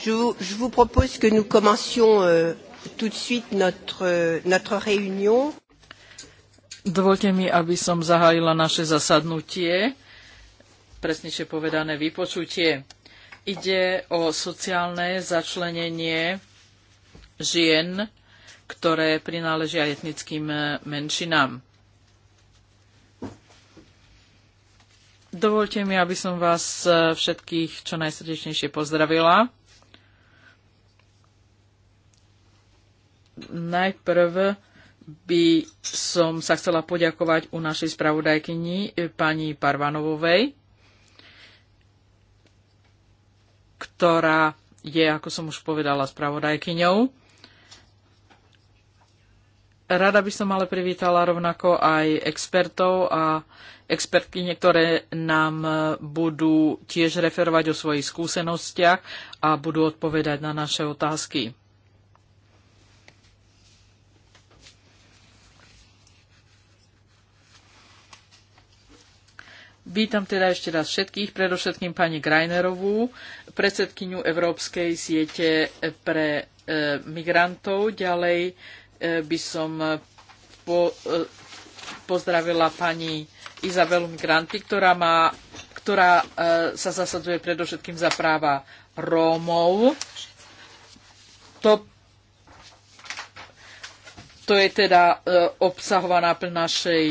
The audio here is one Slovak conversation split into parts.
Je vous, je vous propose que nous commencions euh, tout de suite notre, euh, notre réunion. Dovolte mi, aby som zahájila naše zasadnutie, presnejšie povedané vypočutie. Ide o sociálne začlenenie žien ktoré prináležia etnickým e, menšinám. Dovolte mi, aby som vás e, všetkých čo najsrdečnejšie pozdravila. Najprv by som sa chcela poďakovať u našej spravodajkyni e, pani Parvanovovej, ktorá je, ako som už povedala, spravodajkyňou Rada by som ale privítala rovnako aj expertov a expertky, ktoré nám e, budú tiež referovať o svojich skúsenostiach a budú odpovedať na naše otázky. Vítam teda ešte raz všetkých, predovšetkým pani Grajnerovú, predsedkyňu Európskej siete pre e, migrantov, ďalej by som eh, po, eh, pozdravila pani Izabelu Migranti, ktorá, má, ktorá eh, sa zasadzuje predovšetkým za práva Rómov. To, to je teda obsahová náplň našej,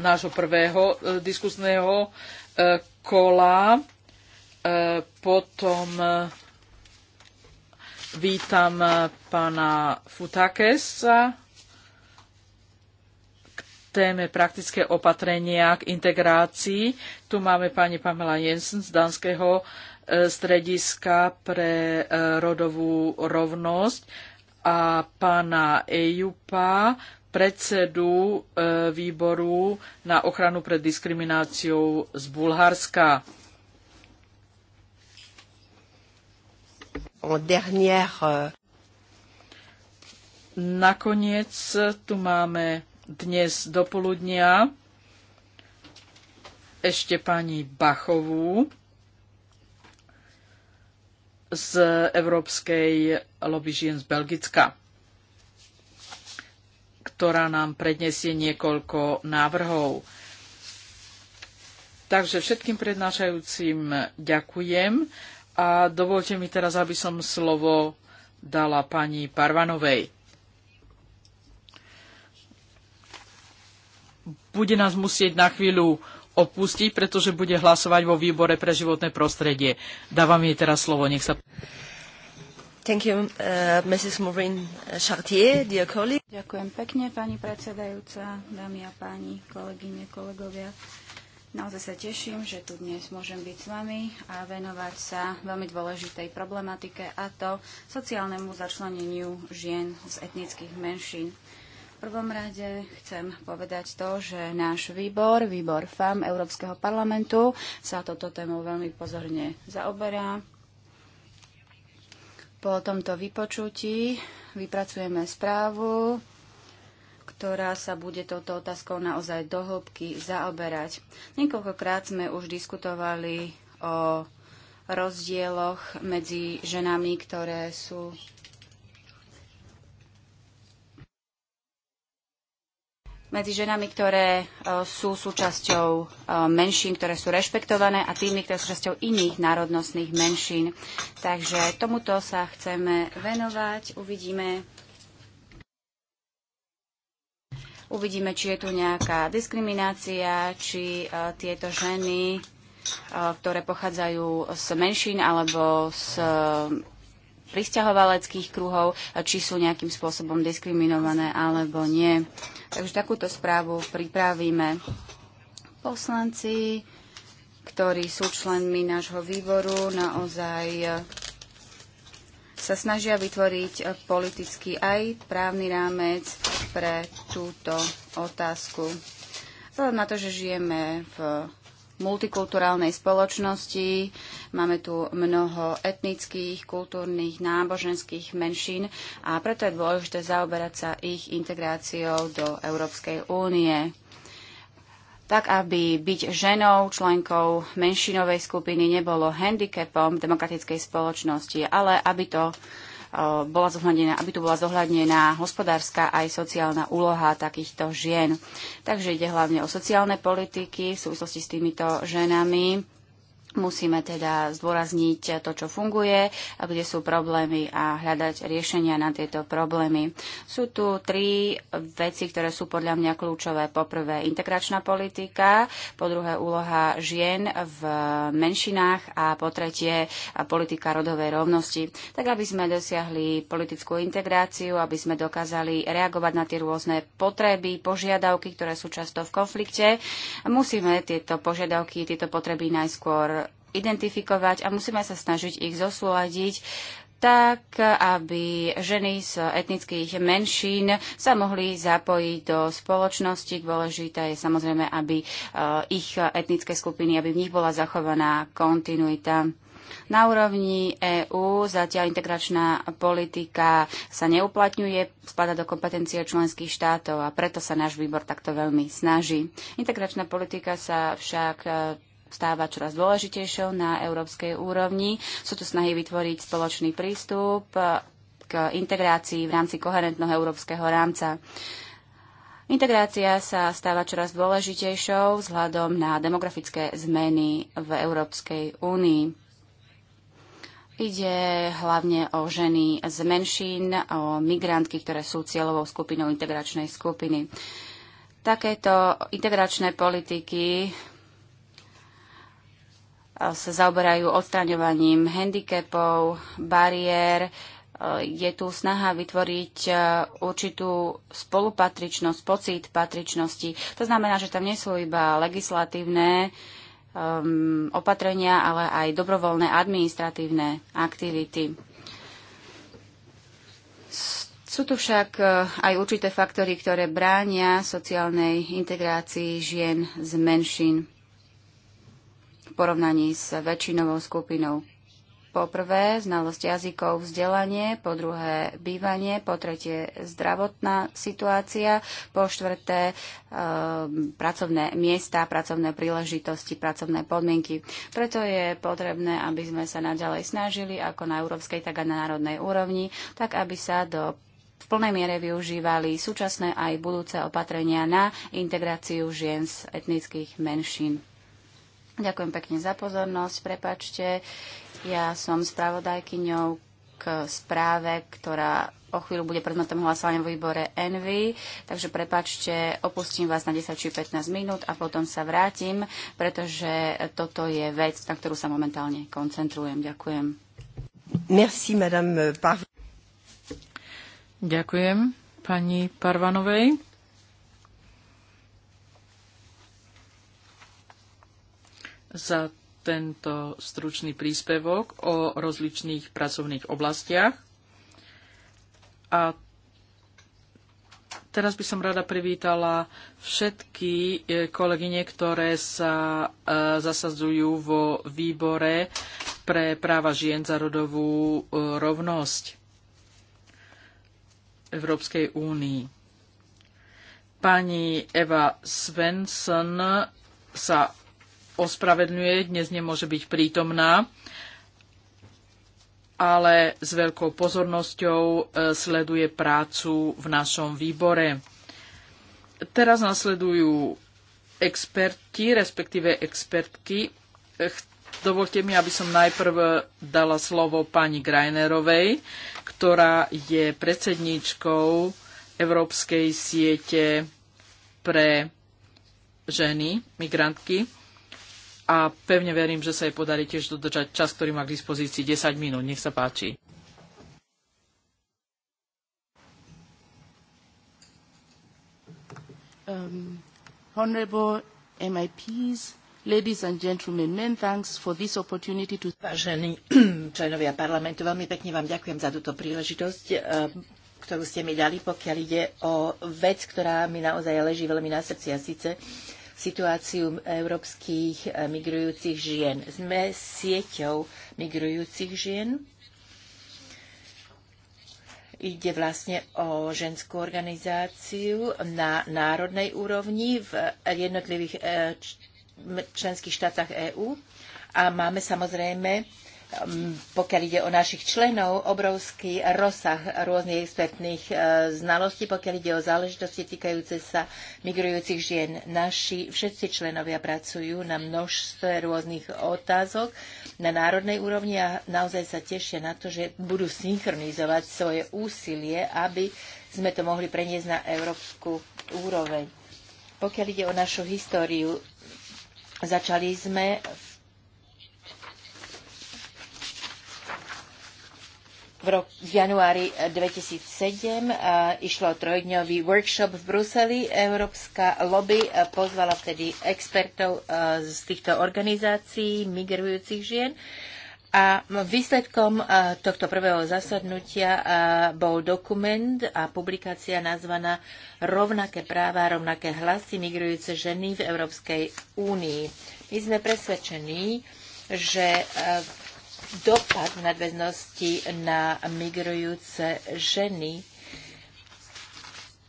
nášho prvého diskusného kola. Potom Vítam eh, pána Futakesa k téme praktické opatrenia k integrácii. Tu máme pani Pamela Jensen z Danského eh, strediska pre eh, rodovú rovnosť a pána Ejupa, predsedu výboru na ochranu pred diskrimináciou z Bulharska. en dernière... Euh, Nakoniec tu máme dnes do poludnia ešte pani Bachovú z Európskej lobby žien z Belgicka, ktorá nám predniesie niekoľko návrhov. Takže všetkým prednášajúcim ďakujem. A dovolte mi teraz, aby som slovo dala pani Parvanovej. Bude nás musieť na chvíľu opustiť, pretože bude hlasovať vo výbore pre životné prostredie. Dávam jej teraz slovo, nech sa... Thank you, uh, Mrs. Maureen uh, Chartier, dear colleague. Ďakujem pekne, pani predsedajúca, dámy a páni, kolegyne, kolegovia. Uh, Naozaj sa teším, že tu dnes môžem byť s vami a venovať sa veľmi dôležitej problematike a to sociálnemu začleneniu žien z etnických menšín. V prvom rade chcem povedať to, že náš výbor, výbor FAM Európskeho parlamentu, sa toto tému veľmi pozorne zaoberá. Po tomto vypočutí vypracujeme správu, ktorá sa bude touto otázkou naozaj dohlbky zaoberať. Niekoľkokrát sme už diskutovali o rozdieloch medzi ženami, ktoré sú medzi ženami, ktoré e, sú súčasťou e, menšín, ktoré sú rešpektované a tými, ktoré sú súčasťou iných národnostných menšín. Takže tomuto sa chceme venovať. Uvidíme, Uvidíme, či je tu nejaká diskriminácia, či e, tieto ženy, e, ktoré pochádzajú z menšín alebo z e, pristahovaleckých kruhov, či sú nejakým spôsobom diskriminované alebo nie. Takže takúto správu pripravíme poslanci, ktorí sú členmi nášho výboru, naozaj sa snažia vytvoriť politický aj právny rámec pre túto otázku. Vzhľadom na to, že žijeme v multikulturálnej spoločnosti, máme tu mnoho etnických, kultúrnych, náboženských menšín a preto je dôležité zaoberať sa ich integráciou do Európskej únie tak aby byť ženou, členkou menšinovej skupiny nebolo handicapom demokratickej spoločnosti, ale aby to Eh, bola zohľadnená, aby tu bola zohľadnená hospodárska aj sociálna úloha takýchto žien. Takže ide hlavne o sociálne politiky v súvislosti s týmito ženami Musíme teda zdôrazniť to, čo funguje, kde sú problémy a hľadať riešenia na tieto problémy. Sú tu tri veci, ktoré sú podľa mňa kľúčové. Poprvé integračná politika, po druhé úloha žien v menšinách a po tretie politika rodovej rovnosti. Tak aby sme dosiahli politickú integráciu, aby sme dokázali reagovať na tie rôzne potreby, požiadavky, ktoré sú často v konflikte, musíme tieto požiadavky, tieto potreby najskôr identifikovať a musíme sa snažiť ich zosúľadiť tak, aby ženy z etnických menšín sa mohli zapojiť do spoločnosti. Dôležité je samozrejme, aby e, ich etnické skupiny, aby v nich bola zachovaná kontinuita. Na úrovni EÚ zatiaľ integračná politika sa neuplatňuje, spada do kompetencie členských štátov a preto sa náš výbor takto veľmi snaží. Integračná politika sa však e, stáva čoraz dôležitejšou na európskej úrovni. Sú tu snahy vytvoriť spoločný prístup e, k integrácii v rámci koherentného európskeho rámca. Integrácia sa stáva čoraz dôležitejšou vzhľadom na demografické zmeny v Európskej únii. Ide hlavne o ženy z menšín, o migrantky, ktoré sú cieľovou skupinou integračnej skupiny. Takéto integračné politiky sa zaoberajú odstraňovaním handicapov, bariér. E, je tu snaha vytvoriť e, určitú spolupatričnosť, pocit patričnosti. To znamená, že tam nie sú iba legislatívne um, opatrenia, ale aj dobrovoľné administratívne aktivity. Sú tu však e, aj určité faktory, ktoré bránia sociálnej integrácii žien z menšín porovnaní s väčšinovou skupinou. Po prvé, znalosť jazykov, vzdelanie, po druhé, bývanie, po tretie, zdravotná situácia, po štvrté, e, pracovné miesta, pracovné príležitosti, pracovné podmienky. Preto je potrebné, aby sme sa naďalej snažili, ako na európskej, tak aj na národnej úrovni, tak aby sa do v plnej miere využívali súčasné aj budúce opatrenia na integráciu žien z etnických menšín. Ďakujem pekne za pozornosť. Prepačte, ja som spravodajkyňou k správe, ktorá o chvíľu bude predmetom hlasovania v výbore Envy, takže prepačte, opustím vás na 10 či 15 minút a potom sa vrátim, pretože toto je vec, na ktorú sa momentálne koncentrujem. Ďakujem. Merci, madame Parv- Ďakujem pani Parvanovej. za tento stručný príspevok o rozličných pracovných oblastiach. A teraz by som rada privítala všetky e, kolegyne, ktoré sa e, zasadzujú vo výbore pre práva žien za rodovú e, rovnosť Európskej únii. Pani Eva Svensson sa ospravedňuje, dnes nemôže byť prítomná, ale s veľkou pozornosťou e, sleduje prácu v našom výbore. Teraz nasledujú experti, respektíve expertky. E, dovolte mi, aby som najprv dala slovo pani Grajnerovej, ktorá je predsedníčkou Európskej siete pre ženy, migrantky a pevne verím, že sa jej podarí tiež dodržať čas, ktorý má k dispozícii 10 minút. Nech sa páči. Um, honorable MIPs, ladies and gentlemen, many thanks for this opportunity to... Vážení členovia parlamentu, veľmi pekne vám ďakujem za túto príležitosť, eh, ktorú ste mi dali, pokiaľ ide o vec, ktorá mi naozaj leží veľmi na srdci a síce situáciu európskych eh, migrujúcich žien. Sme sieťou migrujúcich žien. Ide vlastne o ženskú organizáciu na národnej úrovni v jednotlivých eh, členských štátach EÚ. A máme samozrejme pokiaľ ide o našich členov, obrovský rozsah rôznych expertných e, znalostí, pokiaľ ide o záležitosti týkajúce sa migrujúcich žien. Naši všetci členovia pracujú na množstve rôznych otázok na národnej úrovni a naozaj sa tešia na to, že budú synchronizovať svoje úsilie, aby sme to mohli preniesť na európsku úroveň. Pokiaľ ide o našu históriu, začali sme v v, rok, v januári 2007 e, išlo o trojdňový workshop v Bruseli. Európska lobby e, pozvala vtedy expertov e, z týchto organizácií migrujúcich žien. A výsledkom tohto prvého zasadnutia bol dokument a publikácia nazvaná Rovnaké práva, rovnaké hlasy migrujúce ženy v Európskej únii. My sme presvedčení, že dopad nadväznosti na migrujúce ženy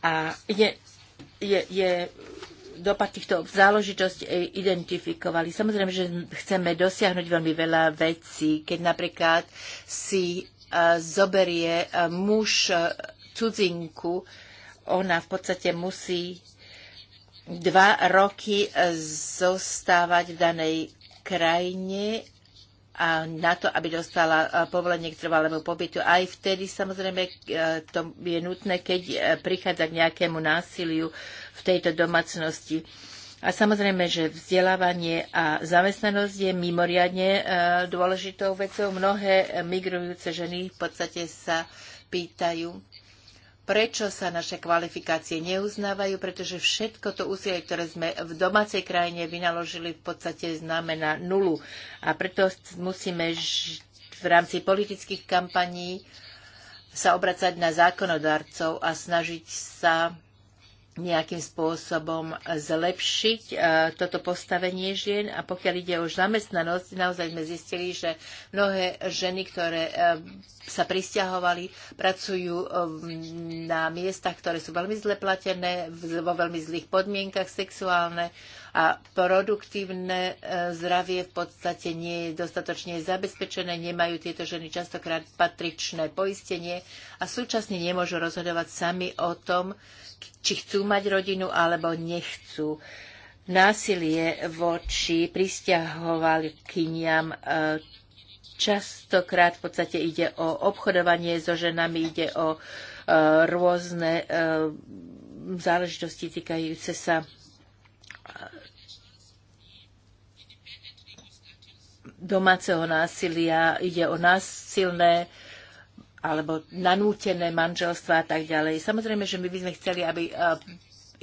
a je, je, je dopad týchto záležitosť e, identifikovali. Samozrejme, že chceme dosiahnuť veľmi veľa vecí, keď napríklad si e, zoberie e, muž cudzinku, ona v podstate musí dva roky zostávať v danej krajine na to, aby dostala e, povolenie k trvalému pobytu. Aj vtedy samozrejme e, to je nutné, keď e, prichádza k nejakému násiliu v tejto domácnosti. A samozrejme, že vzdelávanie a zamestnanosť je mimoriadne dôležitou vecou. Mnohé migrujúce ženy v podstate sa pýtajú, prečo sa naše kvalifikácie neuznávajú, pretože všetko to úsilie, ktoré sme v domácej krajine vynaložili, v podstate znamená nulu. A preto musíme v rámci politických kampaní sa obracať na zákonodarcov a snažiť sa nejakým spôsobom zlepšiť e, toto postavenie žien. A pokiaľ ide o zamestnanosť, naozaj sme zistili, že mnohé ženy, ktoré e, sa pristahovali, pracujú e, na miestach, ktoré sú veľmi zle platené, vo veľmi zlých podmienkach, sexuálne a produktívne zdravie v podstate nie je dostatočne zabezpečené, nemajú tieto ženy častokrát patričné poistenie a súčasne nemôžu rozhodovať sami o tom, či chcú mať rodinu alebo nechcú. Násilie voči pristahovalkyniam e, častokrát v podstate ide o obchodovanie so ženami, ide o e, rôzne e, záležitosti týkajúce sa domáceho násilia, ide o násilné alebo nanútené manželstva a tak ďalej. Samozrejme, že my by sme chceli, aby e,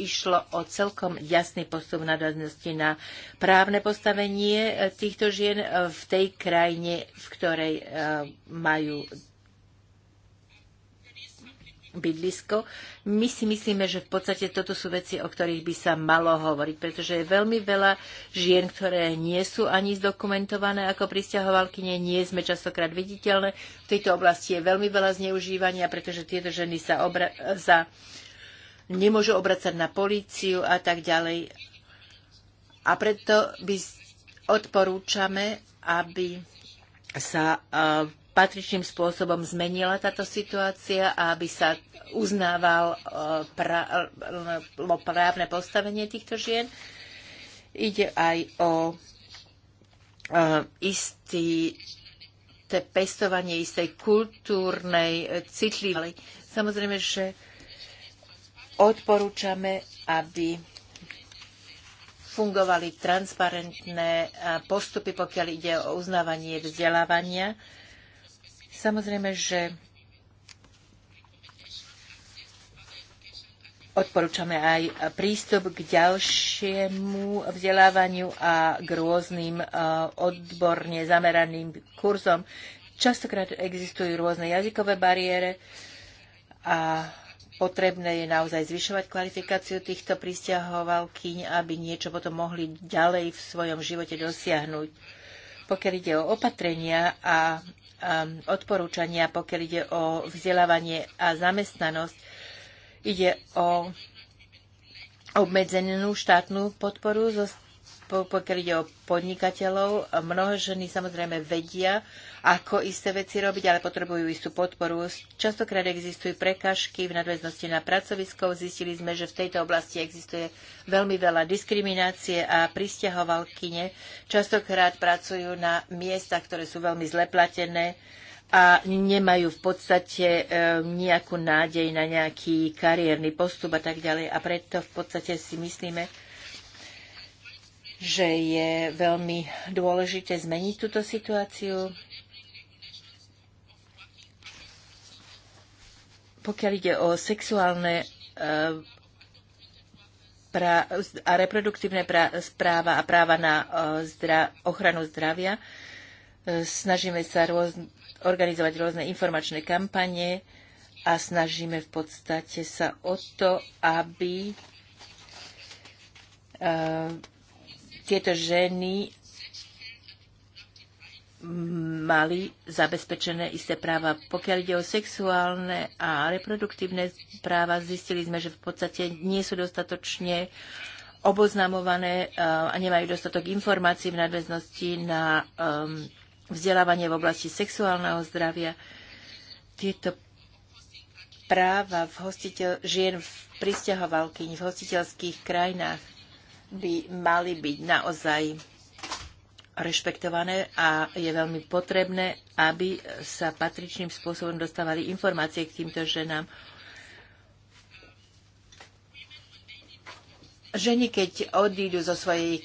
išlo o celkom jasný postup nadväznosti na právne postavenie e, týchto žien v tej krajine, v ktorej e, majú bydlisko. My si myslíme, že v podstate toto sú veci, o ktorých by sa malo hovoriť, pretože je veľmi veľa žien, ktoré nie sú ani zdokumentované ako pristahovalky, nie sme častokrát viditeľné. V tejto oblasti je veľmi veľa zneužívania, pretože tieto ženy sa, obra- za, nemôžu obracať na políciu a tak ďalej. A preto by odporúčame, aby sa uh, patričným spôsobom zmenila táto situácia a aby sa uznávalo eh, eh, eh, právne postavenie týchto žien. Ide aj o istý pestovanie istej kultúrnej citlivej. Samozrejme, že odporúčame, aby fungovali transparentné postupy, pokiaľ ide o uznávanie vzdelávania Samozrejme, že odporúčame aj prístup k ďalšiemu vzdelávaniu a k rôznym e, odborne zameraným kurzom. Častokrát existujú rôzne jazykové bariére a potrebné je naozaj zvyšovať kvalifikáciu týchto pristahovalkyň, aby niečo potom mohli ďalej v svojom živote dosiahnuť. Pokiaľ ide o opatrenia a Um, odporúčania, pokiaľ ide o vzdelávanie a zamestnanosť. Ide o obmedzenú štátnu podporu zo pokiaľ ide o podnikateľov, mnohé ženy samozrejme vedia, ako isté veci robiť, ale potrebujú istú podporu. Častokrát existujú prekažky v nadväznosti na pracovisko. Zistili sme, že v tejto oblasti existuje veľmi veľa diskriminácie a pristahovalkyne častokrát pracujú na miestach, ktoré sú veľmi zleplatené a nemajú v podstate e, nejakú nádej na nejaký kariérny postup a tak ďalej. A preto v podstate si myslíme, že je veľmi dôležité zmeniť túto situáciu. Pokiaľ ide o sexuálne eh, a reproduktívne práva a práva na eh, ochranu zdravia, eh, snažíme sa organizovať rôzne informačné kampanie a snažíme v podstate sa o to, aby tieto ženy mali zabezpečené isté práva. Pokiaľ ide o sexuálne a reproduktívne práva, zistili sme, že v podstate nie sú dostatočne oboznamované eh, a nemajú dostatok informácií v nadväznosti na ehm, vzdelávanie v oblasti sexuálneho zdravia. Tieto práva v hostiteľ, žien v pristahovalkyni v hostiteľských krajinách by mali byť naozaj rešpektované a je veľmi potrebné, aby sa patričným spôsobom dostávali informácie k týmto ženám. Ženy, keď odídu zo svojej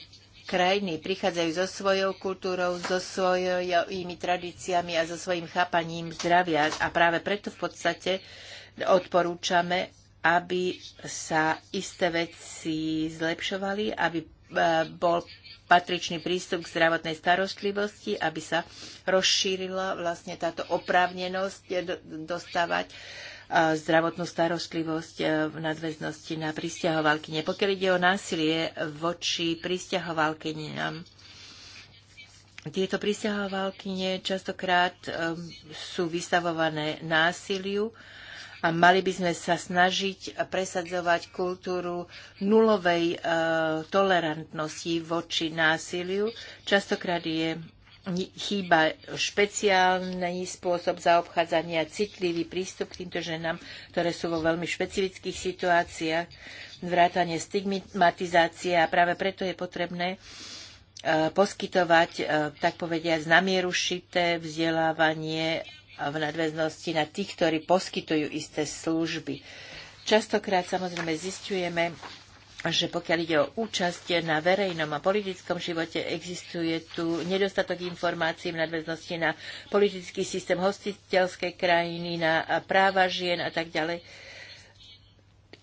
krajiny, prichádzajú so svojou kultúrou, so svojimi tradíciami a so svojím chápaním zdravia. A práve preto v podstate odporúčame, aby sa isté veci zlepšovali, aby e, bol patričný prístup k zdravotnej starostlivosti, aby sa rozšírila vlastne táto oprávnenosť dostávať e, zdravotnú starostlivosť e, v nadväznosti na pristahovalkyne. Pokiaľ ide o násilie voči pristahovalkyniam, tieto pristahovalkyne častokrát sú vystavované násiliu, a mali by sme sa snažiť presadzovať kultúru nulovej e, tolerantnosti voči násiliu. Častokrát je chýba špeciálny spôsob zaobchádzania, citlivý prístup k týmto ženám, ktoré sú vo veľmi špecifických situáciách, vrátanie stigmatizácie a práve preto je potrebné e, poskytovať, e, tak povediať, šité vzdelávanie v nadväznosti na tých, ktorí poskytujú isté služby. Častokrát samozrejme zistujeme, že pokiaľ ide o účasť na verejnom a politickom živote, existuje tu nedostatok informácií v nadväznosti na politický systém hostiteľskej krajiny, na práva žien a tak ďalej.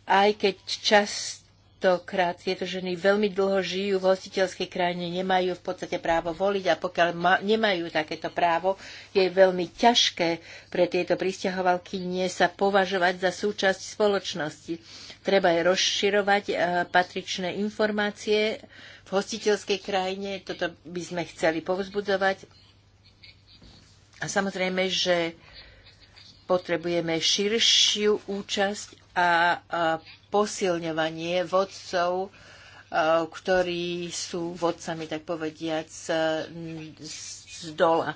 Aj keď čas častokrát tieto ženy veľmi dlho žijú v hostiteľskej krajine, nemajú v podstate právo voliť a pokiaľ ma, nemajú takéto právo, je veľmi ťažké pre tieto pristahovalky nie sa považovať za súčasť spoločnosti. Treba aj rozširovať eh, patričné informácie v hostiteľskej krajine, toto by sme chceli povzbudzovať. A samozrejme, že potrebujeme širšiu účasť a posilňovanie vodcov, ktorí sú vodcami, tak povediať, z, z dola.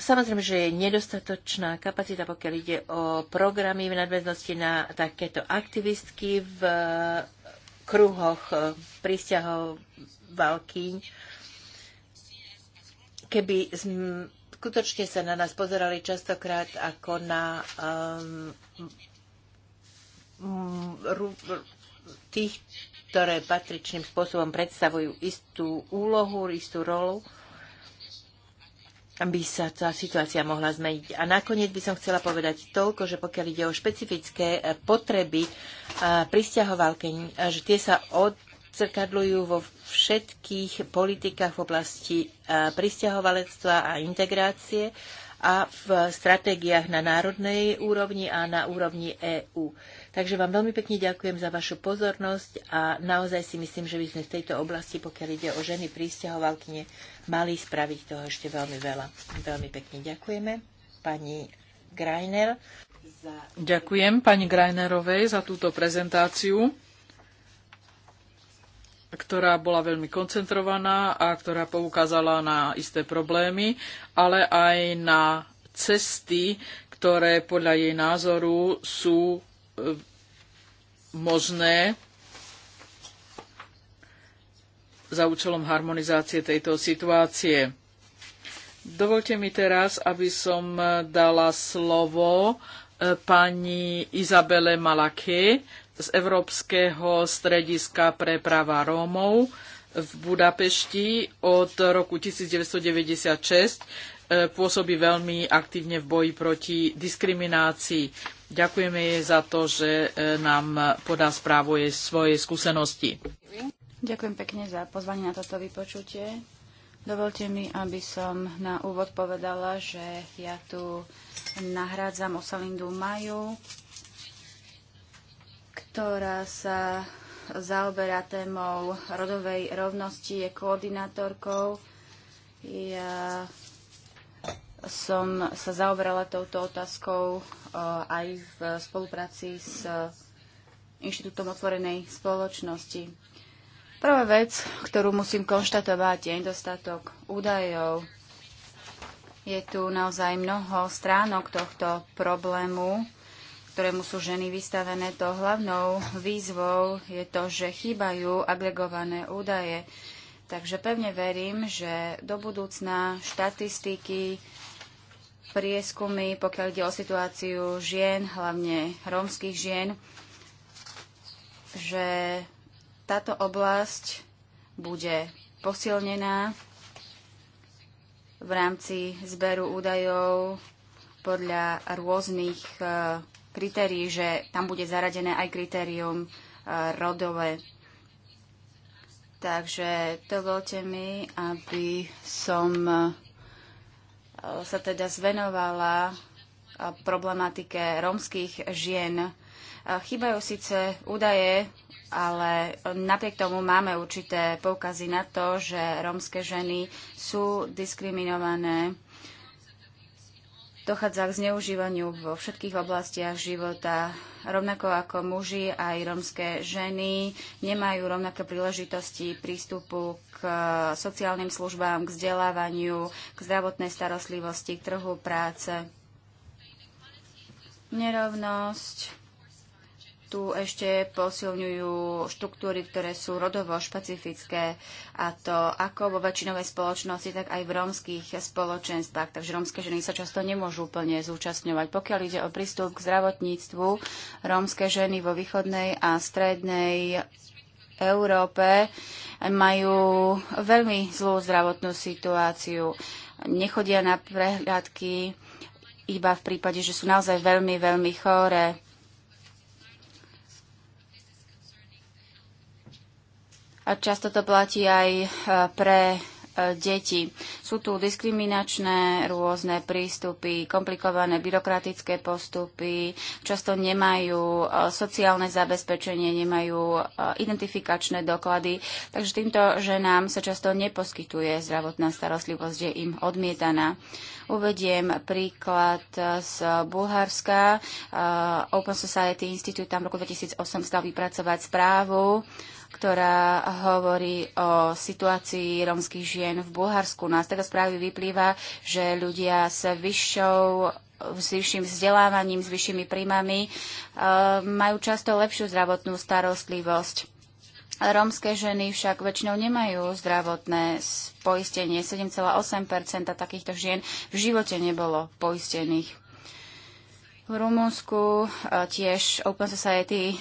Samozrejme, že je nedostatočná kapacita, pokiaľ ide o programy v nadväznosti na takéto aktivistky v e, kruhoch e, prísťahov valkyň. Keby skutočne sa na nás pozerali častokrát ako na um, tých, ktoré patričným spôsobom predstavujú istú úlohu, istú rolu, aby sa tá situácia mohla zmeniť. A nakoniec by som chcela povedať toľko, že pokiaľ ide o špecifické potreby pristahovalky, že tie sa od, zrkadľujú vo všetkých politikách v oblasti e, pristahovalectva a integrácie a v stratégiách na národnej úrovni a na úrovni EÚ. Takže vám veľmi pekne ďakujem za vašu pozornosť a naozaj si myslím, že by sme v tejto oblasti, pokiaľ ide o ženy pristahovalkyne, mali spraviť toho ešte veľmi veľa. Veľmi pekne ďakujeme pani Greiner. Za... Ďakujem pani Greinerovej za túto prezentáciu ktorá bola veľmi koncentrovaná a ktorá poukázala na isté problémy, ale aj na cesty, ktoré podľa jej názoru sú e, možné za účelom harmonizácie tejto situácie. Dovolte mi teraz, aby som e, dala slovo e, pani Izabele Malaké, z Európskeho strediska pre práva Rómov v Budapešti od roku 1996 e, pôsobí veľmi aktívne v boji proti diskriminácii. Ďakujeme jej za to, že e, nám podá správu jej svojej skúsenosti. Ďakujem pekne za pozvanie na toto vypočutie. Dovolte mi, aby som na úvod povedala, že ja tu nahrádzam Osalindu Maju, ktorá sa zaoberá témou rodovej rovnosti, je koordinátorkou. Ja som sa zaoberala touto otázkou aj v spolupráci s Inštitútom otvorenej spoločnosti. Prvá vec, ktorú musím konštatovať, je nedostatok údajov. Je tu naozaj mnoho stránok tohto problému ktorému sú ženy vystavené, to hlavnou výzvou je to, že chýbajú agregované údaje. Takže pevne verím, že do budúcna štatistiky, prieskumy, pokiaľ ide o situáciu žien, hlavne rómskych žien, že táto oblasť bude posilnená v rámci zberu údajov podľa rôznych uh, kritérií, že tam bude zaradené aj kritérium e, rodové. Takže dovolte mi, aby som e, sa teda zvenovala e, problematike rómskych žien. Chýbajú síce údaje, ale napriek tomu máme určité poukazy na to, že rómske ženy sú diskriminované dochádza k zneužívaniu vo všetkých oblastiach života. Rovnako ako muži, aj rómske ženy nemajú rovnaké príležitosti prístupu k sociálnym službám, k vzdelávaniu, k zdravotnej starostlivosti, k trhu práce. Nerovnosť tu ešte posilňujú štruktúry, ktoré sú rodovo špecifické a to ako vo väčšinovej spoločnosti, tak aj v rómskych spoločenstvách. Takže rómske ženy sa často nemôžu úplne zúčastňovať. Pokiaľ ide o prístup k zdravotníctvu, rómske ženy vo východnej a strednej Európe majú veľmi zlú zdravotnú situáciu. Nechodia na prehľadky iba v prípade, že sú naozaj veľmi, veľmi choré Často to platí aj e, pre e, deti. Sú tu diskriminačné rôzne prístupy, komplikované byrokratické postupy, často nemajú e, sociálne zabezpečenie, nemajú identifikačné doklady, takže týmto ženám sa často neposkytuje zdravotná starostlivosť, je im odmietaná. Uvediem príklad z Bulharska. Open Society Institute tam v roku 2008 stal vypracovať správu ktorá hovorí o situácii romských žien v Bulharsku. No a z tejto správy vyplýva, že ľudia s vyššou s vyšším vzdelávaním, s vyššími príjmami e, majú často lepšiu zdravotnú starostlivosť. Rómske ženy však väčšinou nemajú zdravotné poistenie. 7,8 takýchto žien v živote nebolo poistených. V Rumunsku e, tiež Open Society e,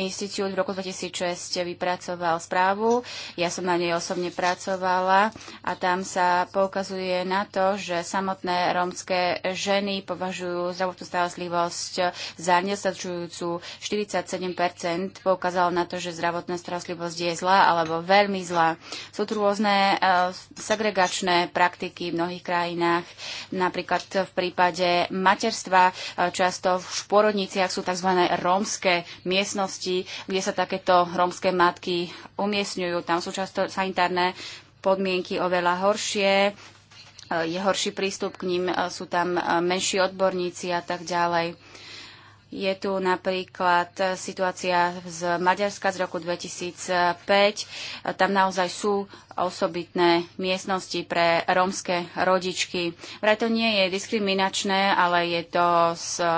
Institute v roku 2006 vypracoval správu. Ja som na nej osobne pracovala a tam sa poukazuje na to, že samotné rómske ženy považujú zdravotnú starostlivosť za nedostačujúcu. 47% poukázalo na to, že zdravotná starostlivosť je zlá alebo veľmi zlá. Sú tu rôzne e, segregačné praktiky v mnohých krajinách, napríklad v prípade materstva, čo Často v šporodniciach sú tzv. rómske miestnosti, kde sa takéto rómske matky umiestňujú. Tam sú často sanitárne podmienky oveľa horšie, e, je horší prístup k ním, e, sú tam e, menší odborníci a tak ďalej. Je tu napríklad e, situácia z Maďarska z roku 2005. E, Tam naozaj sú osobitné miestnosti pre rómske rodičky. Vraj to nie je diskriminačné, ale je to z e,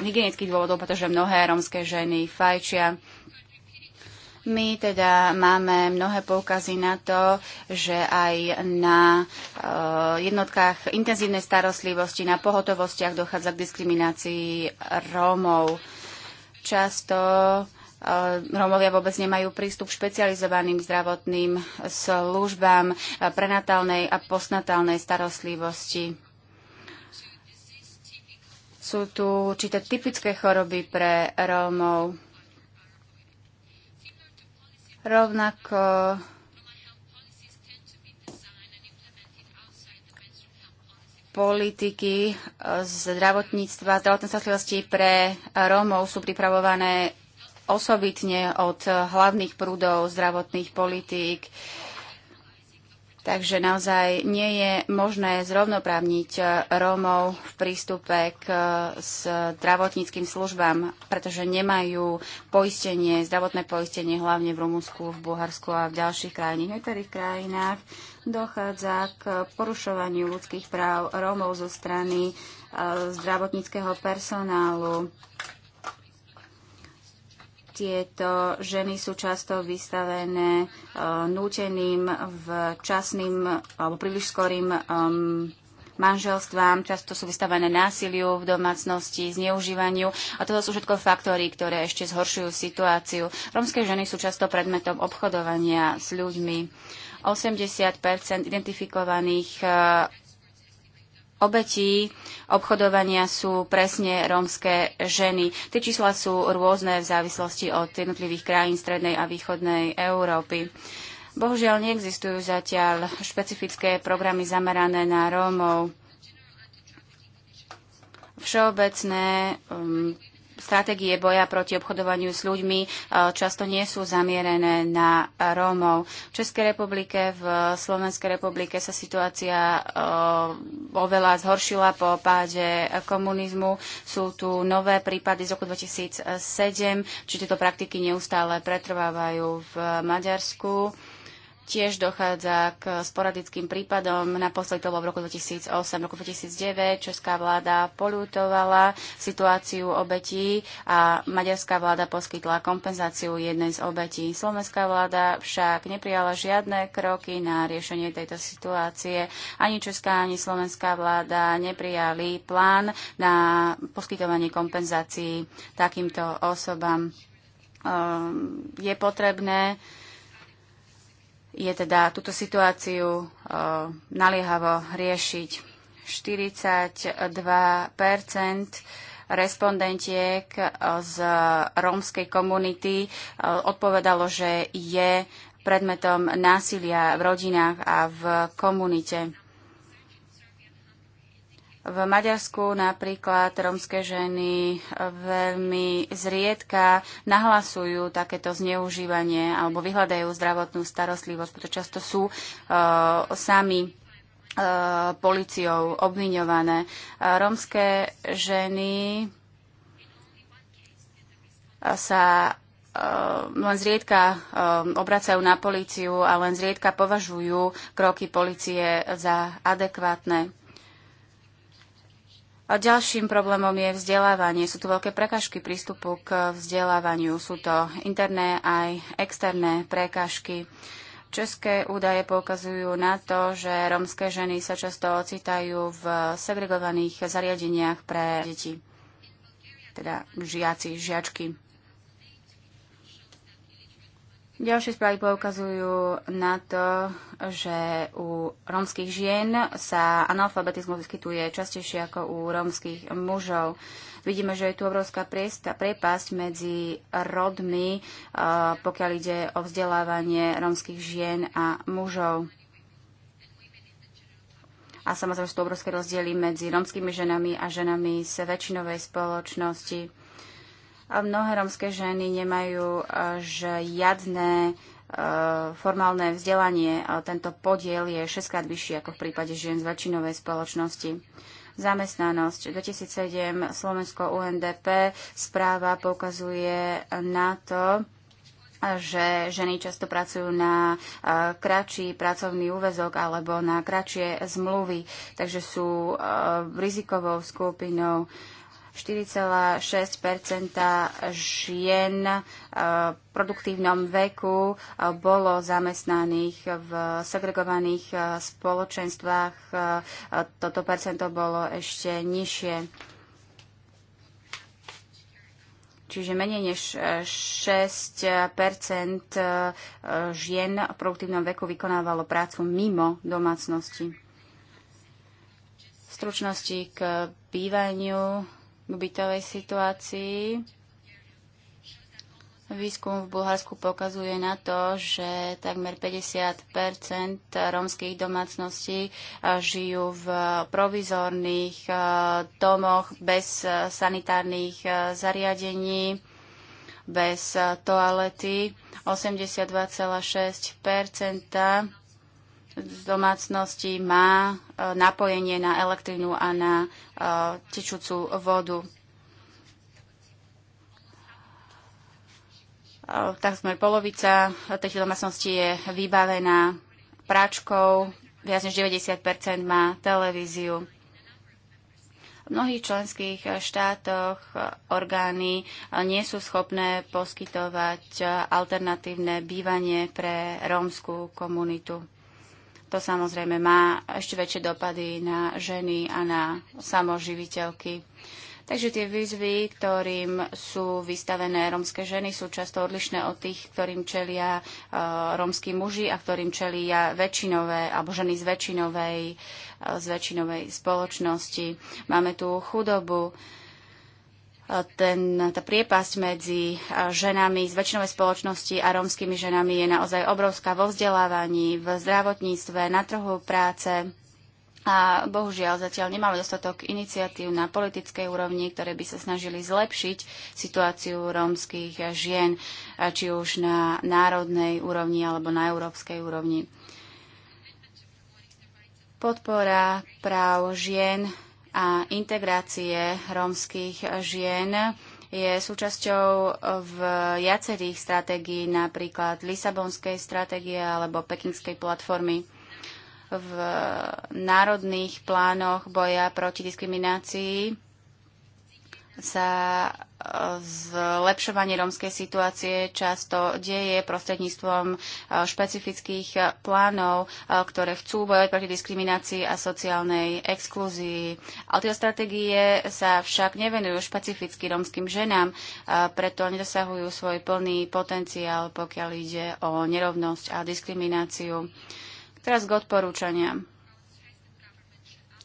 hygienických dôvodov, pretože mnohé rómske ženy fajčia. My teda máme mnohé poukazy na to, že aj na eh, jednotkách intenzívnej starostlivosti, na pohotovostiach dochádza k diskriminácii Rómov. Často eh, Rómovia vôbec nemajú prístup k špecializovaným zdravotným službám eh, prenatálnej a postnatálnej starostlivosti. Sú tu určité typické choroby pre Rómov Rovnako politiky zdravotníctva, zdravotnej starostlivosti pre Rómov sú pripravované osobitne od hlavných prúdov zdravotných politík. Uh, Takže naozaj nie je možné zrovnoprávniť e, Rómov v prístupe k e, zdravotníckým službám, pretože nemajú poistenie, zdravotné poistenie hlavne v Rumunsku, v Bulharsku a v ďalších krajinách. V niektorých krajinách dochádza k porušovaniu ľudských práv Rómov zo strany e, zdravotníckého personálu. Tieto ženy sú často vystavené e, núteným, v časným alebo príliš skorým um, manželstvám, často sú vystavené násiliu v domácnosti, zneužívaniu a toto sú všetko faktory, ktoré ešte zhoršujú situáciu. Romské ženy sú často predmetom obchodovania s ľuďmi. 80 identifikovaných e, obetí obchodovania sú presne rómske ženy. Tie čísla sú rôzne v závislosti od jednotlivých krajín strednej a východnej Európy. Bohužiaľ neexistujú zatiaľ špecifické programy zamerané na Rómov. Všeobecné um, stratégie boja proti obchodovaniu s ľuďmi e, často nie sú zamierené na Rómov. V Českej republike, v Slovenskej republike sa situácia e, oveľa zhoršila po páde komunizmu. Sú tu nové prípady z roku 2007, či tieto praktiky neustále pretrvávajú v Maďarsku Tiež dochádza k sporadickým prípadom. Naposledy to bolo v roku 2008, roku 2009. Česká vláda polutovala situáciu obetí a maďarská vláda poskytla kompenzáciu jednej z obetí. Slovenská vláda však neprijala žiadne kroky na riešenie tejto situácie. Ani česká, ani slovenská vláda neprijali plán na poskytovanie kompenzácií takýmto osobám. Ehm, je potrebné je teda túto situáciu eh, naliehavo riešiť. 42 respondentiek eh, z rómskej komunity eh, odpovedalo, že je predmetom násilia v rodinách a v komunite. V Maďarsku napríklad romské ženy veľmi zriedka nahlasujú takéto zneužívanie alebo vyhľadajú zdravotnú starostlivosť, pretože často sú uh, sami uh, policiou obviňované. E, romské ženy sa len zriedka obracajú na políciu a len zriedka považujú kroky policie za adekvátne. A ďalším problémom je vzdelávanie. Sú tu veľké prekažky prístupu k vzdelávaniu. Sú to interné aj externé prekažky. České údaje poukazujú na to, že romské ženy sa často ocitajú v segregovaných zariadeniach pre deti, teda žiaci, žiačky. Ďalšie správy poukazujú na to, že u rómskych žien sa analfabetizmus vyskytuje častejšie ako u rómskych mužov. Vidíme, že je tu obrovská prepasť medzi rodmi, eh, pokiaľ ide o vzdelávanie rómskych žien a mužov. A samozrejme sú tu obrovské rozdiely medzi rómskymi ženami a ženami z väčšinovej spoločnosti. A mnohé romské ženy nemajú e, žiadne formálne vzdelanie. tento podiel je 6 krát vyšší ako v prípade žien z väčšinovej spoločnosti. Zamestnanosť. 2007 Slovensko UNDP správa poukazuje na to, že ženy často pracujú na e, kratší pracovný úvezok alebo na kratšie zmluvy, takže sú e, rizikovou skupinou. 4,6 žien e, v produktívnom veku e, bolo zamestnaných v segregovaných e, spoločenstvách. Toto percento bolo ešte nižšie. Čiže menej než 6 žien v produktívnom veku vykonávalo prácu mimo domácnosti. V stručnosti k bývaniu bytovej situácii. Výskum v Bulharsku pokazuje na to, že takmer 50 rómskych domácností eh, žijú v provizorných eh, domoch bez eh, sanitárnych zariadení, bez toalety. 82,6 z domácnosti má e, napojenie na elektrínu a na e, tečúcu vodu. E, Takmer polovica tejto domácnosti je vybavená práčkou, viac než 90 má televíziu. V mnohých členských štátoch orgány nie sú schopné poskytovať alternatívne bývanie pre rómskú komunitu. To samozrejme má ešte väčšie dopady na ženy a na samoživiteľky. Takže tie výzvy, ktorým sú vystavené rómske ženy, sú často odlišné od tých, ktorým čelia e, rómsky muži a ktorým čelia väčšinové, alebo ženy z väčšinovej, e, z väčšinovej spoločnosti. Máme tu chudobu, ten, tá priepasť medzi ženami z väčšinovej spoločnosti a rómskymi ženami je naozaj obrovská vo vzdelávaní, v zdravotníctve, na trhu práce. A bohužiaľ zatiaľ nemáme dostatok iniciatív na politickej úrovni, ktoré by sa snažili zlepšiť situáciu rómskych žien, či už na národnej úrovni alebo na európskej úrovni. Podpora práv žien a integrácie rómskych žien je súčasťou v viacerých stratégií, napríklad Lisabonskej stratégie alebo Pekinskej platformy. V národných plánoch boja proti diskriminácii sa eh, zlepšovanie rómskej situácie často deje prostredníctvom eh, špecifických eh, plánov, ktoré chcú bojovať proti diskriminácii a sociálnej exklúzii. Ale tie stratégie sa však nevenujú špecificky rómskym ženám, preto nedosahujú svoj plný potenciál, pokiaľ ide o nerovnosť a diskrimináciu. Teraz k odporúčaniam.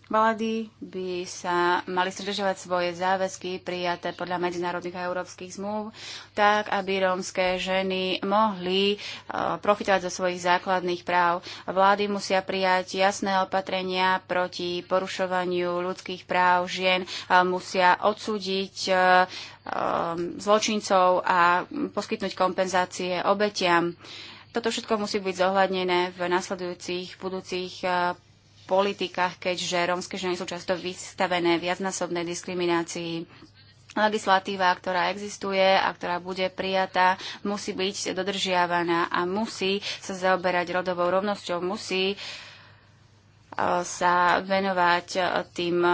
Vlády by sa mali stredržovať svoje záväzky prijaté podľa medzinárodných a európskych zmluv, tak aby rómske ženy mohli e, profitovať zo svojich základných práv. Vlády musia prijať jasné opatrenia proti porušovaniu ľudských práv žien, musia odsúdiť e, e, zločincov a poskytnúť kompenzácie obetiam. Toto všetko musí byť zohľadnené v nasledujúcich budúcich politikách, keďže rómske ženy sú často vystavené viacnásobnej diskriminácii. Legislatíva, ktorá existuje a ktorá bude prijatá, musí byť dodržiavaná a musí sa zaoberať rodovou rovnosťou, musí uh, sa venovať e, tým e,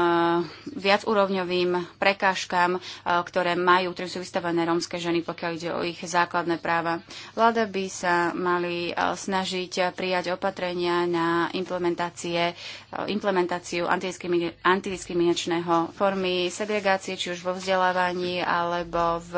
viacúrovňovým prekážkam, e, ktoré majú, ktorým sú vystavené rómske ženy, pokiaľ ide o ich základné práva. Vláda by sa mali snažiť prijať opatrenia na implementácie, implementáciu antidiskriminačného formy segregácie, či už vo vzdelávaní alebo v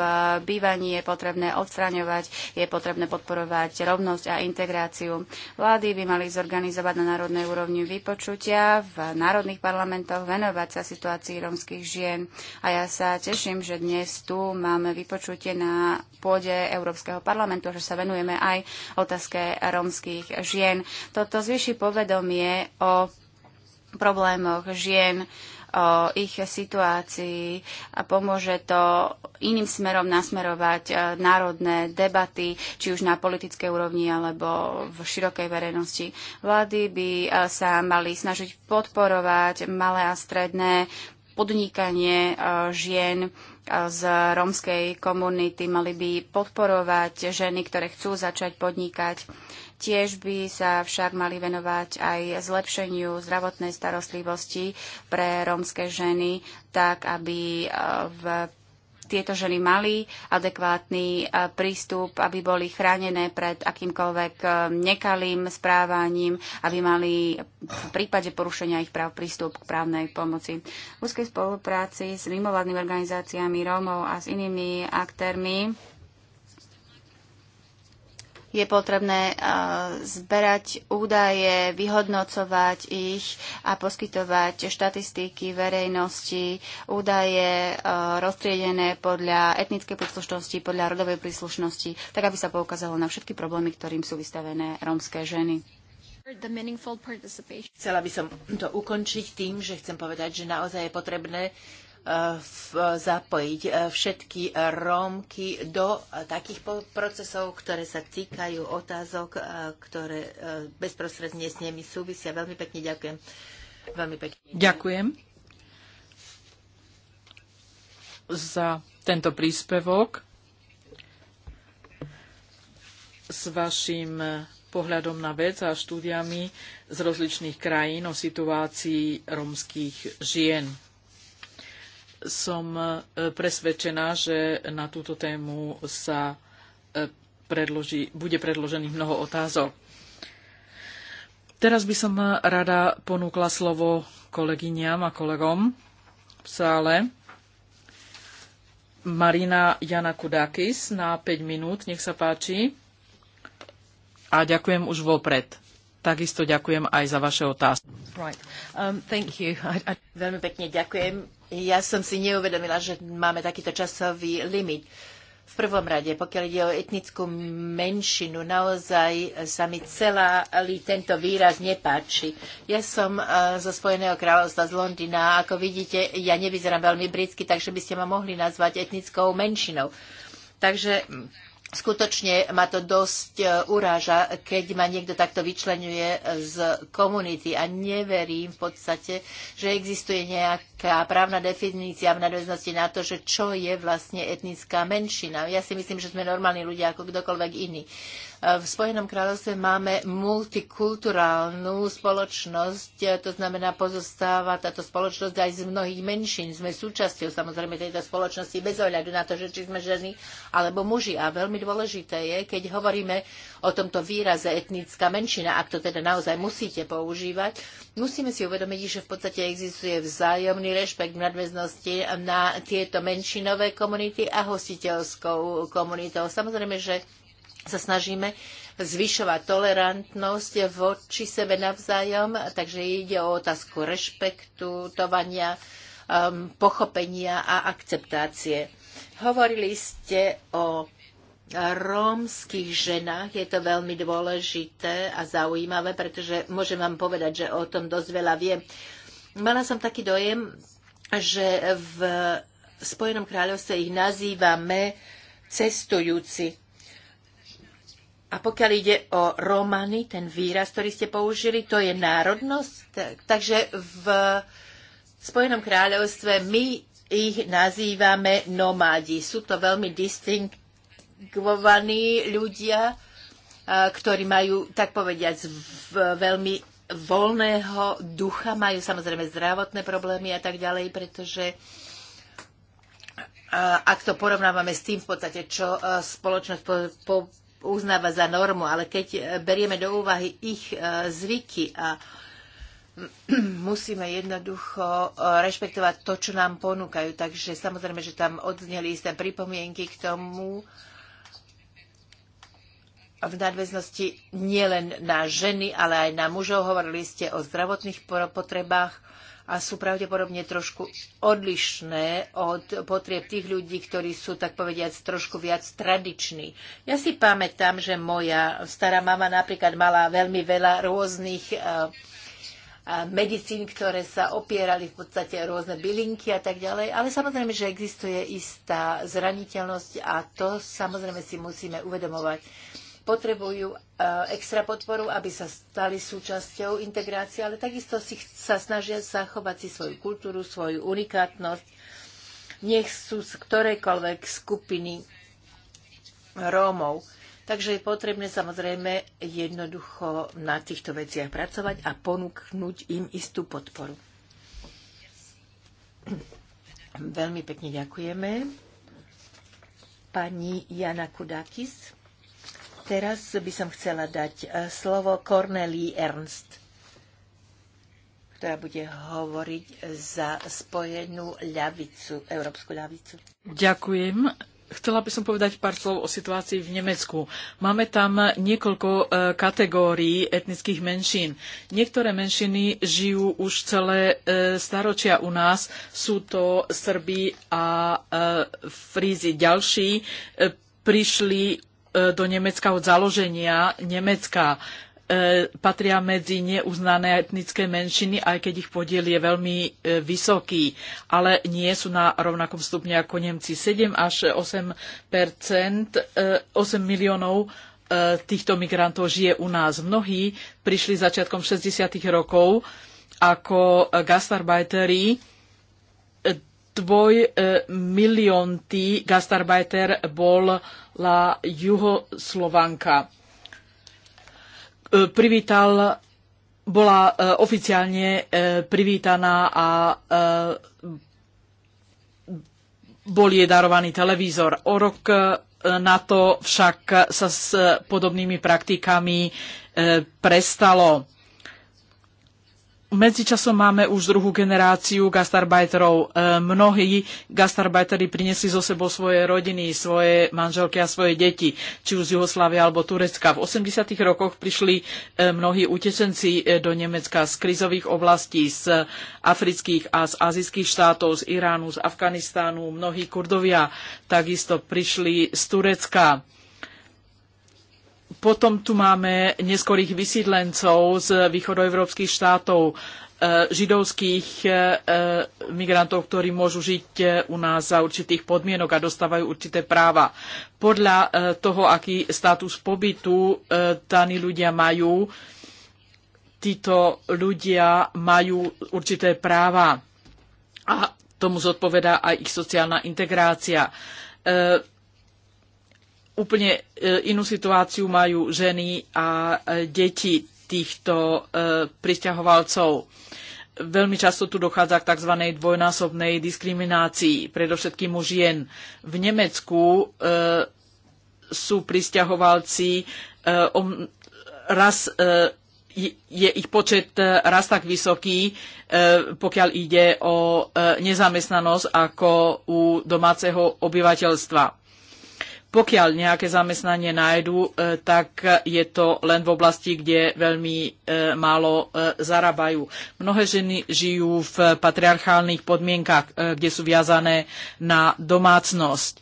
bývaní je potrebné odstraňovať, je potrebné podporovať rovnosť a integráciu. Vlády by mali zorganizovať na národnej úrovni výpočet vypočutia v národných parlamentoch venovať sa situácii rómskych žien. A ja sa teším, že dnes tu máme vypočutie na pôde Európskeho parlamentu, že sa venujeme aj otázke rómskych žien. Toto zvyší povedomie o problémoch žien o ich situácii a pomôže to iným smerom nasmerovať e, národné debaty, či už na politickej úrovni alebo v širokej verejnosti. Vlády by e, sa mali snažiť podporovať malé a stredné podnikanie e, žien e, z rómskej komunity. Mali by podporovať ženy, ktoré chcú začať podnikať. Tiež by sa však mali venovať aj zlepšeniu zdravotnej starostlivosti pre rómske ženy, tak aby e, v tieto ženy mali adekvátny prístup, aby boli chránené pred akýmkoľvek nekalým správaním, aby mali v prípade porušenia ich práv prístup k právnej pomoci. V úzkej spolupráci s mimovládnymi organizáciami Rómov a s inými aktérmi je potrebné eh, zberať údaje, vyhodnocovať ich a poskytovať štatistiky verejnosti, údaje eh, roztriedené podľa etnickej príslušnosti, podľa rodovej príslušnosti, tak aby sa poukázalo na všetky problémy, ktorým sú vystavené rómske ženy. Chcela by som to ukončiť tým, že chcem povedať, že naozaj je potrebné Eh, zapojiť eh, všetky Rómky do eh, takých procesov, ktoré sa týkajú otázok, ktoré bezprostredne s nimi súvisia. Veľmi pekne ďakujem. Veľmi pekne. Ďakujem za tento príspevok s vašim pohľadom na vec a štúdiami z rozličných krajín o situácii rómskych žien som e, presvedčená, že na túto tému sa e, predloží, bude predložených mnoho otázok. Teraz by som e, rada ponúkla slovo kolegyňam a kolegom v sále. Marina Jana Kudakis na 5 minút, nech sa páči. A ďakujem už vopred. Takisto ďakujem aj za vaše otázky. Right. Um, I, I... Veľmi pekne ďakujem. Ja som si neuvedomila, že máme takýto časový limit. V prvom rade, pokiaľ ide o etnickú menšinu, naozaj sa mi celá tento výraz nepáči. Ja som e, zo Spojeného kráľovstva z Londýna a ako vidíte, ja nevyzerám veľmi britsky, takže by ste ma mohli nazvať etnickou menšinou. Takže hm, skutočne ma to dosť e, uráža, keď ma niekto takto vyčlenuje z komunity a neverím v podstate, že existuje nejaká právna definícia v nadväznosti na to, že čo je vlastne etnická menšina. Ja si myslím, že sme normálni ľudia ako kdokoľvek iný. V Spojenom kráľovstve máme multikulturálnu spoločnosť, to znamená pozostáva táto spoločnosť aj z mnohých menšín. Sme súčasťou samozrejme tejto spoločnosti bez ohľadu na to, že či sme ženy alebo muži. A veľmi dôležité je, keď hovoríme o tomto výraze etnická menšina, ak to teda naozaj musíte používať, musíme si uvedomiť, že v podstate existuje vzájomný rešpekt v nadväznosti na tieto menšinové komunity a hostiteľskou komunitou. Samozrejme, že sa snažíme zvyšovať tolerantnosť voči sebe navzájom, takže ide o otázku rešpektu, tovania, um, pochopenia a akceptácie. Hovorili ste o rómskych ženách je to veľmi dôležité a zaujímavé, pretože môžem vám povedať, že o tom dosť veľa viem. Mala som taký dojem, že v Spojenom kráľovstve ich nazývame cestujúci. A pokiaľ ide o Romany, ten výraz, ktorý ste použili, to je národnosť. Takže v Spojenom kráľovstve my ich nazývame nomádi. Sú to veľmi distingovaní ľudia, ktorí majú, tak povediať, veľmi voľného ducha, majú samozrejme zdravotné problémy a tak ďalej, pretože ak to porovnávame s tým v podstate, čo spoločnosť po, po, uznáva za normu, ale keď e, berieme do úvahy ich e, zvyky a musíme jednoducho e, rešpektovať to, čo nám ponúkajú. Takže samozrejme, že tam odzneli isté pripomienky k tomu v nadväznosti nielen na ženy, ale aj na mužov. Hovorili ste o zdravotných potrebách a sú pravdepodobne trošku odlišné od potrieb tých ľudí, ktorí sú, tak povediať, trošku viac tradiční. Ja si pamätám, že moja stará mama napríklad mala veľmi veľa rôznych eh, eh, medicín, ktoré sa opierali v podstate rôzne bylinky a tak ďalej. Ale samozrejme, že existuje istá zraniteľnosť a to samozrejme si musíme uvedomovať potrebujú e, extra podporu, aby sa stali súčasťou integrácie, ale takisto si sa snažia zachovať si svoju kultúru, svoju unikátnosť. Nech sú z ktorejkoľvek skupiny Rómov. Takže je potrebné samozrejme jednoducho na týchto veciach pracovať a ponúknuť im istú podporu. Veľmi pekne ďakujeme. Pani Jana Kudakis. Teraz by som chcela dať e, slovo Cornelii Ernst, ktorá bude hovoriť za spojenú ľavicu, európsku ľavicu. Ďakujem. Chcela by som povedať pár slov o situácii v Nemecku. Máme tam niekoľko e, kategórií etnických menšín. Niektoré menšiny žijú už celé e, staročia u nás. Sú to Srbi a Frízi. Ďalší prišli E, do Nemecka od založenia Nemecka. E, patria medzi neuznané etnické menšiny, aj keď ich podiel je veľmi e, vysoký, ale nie sú na rovnakom stupni ako Nemci. 7 až 8 8 miliónov týchto migrantov žije u nás. Mnohí prišli začiatkom 60. rokov ako gastarbajteri tvoj e, miliontý gastarbeiter bol la juhoslovanka. E, privítal, bola e, oficiálne privítaná a bol jej darovaný televízor. O rok na to však sa s podobnými praktikami prestalo. Medzičasom máme už druhú generáciu gastarbajterov. E, mnohí gastarbajteri priniesli zo sebou svoje rodiny, svoje manželky a svoje deti, či už z Jugoslavia alebo Turecka. V 80. rokoch prišli e, mnohí utečenci e, do Nemecka z krizových oblastí, z afrických a z azijských štátov, z Iránu, z Afganistánu, mnohí kurdovia takisto prišli z Turecka potom tu máme neskorých vysídlencov z východoevropských štátov, e, židovských e, e, migrantov, ktorí môžu žiť u nás za určitých podmienok a dostávajú určité práva. Podľa toho, aký status pobytu daní ľudia majú, títo ľudia majú určité práva a tomu zodpovedá aj ich sociálna integrácia úplne e, inú situáciu majú ženy a e, deti týchto e, pristahovalcov. Veľmi často tu dochádza k tzv. dvojnásobnej diskriminácii, predovšetkým u žien. V Nemecku sú pristahovalci raz je ich počet raz tak vysoký, pokiaľ ide o nezamestnanosť ako u domáceho obyvateľstva pokiaľ nejaké zamestnanie nájdu, e, tak je to len v oblasti, kde veľmi e, málo e, zarábajú. Mnohé ženy žijú v patriarchálnych podmienkach, kde sú viazané na domácnosť.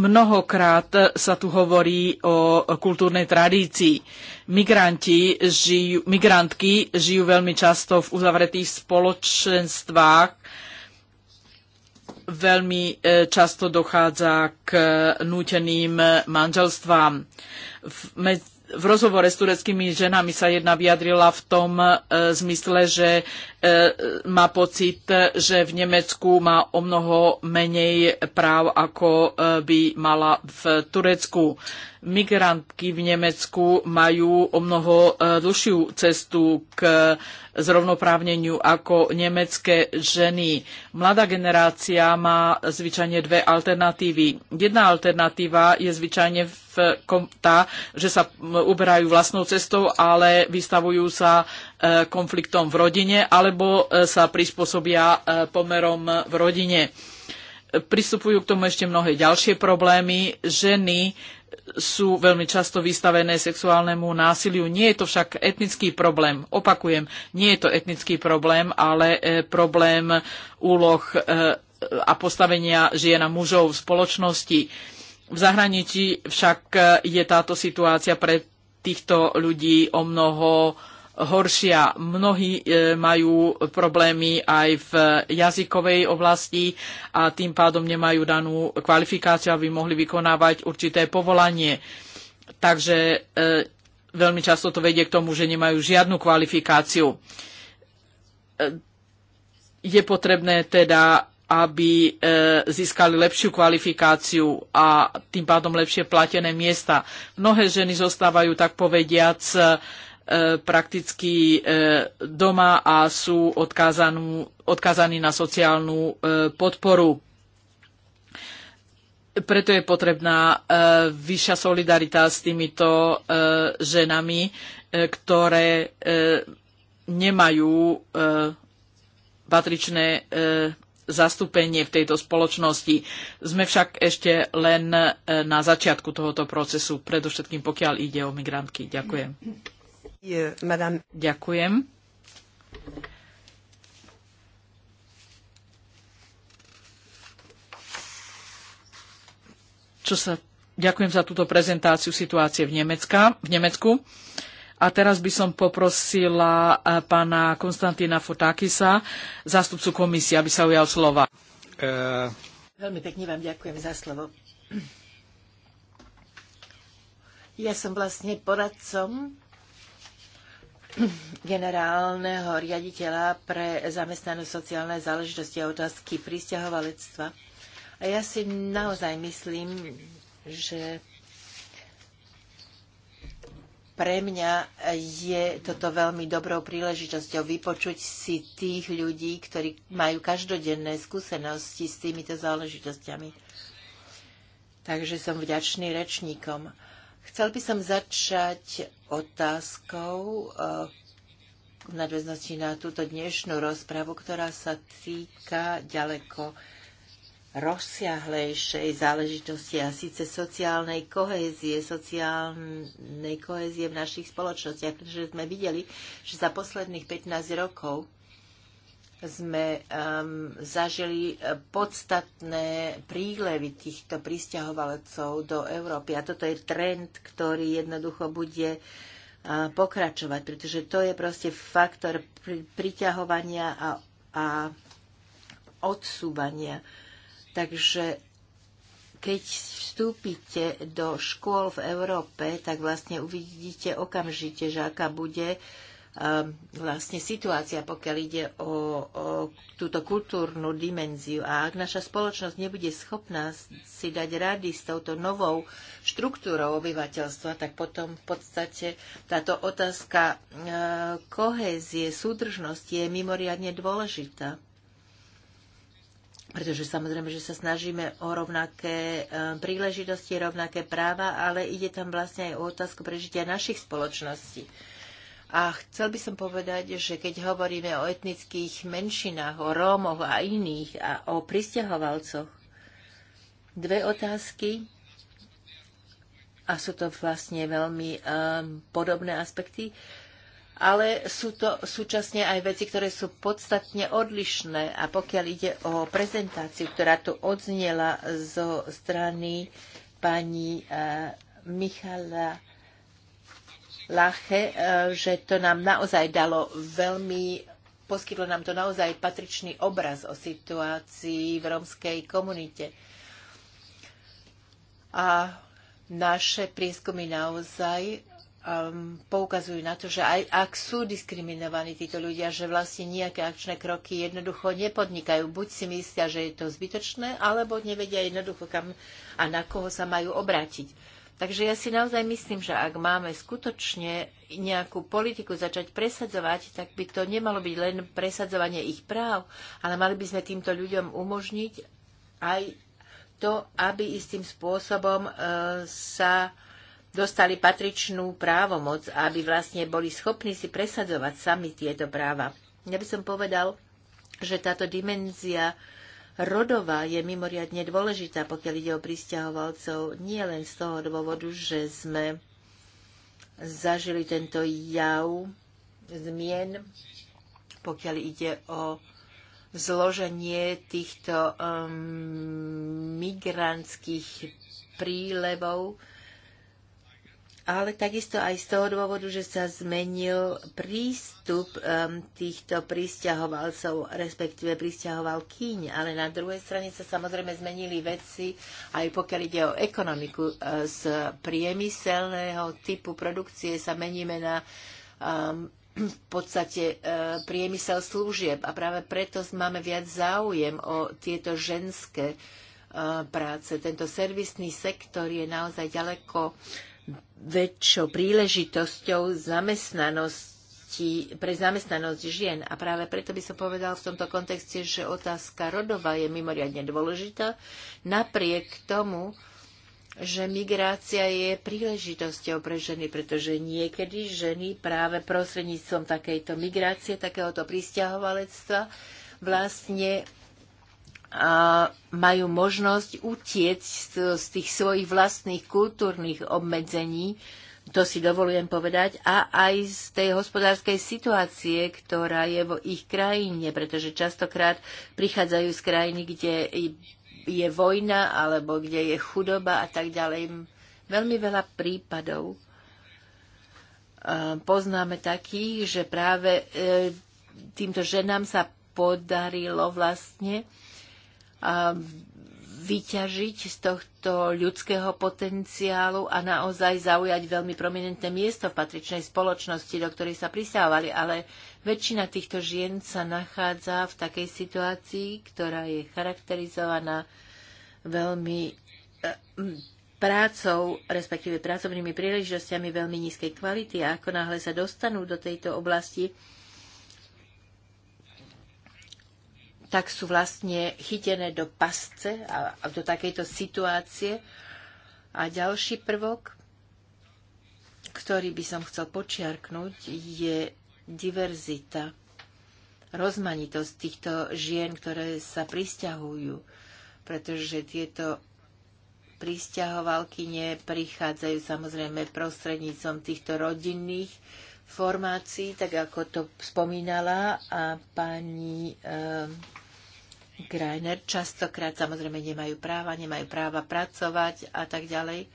Mnohokrát sa tu hovorí o kultúrnej tradícii. Migranti žijú, migrantky žijú veľmi často v uzavretých spoločenstvách, veľmi e, často dochádza k núteným manželstvám. V, med, v rozhovore s tureckými ženami sa jedna vyjadrila v tom e, zmysle, že E, má pocit, že v Nemecku má o mnoho menej práv, ako e, by mala v Turecku. Migrantky v Nemecku majú o mnoho e, dlhšiu cestu k zrovnoprávneniu ako nemecké ženy. Mladá generácia má zvyčajne dve alternatívy. Jedna alternatíva je zvyčajne v, tá, že sa uberajú vlastnou cestou, ale vystavujú sa E, konfliktom v rodine alebo e, sa prispôsobia e, pomerom v rodine. Pristupujú k tomu ešte mnohé ďalšie problémy. Ženy sú veľmi často vystavené sexuálnemu násiliu. Nie je to však etnický problém. Opakujem, nie je to etnický problém, ale problém úloh a postavenia žien a mužov v spoločnosti. V zahraničí však je táto situácia pre týchto ľudí o mnoho horšia. Mnohí e, majú problémy aj v jazykovej oblasti a tým pádom nemajú danú kvalifikáciu, aby mohli vykonávať určité povolanie. Takže e, veľmi často to vedie k tomu, že nemajú žiadnu kvalifikáciu. E, je potrebné teda aby získali lepšiu kvalifikáciu a tým pádom lepšie platené miesta. Mnohé ženy zostávajú, tak povediac, E, prakticky e, doma a sú odkázaní na sociálnu e, podporu. Preto je potrebná vyššia solidarita s týmito ženami, ktoré nemajú patričné zastúpenie v tejto spoločnosti. Sme však ešte len na začiatku tohoto procesu, predovšetkým pokiaľ ide o migrantky. Ďakujem. Ďakujem. Čo sa, ďakujem za túto prezentáciu situácie v, Nemecka, v Nemecku. A teraz by som poprosila eh, pána Konstantína Fotakisa, zástupcu komisie, aby sa ujal slova. Uh... Veľmi pekne vám ďakujem za slovo. Ja som vlastne poradcom generálneho riaditeľa pre zamestnanú sociálne záležitosti a otázky pristahovalectva. A ja si naozaj myslím, že pre mňa je toto veľmi dobrou príležitosťou vypočuť si tých ľudí, ktorí majú každodenné skúsenosti s týmito záležitosťami. Takže som vďačný rečníkom. Chcel by som začať otázkou eh, v nadväznosti na túto dnešnú rozpravu, ktorá sa týka ďaleko rozsiahlejšej záležitosti a síce sociálnej kohézie, sociálnej kohézie v našich spoločnostiach, pretože sme videli, že za posledných 15 rokov sme um, zažili podstatné prílevy týchto pristahovalcov do Európy. A toto je trend, ktorý jednoducho bude uh, pokračovať, pretože to je proste faktor pri, priťahovania a, a odsúvania. Takže keď vstúpite do škôl v Európe, tak vlastne uvidíte okamžite, že aká bude uh, Ehm, vlastne situácia, pokiaľ ide o, o túto kultúrnu dimenziu. A ak naša spoločnosť nebude schopná si dať rady s touto novou štruktúrou obyvateľstva, tak potom v podstate táto otázka e, kohézie, súdržnosti je mimoriadne dôležitá. Pretože samozrejme, že sa snažíme o rovnaké e, príležitosti, rovnaké práva, ale ide tam vlastne aj o otázku prežitia našich spoločností. A chcel by som povedať, že keď hovoríme o etnických menšinách, o Rómoch a iných a o pristahovalcoch, dve otázky a sú to vlastne veľmi um, podobné aspekty, ale sú to súčasne aj veci, ktoré sú podstatne odlišné. A pokiaľ ide o prezentáciu, ktorá tu odznela zo strany pani uh, Michala ľahké, e, že to nám naozaj dalo veľmi, poskytlo nám to naozaj patričný obraz o situácii v rómskej komunite. A naše prieskumy naozaj um, poukazujú na to, že aj ak sú diskriminovaní títo ľudia, že vlastne nejaké akčné kroky jednoducho nepodnikajú. Buď si myslia, že je to zbytočné, alebo nevedia jednoducho kam a na koho sa majú obrátiť. Takže ja si naozaj myslím, že ak máme skutočne nejakú politiku začať presadzovať, tak by to nemalo byť len presadzovanie ich práv, ale mali by sme týmto ľuďom umožniť aj to, aby istým spôsobom e, sa dostali patričnú právomoc, aby vlastne boli schopní si presadzovať sami tieto práva. Ja by som povedal, že táto dimenzia rodová je mimoriadne dôležitá, pokiaľ ide o pristahovalcov, nie len z toho dôvodu, že sme zažili tento jav zmien, pokiaľ ide o zloženie týchto um, migrantských prílevov, ale takisto aj z toho dôvodu, že sa zmenil prístup um, týchto pristahovalcov, respektíve kýň. ale na druhej strane sa samozrejme zmenili veci, aj pokiaľ ide o ekonomiku. E, z priemyselného typu produkcie sa meníme na um, v podstate uh, priemysel služieb a práve preto máme viac záujem o tieto ženské uh, práce. Tento servisný sektor je naozaj ďaleko uh, väčšou príležitosťou zamestnanosti, pre zamestnanosť žien. A práve preto by som povedal v tomto kontexte, že otázka rodová je mimoriadne dôležitá, napriek tomu, že migrácia je príležitosťou pre ženy, pretože niekedy ženy práve prostredníctvom takejto migrácie, takéhoto pristahovalectva vlastne majú možnosť utiec z tých svojich vlastných kultúrnych obmedzení, to si dovolujem povedať, a aj z tej hospodárskej situácie, ktorá je vo ich krajine, pretože častokrát prichádzajú z krajiny, kde je vojna alebo kde je chudoba a tak ďalej. Veľmi veľa prípadov e, poznáme takých, že práve e, týmto ženám sa podarilo vlastne vyťažiť z tohto ľudského potenciálu a naozaj zaujať veľmi prominentné miesto v patričnej spoločnosti, do ktorej sa prisávali. Ale väčšina týchto žien sa nachádza v takej situácii, ktorá je charakterizovaná veľmi e, prácou, respektíve pracovnými príležitostiami veľmi nízkej kvality a ako náhle sa dostanú do tejto oblasti, tak sú vlastne chytené do pasce a, a do takejto situácie. A ďalší prvok, ktorý by som chcel počiarknúť, je diverzita, rozmanitosť týchto žien, ktoré sa pristahujú, pretože tieto prísťahovalky prichádzajú samozrejme prostrednícom týchto rodinných formácií, tak ako to spomínala a pani e, Greiner. častokrát samozrejme nemajú práva, nemajú práva pracovať a tak ďalej.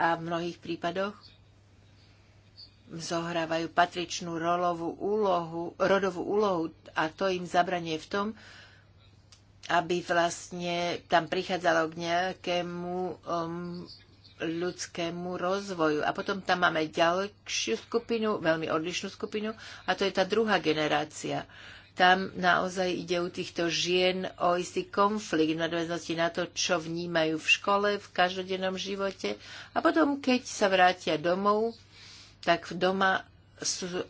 A v mnohých prípadoch zohrávajú patričnú rolovú úlohu, rodovú úlohu a to im zabranie v tom, aby vlastne tam prichádzalo k nejakému um, ľudskému rozvoju. A potom tam máme ďalšiu skupinu, veľmi odlišnú skupinu, a to je tá druhá generácia. Uh, tam naozaj ide u týchto žien o istý konflikt v nadväznosti na to, čo vnímajú v škole, v každodennom živote. A potom, keď sa vrátia domov, tak doma sú,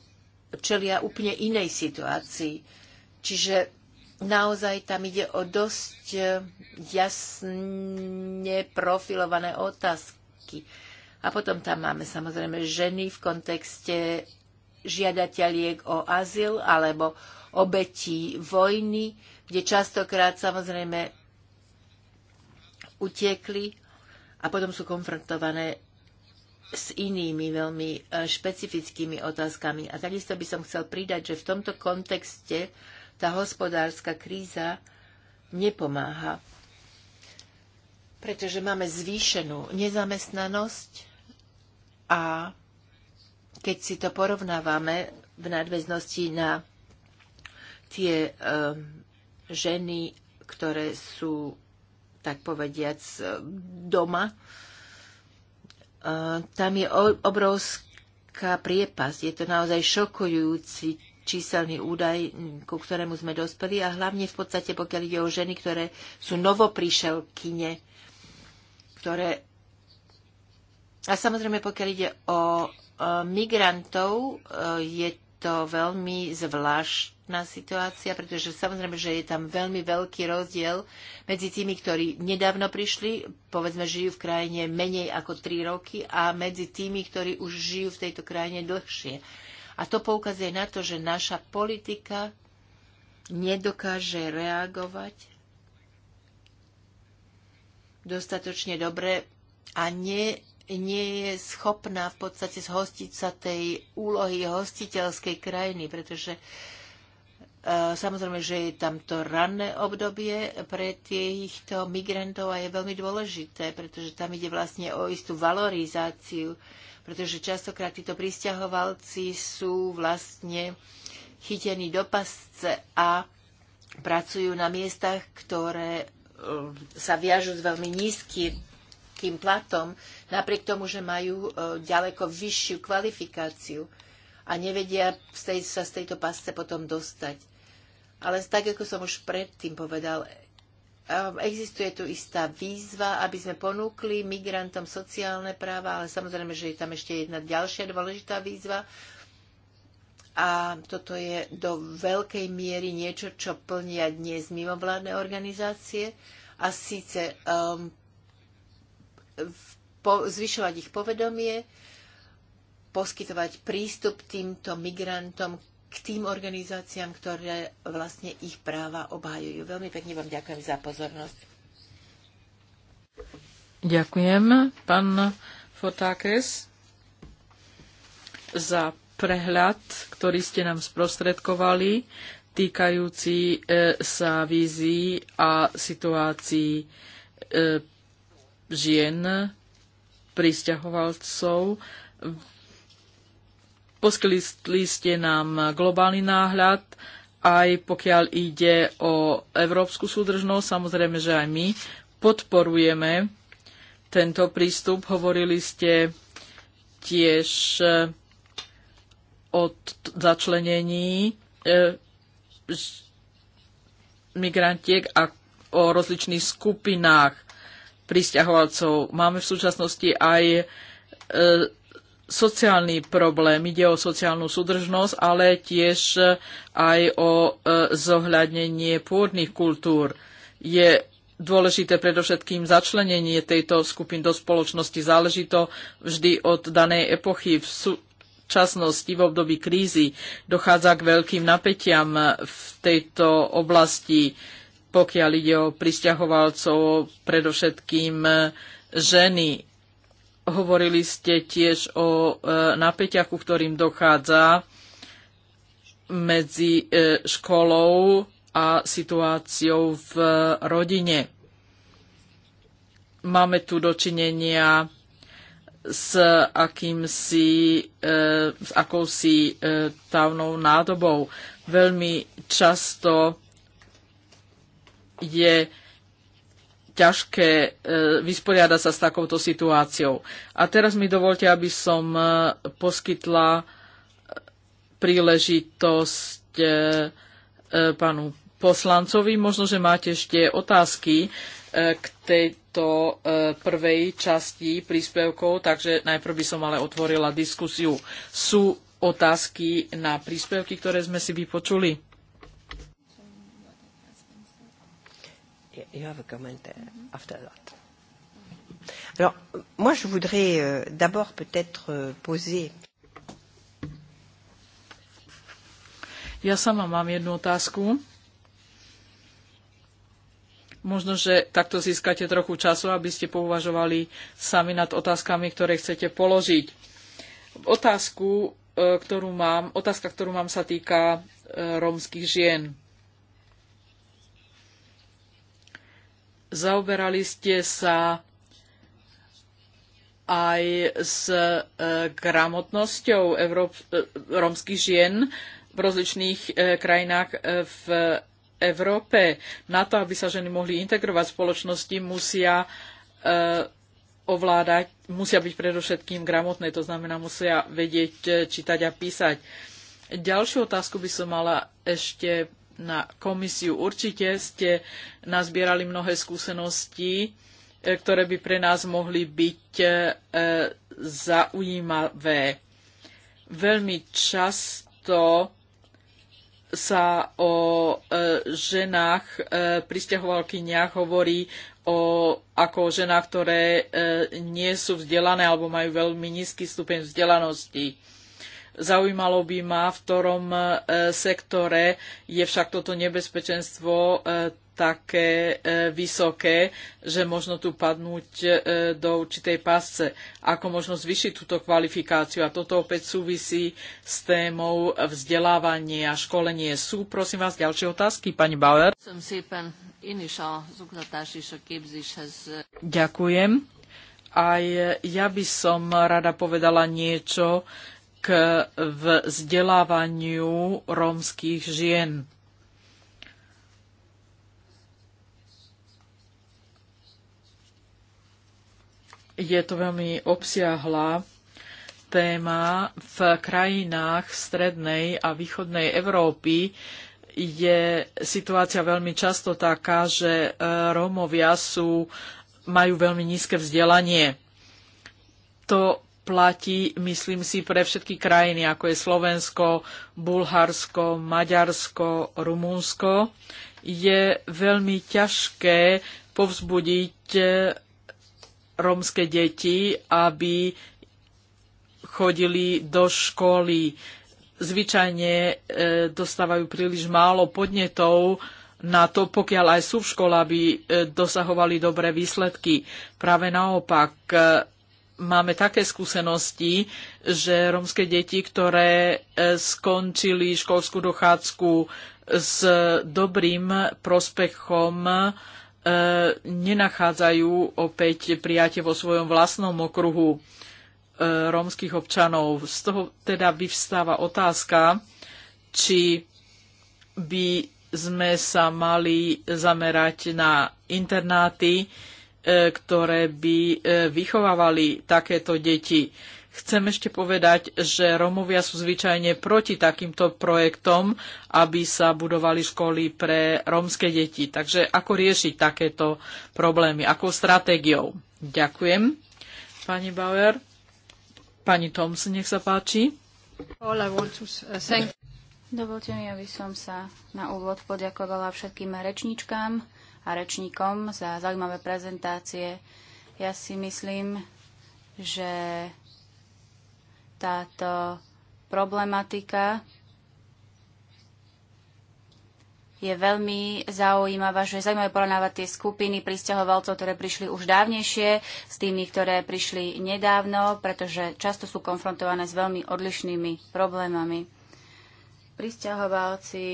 čelia úplne inej situácii. Čiže naozaj tam ide o dosť e, jasne profilované otázky. A potom tam máme samozrejme ženy v kontexte žiadateľiek o azyl alebo obetí vojny, kde častokrát samozrejme utiekli a potom sú konfrontované s inými veľmi e, špecifickými otázkami. A takisto by som chcel pridať, že v tomto kontexte tá hospodárska kríza nepomáha, pretože máme zvýšenú nezamestnanosť a keď si to porovnávame v nadväznosti na tie ehm, ženy, ktoré sú tak povediac eh, doma, eh, tam je obrovská priepasť. Je to naozaj šokujúci číselný údaj, mm, ku ktorému sme dospeli a hlavne v podstate, pokiaľ ide o ženy, ktoré sú novoprišelkyne, ktoré... A samozrejme, pokiaľ ide o eh, migrantov, je to veľmi zvláštna situácia, pretože samozrejme, že je tam veľmi veľký rozdiel medzi tými, ktorí nedávno prišli, povedzme, žijú v krajine menej ako 3 roky a medzi tými, ktorí už žijú v tejto krajine dlhšie. A to poukazuje na to, že naša politika nedokáže reagovať dostatočne dobre a nie nie je schopná v podstate zhostiť sa tej úlohy hostiteľskej krajiny, pretože e, Samozrejme, že je tam to ranné obdobie pre týchto migrantov a je veľmi dôležité, pretože tam ide vlastne o istú valorizáciu, pretože častokrát títo pristahovalci sú vlastne chytení do pasce a pracujú na miestach, ktoré e, sa viažu s veľmi nízkym nízkym platom, napriek tomu, že majú e, ďaleko vyššiu kvalifikáciu a nevedia sa z tejto pasce potom dostať. Ale tak, ako som už predtým povedal, e, existuje tu istá výzva, aby sme ponúkli migrantom sociálne práva, ale samozrejme, že je tam ešte jedna ďalšia dôležitá výzva. A toto je do veľkej miery niečo, čo plnia dnes mimovládne organizácie a síce um, po, zvyšovať ich povedomie, poskytovať prístup týmto migrantom k tým organizáciám, ktoré vlastne ich práva obhajujú. Veľmi pekne vám ďakujem za pozornosť. Ďakujem, pán Fotákes, za prehľad, ktorý ste nám sprostredkovali, týkajúci e, sa vízií a situácií e, žien, pristahovalcov. Poskytli ste nám globálny náhľad, aj pokiaľ ide o európsku súdržnosť, samozrejme, že aj my podporujeme tento prístup. Hovorili ste tiež e, o začlenení e, migrantiek a o rozličných skupinách pristahovalcov. Máme v súčasnosti aj e, sociálny problém. Ide o sociálnu súdržnosť, ale tiež aj o e, zohľadnenie pôdnych kultúr. Je dôležité predovšetkým začlenenie tejto skupín do spoločnosti. Záleží to vždy od danej epochy. V súčasnosti, v období krízy, dochádza k veľkým napätiam v tejto oblasti pokiaľ ide o pristahovalcov, predovšetkým e, ženy. Hovorili ste tiež o e, napäťach, ku ktorým dochádza medzi e, školou a situáciou v rodine. Máme tu dočinenia s akýmsi, s akousi távnou nádobou. Veľmi často je ťažké e, vysporiadať sa s takouto situáciou. A teraz mi dovolte, aby som e, poskytla e, príležitosť pánu poslancovi. Možno, že máte ešte otázky k tejto prvej časti príspevkov, takže najprv by som ale otvorila diskusiu. Sú otázky na príspevky, ktoré sme si vypočuli? you have a comment uh, after that. Alors, moi, je voudrais euh, d'abord peut-être euh, poser. Ja sama mám jednu otázku. Možno, že takto získate trochu času, aby ste pouvažovali sami nad otázkami, ktoré chcete položiť. Otázku, e, ktorú mám, otázka, ktorú mám, sa týka e, rómskych žien. Zaoberali ste sa aj s e, gramotnosťou Európ- e, rómskych žien v rozličných e, krajinách e, v Európe. Na to, aby sa ženy mohli integrovať v spoločnosti, musia e, ovládať, musia byť predovšetkým gramotné, to znamená, musia vedieť e, čítať a písať. Ďalšiu otázku by som mala ešte na komisiu. Určite ste nazbierali mnohé skúsenosti, e, ktoré by pre nás mohli byť e, zaujímavé. Veľmi často sa o e, ženách pristahovalkyniach hovorí o, ako o ženách, ktoré nie sú vzdelané alebo majú veľmi nízky stupeň vzdelanosti Zaujímalo by ma, v ktorom e, sektore je však toto nebezpečenstvo e, také e, vysoké, že možno tu padnúť do určitej pasce. Ako možno zvyšiť túto kvalifikáciu? A toto opäť súvisí s témou vzdelávanie a školenie. Sú, prosím vás, ďalšie otázky, pani Bauer? Ďakujem. Aj ja by som rada povedala niečo k vzdelávaniu rómskych žien. Je to veľmi obsiahla téma v krajinách strednej a východnej Európy je situácia veľmi často taká, že e, Rómovia sú, majú veľmi nízke vzdelanie. To platí, myslím si, pre všetky krajiny, ako je Slovensko, Bulharsko, Maďarsko, Rumunsko, je veľmi ťažké povzbudiť e, rómske deti, aby chodili do školy. Zvyčajne e, dostávajú príliš málo podnetov na to, pokiaľ aj sú v škole, aby e, dosahovali dobré výsledky. Práve naopak, máme také skúsenosti, že romské deti, ktoré e, skončili školskú dochádzku s dobrým prospechom, e, nenachádzajú opäť prijatie vo svojom vlastnom okruhu e, rómskych občanov. Z toho teda vyvstáva otázka, či by sme sa mali zamerať na internáty, E, ktoré by e, vychovávali takéto deti. Chcem ešte povedať, že Romovia sú zvyčajne proti takýmto projektom, aby sa budovali školy pre rómske deti. Takže ako riešiť takéto problémy? Akou stratégiou? Ďakujem. Pani Bauer. Pani Thompson, nech sa páči. Uh, Dovolte mi, aby som sa na úvod poďakovala všetkým rečníčkám a rečníkom za zaujímavé prezentácie. Ja si myslím, že táto problematika je veľmi zaujímavá, že je zaujímavé porovnávať tie skupiny pristahovalcov, ktoré prišli už dávnejšie s tými, ktoré prišli nedávno, pretože často sú konfrontované s veľmi odlišnými problémami. Pristahovalci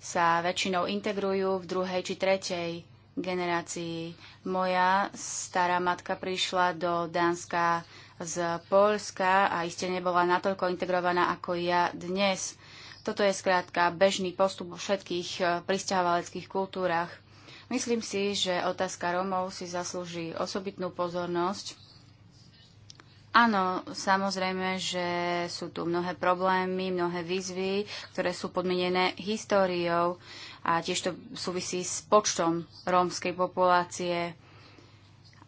sa väčšinou integrujú v druhej či tretej generácii. Moja stará matka prišla do Dánska z Polska a iste nebola natoľko integrovaná ako ja dnes. Toto je skrátka bežný postup vo všetkých eh, pristahovaleckých kultúrach. Myslím si, že otázka Romov si zaslúži osobitnú pozornosť Áno, samozrejme, že sú tu mnohé problémy, mnohé výzvy, ktoré sú podmienené históriou a tiež to súvisí s počtom rómskej populácie.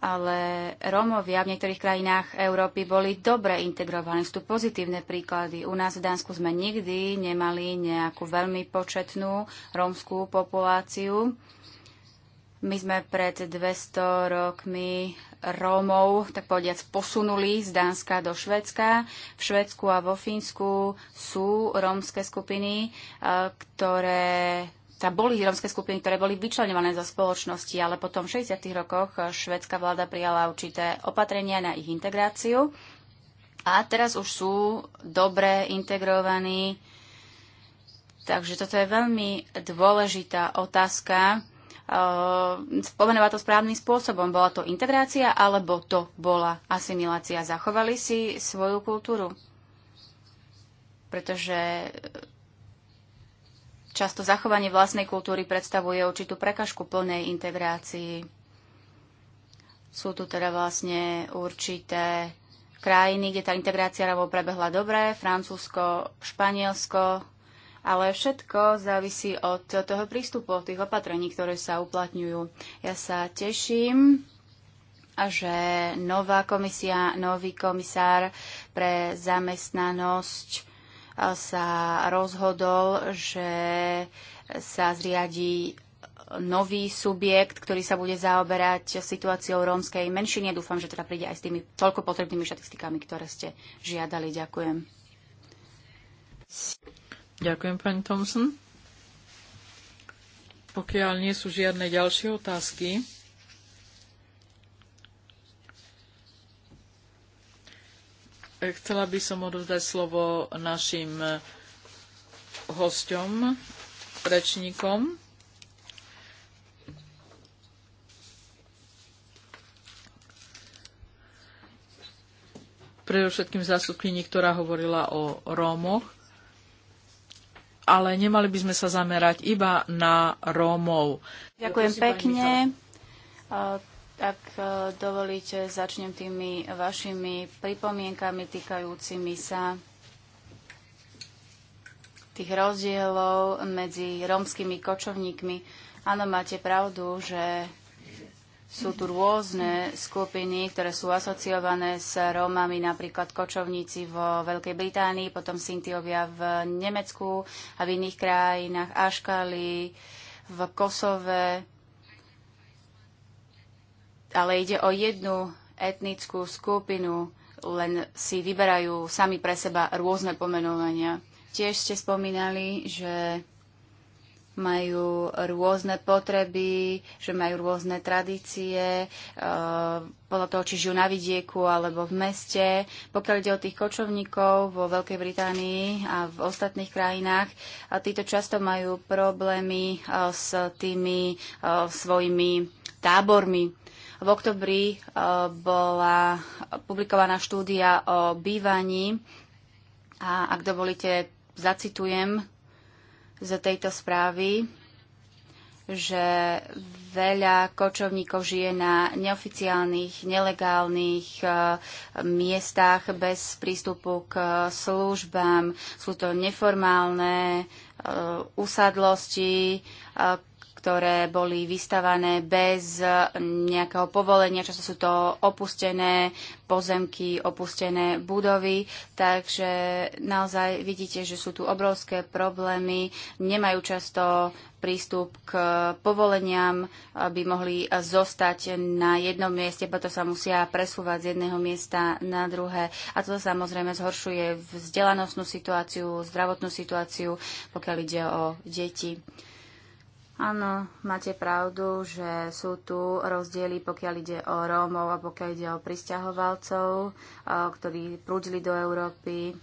Ale Rómovia v niektorých krajinách Európy boli dobre integrovaní. Sú tu pozitívne príklady. U nás v Dánsku sme nikdy nemali nejakú veľmi početnú rómskú populáciu my sme pred 200 rokmi Rómov, tak povediac, posunuli z Dánska do Švedska. V Švedsku a vo Fínsku sú rómske skupiny, e, ktoré sa teda boli rómske skupiny, ktoré boli vyčlenované zo spoločnosti, ale potom v 60. rokoch švedská vláda prijala určité opatrenia na ich integráciu a teraz už sú dobre integrovaní. Takže toto je veľmi dôležitá otázka Eh, pomenovať to správnym spôsobom. Bola to integrácia alebo to bola asimilácia? Zachovali si svoju kultúru? Pretože eh, často zachovanie vlastnej kultúry predstavuje určitú prekažku plnej integrácii. Sú tu teda vlastne určité krajiny, kde tá integrácia rabov prebehla dobre, Francúzsko, Španielsko, ale všetko závisí od toho prístupu, od tých opatrení, ktoré sa uplatňujú. Ja sa teším, že nová komisia, nový komisár pre zamestnanosť sa rozhodol, že sa zriadí nový subjekt, ktorý sa bude zaoberať situáciou rómskej menšiny. Dúfam, že teda príde aj s tými toľko potrebnými štatistikami, ktoré ste žiadali. Ďakujem. Ďakujem, pani Thompson. Pokiaľ nie sú žiadne ďalšie otázky, chcela by som odovzdať slovo našim hosťom, rečníkom. Predovšetkým zástupkyni, ktorá hovorila o Rómoch ale nemali by sme sa zamerať iba na Rómov. Ďakujem pekne. Tak e, dovolíte, začnem tými vašimi pripomienkami týkajúcimi sa tých rozdielov medzi rómskymi kočovníkmi. Áno, máte pravdu, že sú tu rôzne skupiny, ktoré sú asociované s Rómami, napríklad kočovníci vo Veľkej Británii, potom Sintiovia v Nemecku a v iných krajinách, Aškali, v Kosove. Ale ide o jednu etnickú skupinu, len si vyberajú sami pre seba rôzne pomenovania. Tiež ste spomínali, že majú rôzne potreby, že majú rôzne tradície, e, podľa toho, či žijú na vidieku alebo v meste. Pokiaľ ide o tých kočovníkov vo Veľkej Británii a v ostatných krajinách, a títo často majú problémy e, s tými e, svojimi tábormi. V oktobri bola publikovaná štúdia o bývaní a ak dovolíte, zacitujem z tejto správy, že veľa kočovníkov žije na neoficiálnych, nelegálnych eh, miestach bez prístupu k službám. Sú to neformálne eh, usadlosti, eh, ktoré boli vystavané bez nejakého povolenia, často sú to opustené pozemky, opustené budovy, takže naozaj vidíte, že sú tu obrovské problémy, nemajú často prístup k povoleniam, by mohli zostať na jednom mieste, preto sa musia presúvať z jedného miesta na druhé. A to samozrejme zhoršuje vzdelanostnú situáciu, zdravotnú situáciu, pokiaľ ide o deti. Áno, máte pravdu, že sú tu rozdiely, pokiaľ ide o Rómov a pokiaľ ide o pristahovalcov, ktorí prúdili do Európy.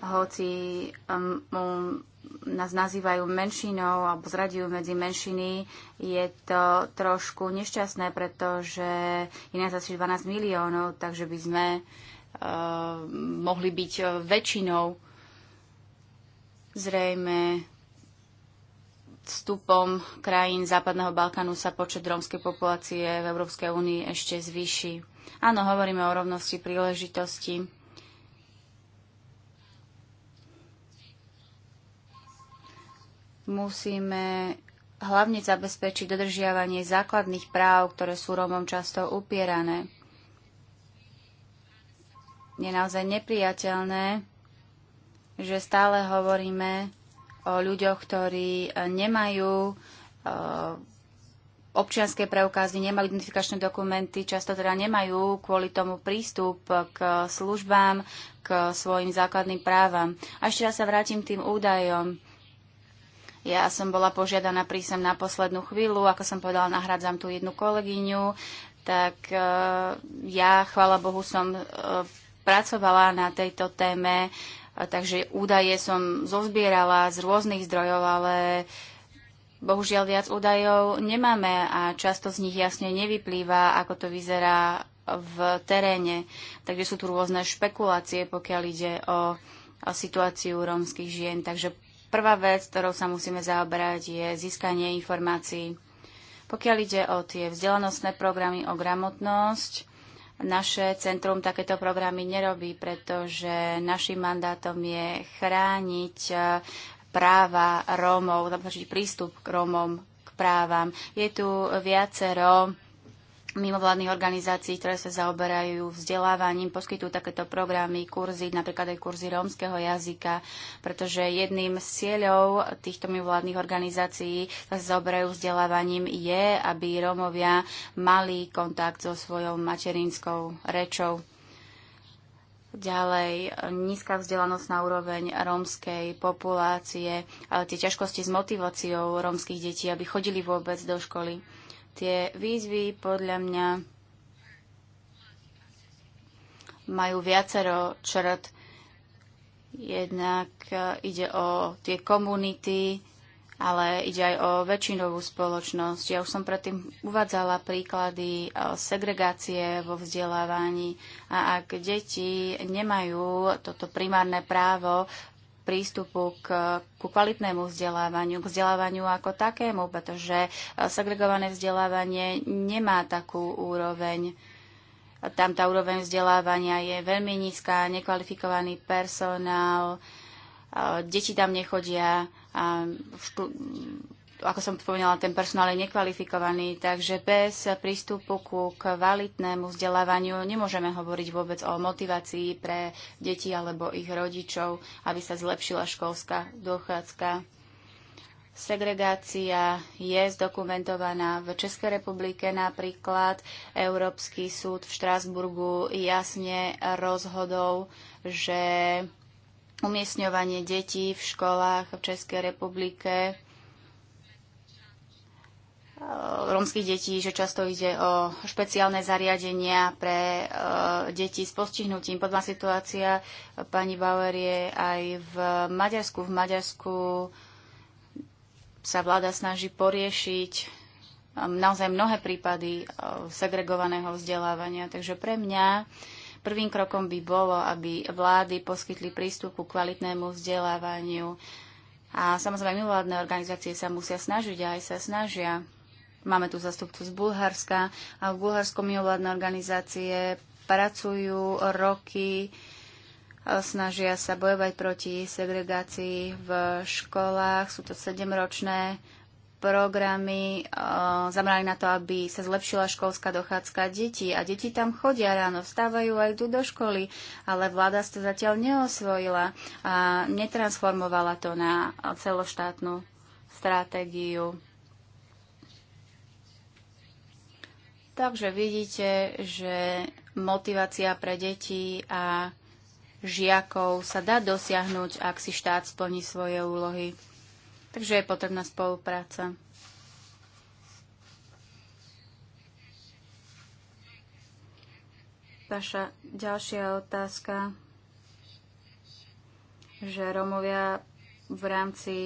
Hoci um, um, nás nazývajú menšinou alebo zradujú medzi menšiny, je to trošku nešťastné, pretože je nás asi 12 miliónov, takže by sme uh, mohli byť uh, väčšinou. Zrejme vstupom krajín Západného Balkánu sa počet rómskej populácie v Európskej únii ešte zvýši. Áno, hovoríme o rovnosti príležitosti. Musíme hlavne zabezpečiť dodržiavanie základných práv, ktoré sú Rómom často upierané. Je naozaj nepriateľné, že stále hovoríme o ľuďoch, ktorí e, nemajú e, občianské preukazy, nemajú identifikačné dokumenty, často teda nemajú kvôli tomu prístup k službám, k svojim základným právam. A ešte raz sa vrátim tým údajom. Ja som bola požiadaná prísem na poslednú chvíľu, ako som povedala, nahradzam tú jednu kolegyňu, tak e, ja, chvála Bohu, som pracovala na tejto téme takže údaje som zozbierala z rôznych zdrojov, ale bohužiaľ viac údajov nemáme a často z nich jasne nevyplýva, ako to vyzerá v teréne. Takže sú tu rôzne špekulácie, pokiaľ ide o, o situáciu rómskych žien. Takže prvá vec, ktorou sa musíme zaoberať, je získanie informácií. Pokiaľ ide o tie vzdelanostné programy, o gramotnosť, naše centrum takéto programy nerobí, pretože našim mandátom je chrániť e, práva Rómov, zabezpečiť prístup k Rómom k právam. Je tu viacero mimovládnych organizácií, ktoré sa zaoberajú vzdelávaním, poskytujú takéto programy, kurzy, napríklad aj kurzy rómskeho jazyka, pretože jedným z cieľov týchto mimovládnych organizácií, ktoré sa zaoberajú vzdelávaním, je, aby Rómovia mali kontakt so svojou materinskou rečou. Ďalej, nízka vzdelanosť na úroveň rómskej populácie, ale tie ťažkosti s motiváciou rómskych detí, aby chodili vôbec do školy. Tie výzvy podľa mňa majú viacero črt. Jednak e, ide o tie komunity, ale ide aj o väčšinovú spoločnosť. Ja už som predtým uvádzala príklady e, segregácie vo vzdelávaní a ak deti nemajú toto primárne právo prístupu k, ku kvalitnému vzdelávaniu, k vzdelávaniu ako takému, pretože e, segregované vzdelávanie nemá takú úroveň. Tam tá úroveň vzdelávania je veľmi nízka, nekvalifikovaný personál, e, deti tam nechodia, ako som spomínala, ten personál je nekvalifikovaný, takže bez prístupu ku kvalitnému vzdelávaniu nemôžeme hovoriť vôbec o motivácii pre deti alebo ich rodičov, aby sa zlepšila školská dochádzka. Segregácia je zdokumentovaná v Českej republike napríklad. Európsky súd v Štrásburgu jasne rozhodol, že umiestňovanie detí v školách v Českej republike Eh, rómskych detí, že často ide o špeciálne zariadenia pre eh, deti s postihnutím. Podobná situácia eh, pani Bauer je aj v Maďarsku. V Maďarsku sa vláda snaží poriešiť naozaj mnohé prípady segregovaného vzdelávania. Takže pre mňa prvým krokom by bolo, aby vlády poskytli prístup ku kvalitnému vzdelávaniu. A samozrejme, mimovládne organizácie sa musia snažiť a aj sa snažia Máme tu zastupcu z Bulharska a v Bulharsku mimovládne organizácie pracujú roky, snažia sa bojovať proti segregácii v školách. Sú to sedemročné programy zamerali na to, aby sa zlepšila školská dochádzka detí. A deti tam chodia ráno, vstávajú aj tu do školy, ale vláda sa zatiaľ neosvojila a netransformovala to na celoštátnu stratégiu. Takže vidíte, že motivácia pre deti a žiakov sa dá dosiahnuť, ak si štát splní svoje úlohy. Takže je potrebná spolupráca. Vaša ďalšia otázka, že Romovia v rámci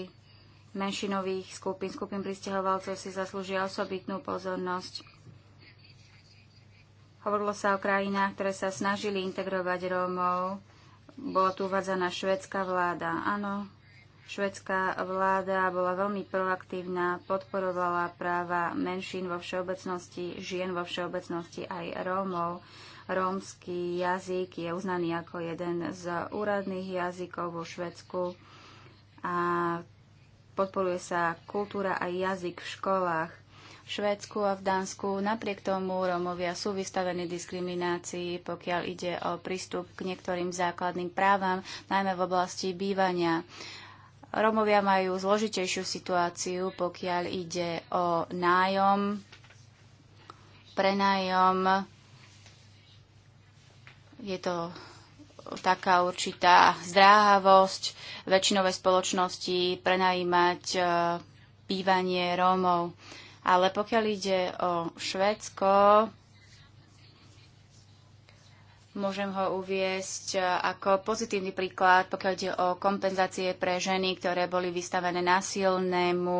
menšinových skupín, skupín pristahovalcov si zaslúžia osobitnú pozornosť. Hovorilo sa o krajinách, ktoré sa snažili integrovať Rómov. Bola tu uvádzaná švedská vláda. Áno, švedská vláda bola veľmi proaktívna, podporovala práva menšín vo všeobecnosti, žien vo všeobecnosti aj Rómov. Rómsky jazyk je uznaný ako jeden z úradných jazykov vo Švedsku a podporuje sa kultúra a jazyk v školách Švédsku a v Dánsku. Napriek tomu Rómovia sú vystavení diskriminácii, pokiaľ ide o prístup k niektorým základným právam, najmä v oblasti bývania. Rómovia majú zložitejšiu situáciu, pokiaľ ide o nájom, prenájom. Je to taká určitá zdráhavosť väčšinové spoločnosti prenajímať eh, bývanie Rómov. Ale pokiaľ ide o Švédsko, môžem ho uviesť e, ako pozitívny príklad, pokiaľ ide o kompenzácie pre ženy, ktoré boli vystavené násilnému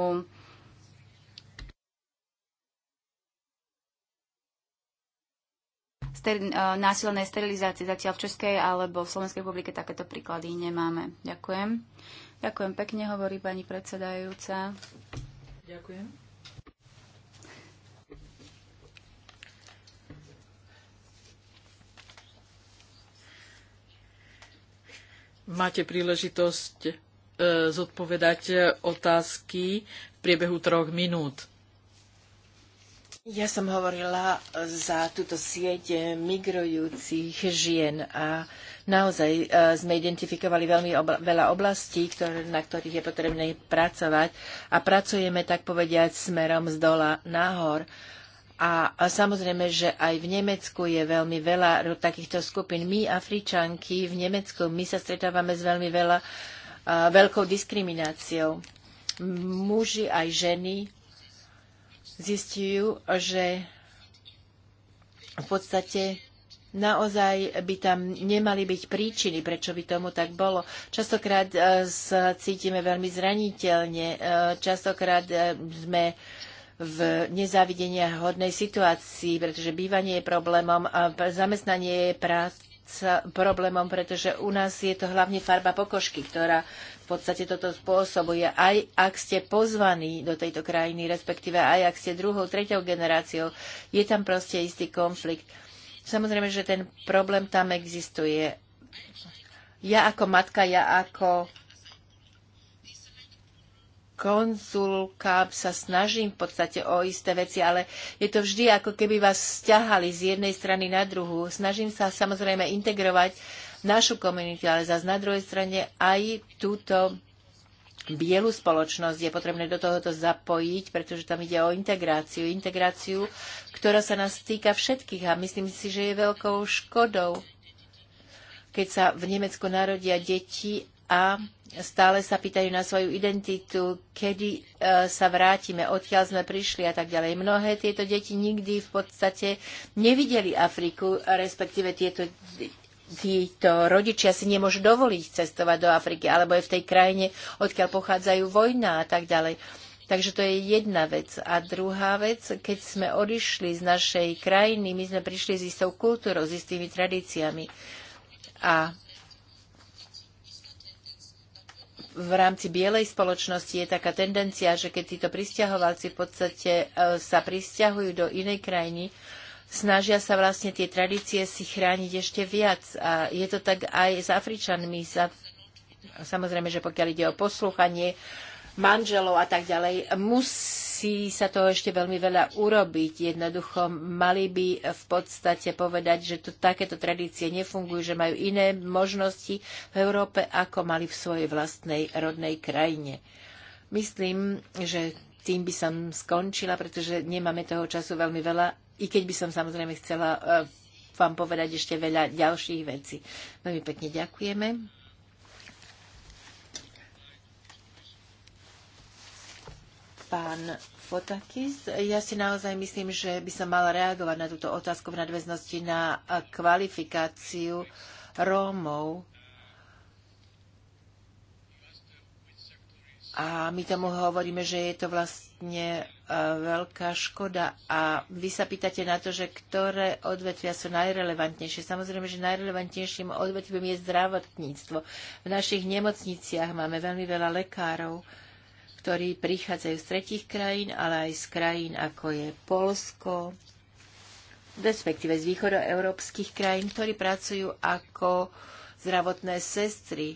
e, násilnej sterilizácii. Zatiaľ v Českej alebo v Slovenskej republike takéto príklady nemáme. Ďakujem. Ďakujem pekne, hovorí pani predsedajúca. Ďakujem. máte príležitosť e, zodpovedať otázky v priebehu troch minút. Ja som hovorila za túto sieť migrujúcich žien a naozaj e, sme identifikovali veľmi obla- veľa oblastí, ktoré, na ktorých je potrebné pracovať a pracujeme, tak povediať, smerom z dola nahor. A samozrejme, že aj v Nemecku je veľmi veľa takýchto skupín. My, Afričanky, v Nemecku, my sa stretávame s veľmi veľa, veľkou diskrimináciou. Muži aj ženy zistujú, že v podstate naozaj by tam nemali byť príčiny, prečo by tomu tak bolo. Častokrát e, sa cítime veľmi zraniteľne, e, častokrát e, sme v nezávidenia hodnej situácii, pretože bývanie je problémom a zamestnanie je práca problémom, pretože u nás je to hlavne farba pokožky, ktorá v podstate toto spôsobuje. Aj ak ste pozvaní do tejto krajiny, respektíve aj ak ste druhou, treťou generáciou, je tam proste istý konflikt. Samozrejme, že ten problém tam existuje. Ja ako matka, ja ako konzulka sa snažím v podstate o isté veci, ale je to vždy ako keby vás stiahali z jednej strany na druhú. Snažím sa samozrejme integrovať našu komunitu, ale zase na druhej strane aj túto bielu spoločnosť je potrebné do tohoto zapojiť, pretože tam ide o integráciu. Integráciu, ktorá sa nás týka všetkých a myslím si, že je veľkou škodou, keď sa v Nemecku narodia deti a stále sa pýtajú na svoju identitu, kedy e, sa vrátime, odkiaľ sme prišli a tak ďalej. Mnohé tieto deti nikdy v podstate nevideli Afriku, respektíve tieto títo rodičia si nemôžu dovoliť cestovať do Afriky, alebo je v tej krajine, odkiaľ pochádzajú vojna a tak ďalej. Takže to je jedna vec. A druhá vec, keď sme odišli z našej krajiny, my sme prišli s istou kultúrou, s istými tradíciami. A v rámci bielej spoločnosti je taká tendencia, že keď títo pristahovalci v podstate e, sa pristahujú do inej krajiny, snažia sa vlastne tie tradície si chrániť ešte viac. A je to tak aj s Afričanmi. Sa, samozrejme, že pokiaľ ide o poslúchanie manželov a tak ďalej, musí musí sa toho ešte veľmi veľa urobiť. Jednoducho mali by v podstate povedať, že to, takéto tradície nefungujú, že majú iné možnosti v Európe, ako mali v svojej vlastnej rodnej krajine. Myslím, že tým by som skončila, pretože nemáme toho času veľmi veľa, i keď by som samozrejme chcela eh, vám povedať ešte veľa ďalších vecí. Veľmi pekne ďakujeme. Pán Fotakis, ja si naozaj myslím, že by som mala reagovať na túto otázku v nadväznosti na kvalifikáciu Rómov A my tomu hovoríme, že je to vlastne e, veľká škoda. A vy sa pýtate na to, že ktoré odvetvia sú najrelevantnejšie. Samozrejme, že najrelevantnejším odvetvím je zdravotníctvo. V našich nemocniciach máme veľmi veľa lekárov, ktorí prichádzajú z tretich krajín, ale aj z krajín ako je Polsko, respektíve z východoeurópskych krajín, ktorí pracujú ako zdravotné sestry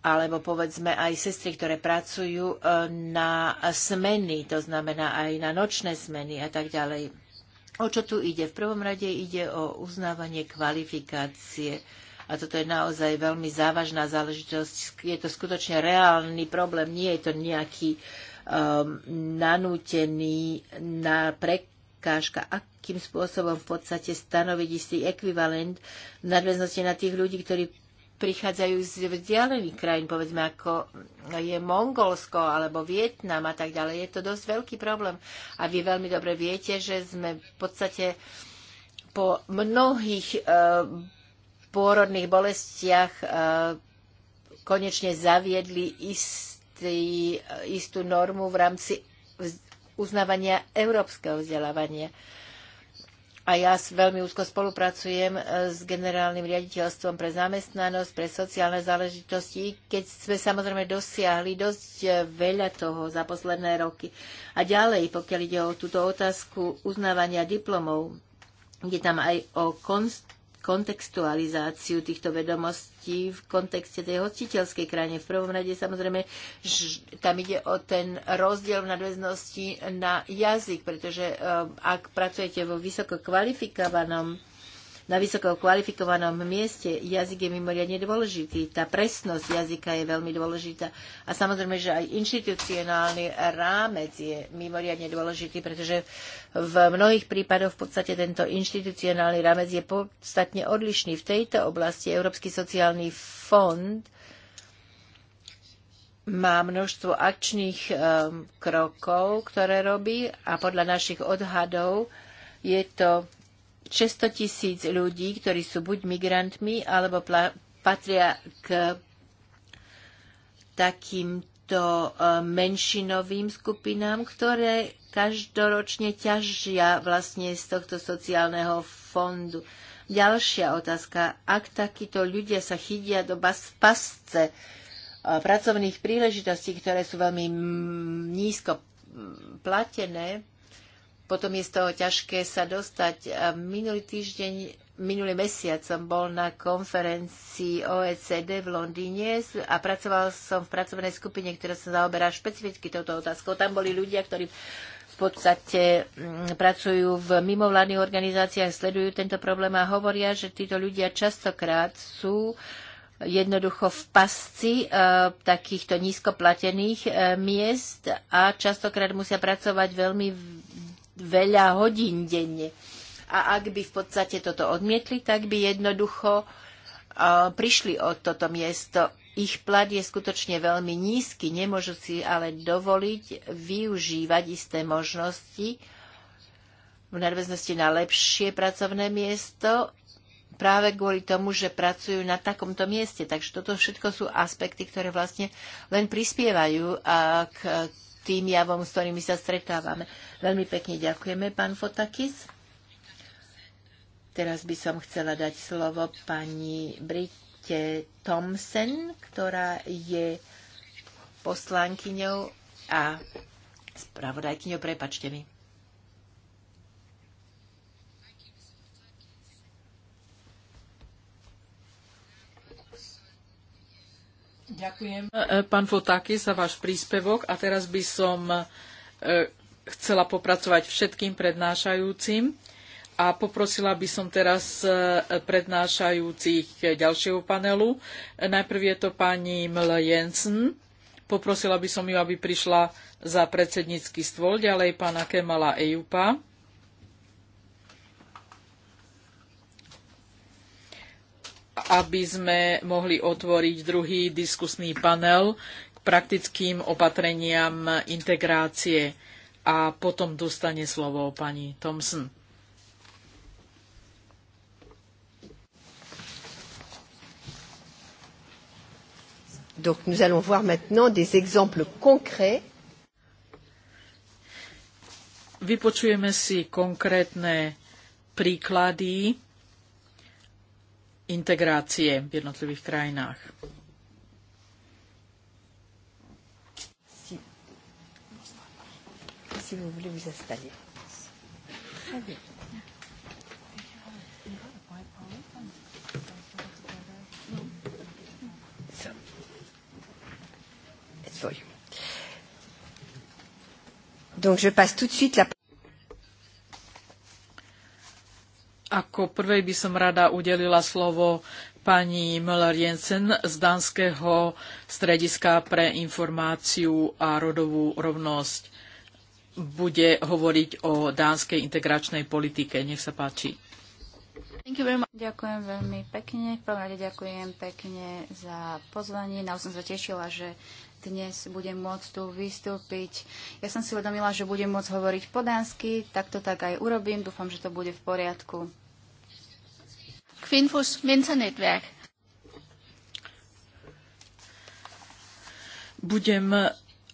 alebo povedzme aj sestry, ktoré pracujú e, na smeny, to znamená aj na nočné smeny a tak ďalej. O čo tu ide? V prvom rade ide o uznávanie kvalifikácie a toto je naozaj veľmi závažná záležitosť. Je to skutočne reálny problém, nie je to nejaký um, nanútený na prekážka, akým spôsobom v podstate stanoviť istý ekvivalent v nadväznosti na tých ľudí, ktorí prichádzajú z vzdialených krajín, povedzme ako je Mongolsko alebo Vietnam a tak ďalej. Je to dosť veľký problém. A vy veľmi dobre viete, že sme v podstate po mnohých uh, pôrodných bolestiach e, konečne zaviedli istý, istú normu v rámci uznávania európskeho vzdelávania. A ja veľmi úzko spolupracujem e, s generálnym riaditeľstvom pre zamestnanosť, pre sociálne záležitosti, keď sme samozrejme dosiahli dosť e, veľa toho za posledné roky. A ďalej, pokiaľ ide o túto otázku uznávania diplomov, ide tam aj o konst- kontextualizáciu týchto vedomostí v kontexte tej hostiteľskej krajine. V prvom rade samozrejme že tam ide o ten rozdiel v nadväznosti na jazyk, pretože eh, ak pracujete vo vysoko kvalifikovanom na vysoko kvalifikovanom mieste jazyk je mimoriadne dôležitý. Tá presnosť jazyka je veľmi dôležitá. A samozrejme, že aj inštitucionálny rámec je mimoriadne dôležitý, pretože v mnohých prípadoch v podstate tento inštitucionálny rámec je podstatne odlišný. V tejto oblasti Európsky sociálny fond má množstvo akčných um, krokov, ktoré robí a podľa našich odhadov je to 600 tisíc ľudí, ktorí sú buď migrantmi, alebo patria k takýmto e, menšinovým skupinám, ktoré každoročne ťažia vlastne z tohto sociálneho fondu. Ďalšia otázka. Ak takíto ľudia sa chytia do pasce e, pracovných príležitostí, ktoré sú veľmi nízko platené, potom je z toho ťažké sa dostať. Minulý týždeň, minulý mesiac som bol na konferencii OECD v Londýne a pracoval som v pracovnej skupine, ktorá sa zaoberá špecificky touto otázkou. Tam boli ľudia, ktorí v podstate mm, pracujú v mimovládnych organizáciách, sledujú tento problém a hovoria, že títo ľudia častokrát sú jednoducho v pasci e, takýchto nízkoplatených e, miest a častokrát musia pracovať veľmi veľa hodín denne. A ak by v podstate toto odmietli, tak by jednoducho uh, prišli o toto miesto. Ich plat je skutočne veľmi nízky, nemôžu si ale dovoliť využívať isté možnosti v nadväznosti na lepšie pracovné miesto práve kvôli tomu, že pracujú na takomto mieste. Takže toto všetko sú aspekty, ktoré vlastne len prispievajú k tým javom, s ktorými sa stretávame. Veľmi pekne ďakujeme, pán Fotakis. Teraz by som chcela dať slovo pani Brite Thompson, ktorá je poslankyňou a spravodajkyňou, prepačte mi. Ďakujem, e, e, pán Fotáky, za váš príspevok. A teraz by som e, chcela popracovať všetkým prednášajúcim. A poprosila by som teraz prednášajúcich ďalšieho panelu. Najprv je to pani Ml Jensen. Poprosila by som ju, aby prišla za predsednícky stôl. Ďalej pána Kemala Ejupa aby sme mohli otvoriť druhý diskusný panel k praktickým opatreniam integrácie. A potom dostane slovo pani Thompson. Donc nous allons voir maintenant des exemples concrets. Vypočujeme si konkrétne príklady integrácie v jednotlivých krajinách. Si vous voulez vous installer. Très bien. Donc je passe tout de suite la Ako prvej by som rada udelila slovo pani Möller Jensen z Dánskeho strediska pre informáciu a rodovú rovnosť. Bude hovoriť o dánskej integračnej politike. Nech sa páči. Ďakujem veľmi pekne. V prvom rade ďakujem pekne za pozvanie. Naozaj som sa tešila, že dnes budem môcť tu vystúpiť. Ja som si uvedomila, že budem môcť hovoriť po dánsky, tak to tak aj urobím. Dúfam, že to bude v poriadku. Kvinfos Mentornetværk. Budem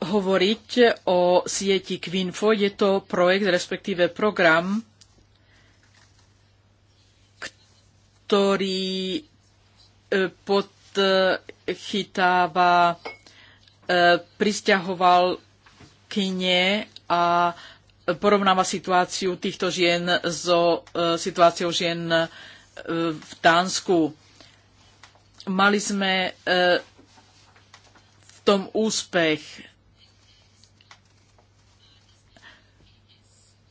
hovoriť o sieti Kvinfo. Je to projekt, respektíve program, ktorý e, podchytáva e, kine a porovnáva situáciu týchto žien so e, situáciou žien v Dánsku. Mali sme e, v tom úspech.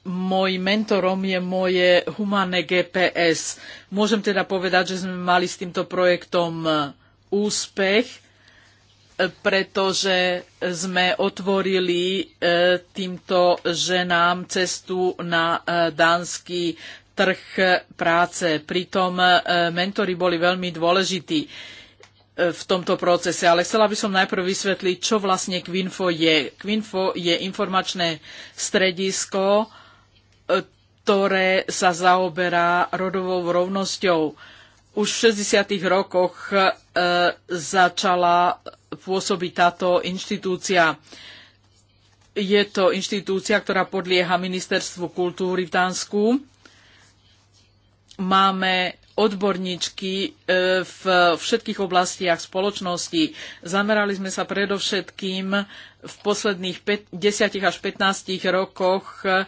Môj mentorom je moje humané GPS. Môžem teda povedať, že sme mali s týmto projektom e, úspech, e, pretože sme otvorili týmto ženám cestu na dánsky trh práce. Pritom e, mentory boli veľmi dôležití e, v tomto procese, ale chcela by som najprv vysvetliť, čo vlastne Quinfo je. Quinfo je informačné stredisko, e, ktoré sa zaoberá rodovou rovnosťou. Už v 60. rokoch začala pôsobiť táto inštitúcia. Je to inštitúcia, ktorá podlieha Ministerstvu kultúry v Dánsku máme odborníčky e, v všetkých oblastiach spoločnosti. Zamerali sme sa predovšetkým v posledných 10 až 15 rokoch e,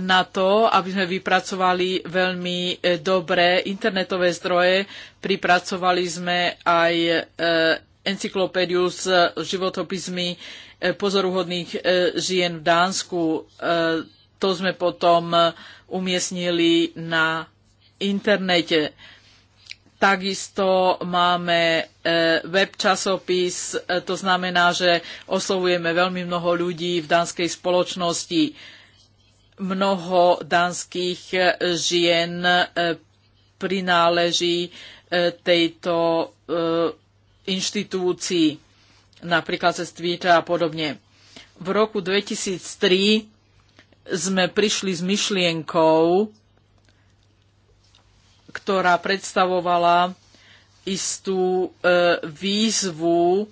na to, aby sme vypracovali veľmi e, dobré internetové zdroje. Pripracovali sme aj encyklopédiu s životopismi pozoruhodných žien v Dánsku. To sme potom umiestnili na internete. Takisto máme e, web časopis, e, to znamená, že oslovujeme veľmi mnoho ľudí v danskej spoločnosti. Mnoho danských e, žien prináleží tejto inštitúcii, napríklad cez Twitter a podobne. V roku 2003 sme prišli s myšlienkou, ktorá predstavovala istú e, výzvu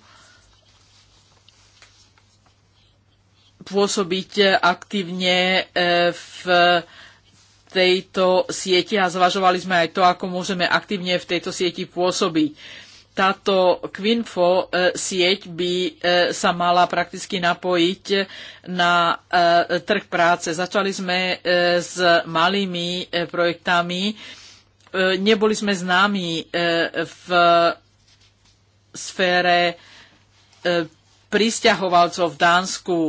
pôsobiť aktívne e, v tejto sieti a zvažovali sme aj to, ako môžeme aktívne v tejto sieti pôsobiť. Táto Quinfo e, sieť by sa mala prakticky napojiť na trh práce. Začali sme s malými projektami, E, neboli sme známi e, v sfére e, pristahovalcov v Dánsku,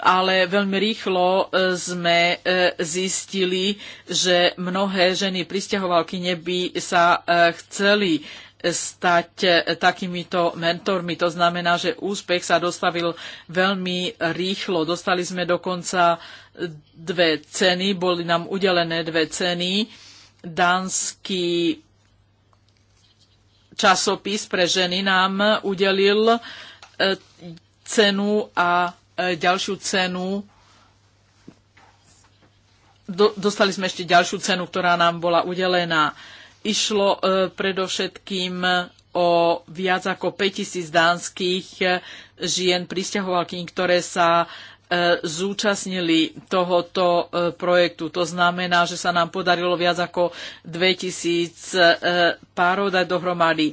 ale veľmi rýchlo sme zistili, že mnohé ženy pristahovalky neby sa chceli stať takýmito mentormi. To znamená, že úspech sa dostavil veľmi rýchlo. Dostali sme dokonca dve ceny, boli nám udelené dve ceny dánsky časopis pre ženy nám udelil e, cenu a e, ďalšiu cenu. Dostali sme ešte ďalšiu cenu, ktorá nám bola udelená. Išlo e, predovšetkým o viac ako 5000 dánskych žien pristahovalkyň, ktoré sa E, zúčastnili tohoto e, projektu. To znamená, že sa nám podarilo viac ako 2000 e, párov dať dohromady.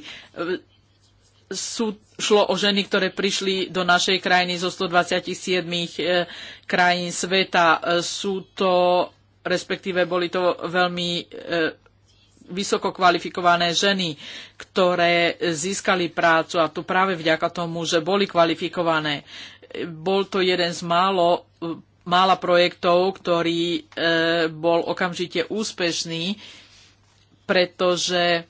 Sú, šlo o ženy, ktoré prišli do našej krajiny zo 127 krajín sveta. Sú to, respektíve boli to veľmi vysoko kvalifikované ženy, ktoré získali prácu a to práve vďaka tomu, že boli kvalifikované. Bol to jeden z málo, mála projektov, ktorý e, bol okamžite úspešný, pretože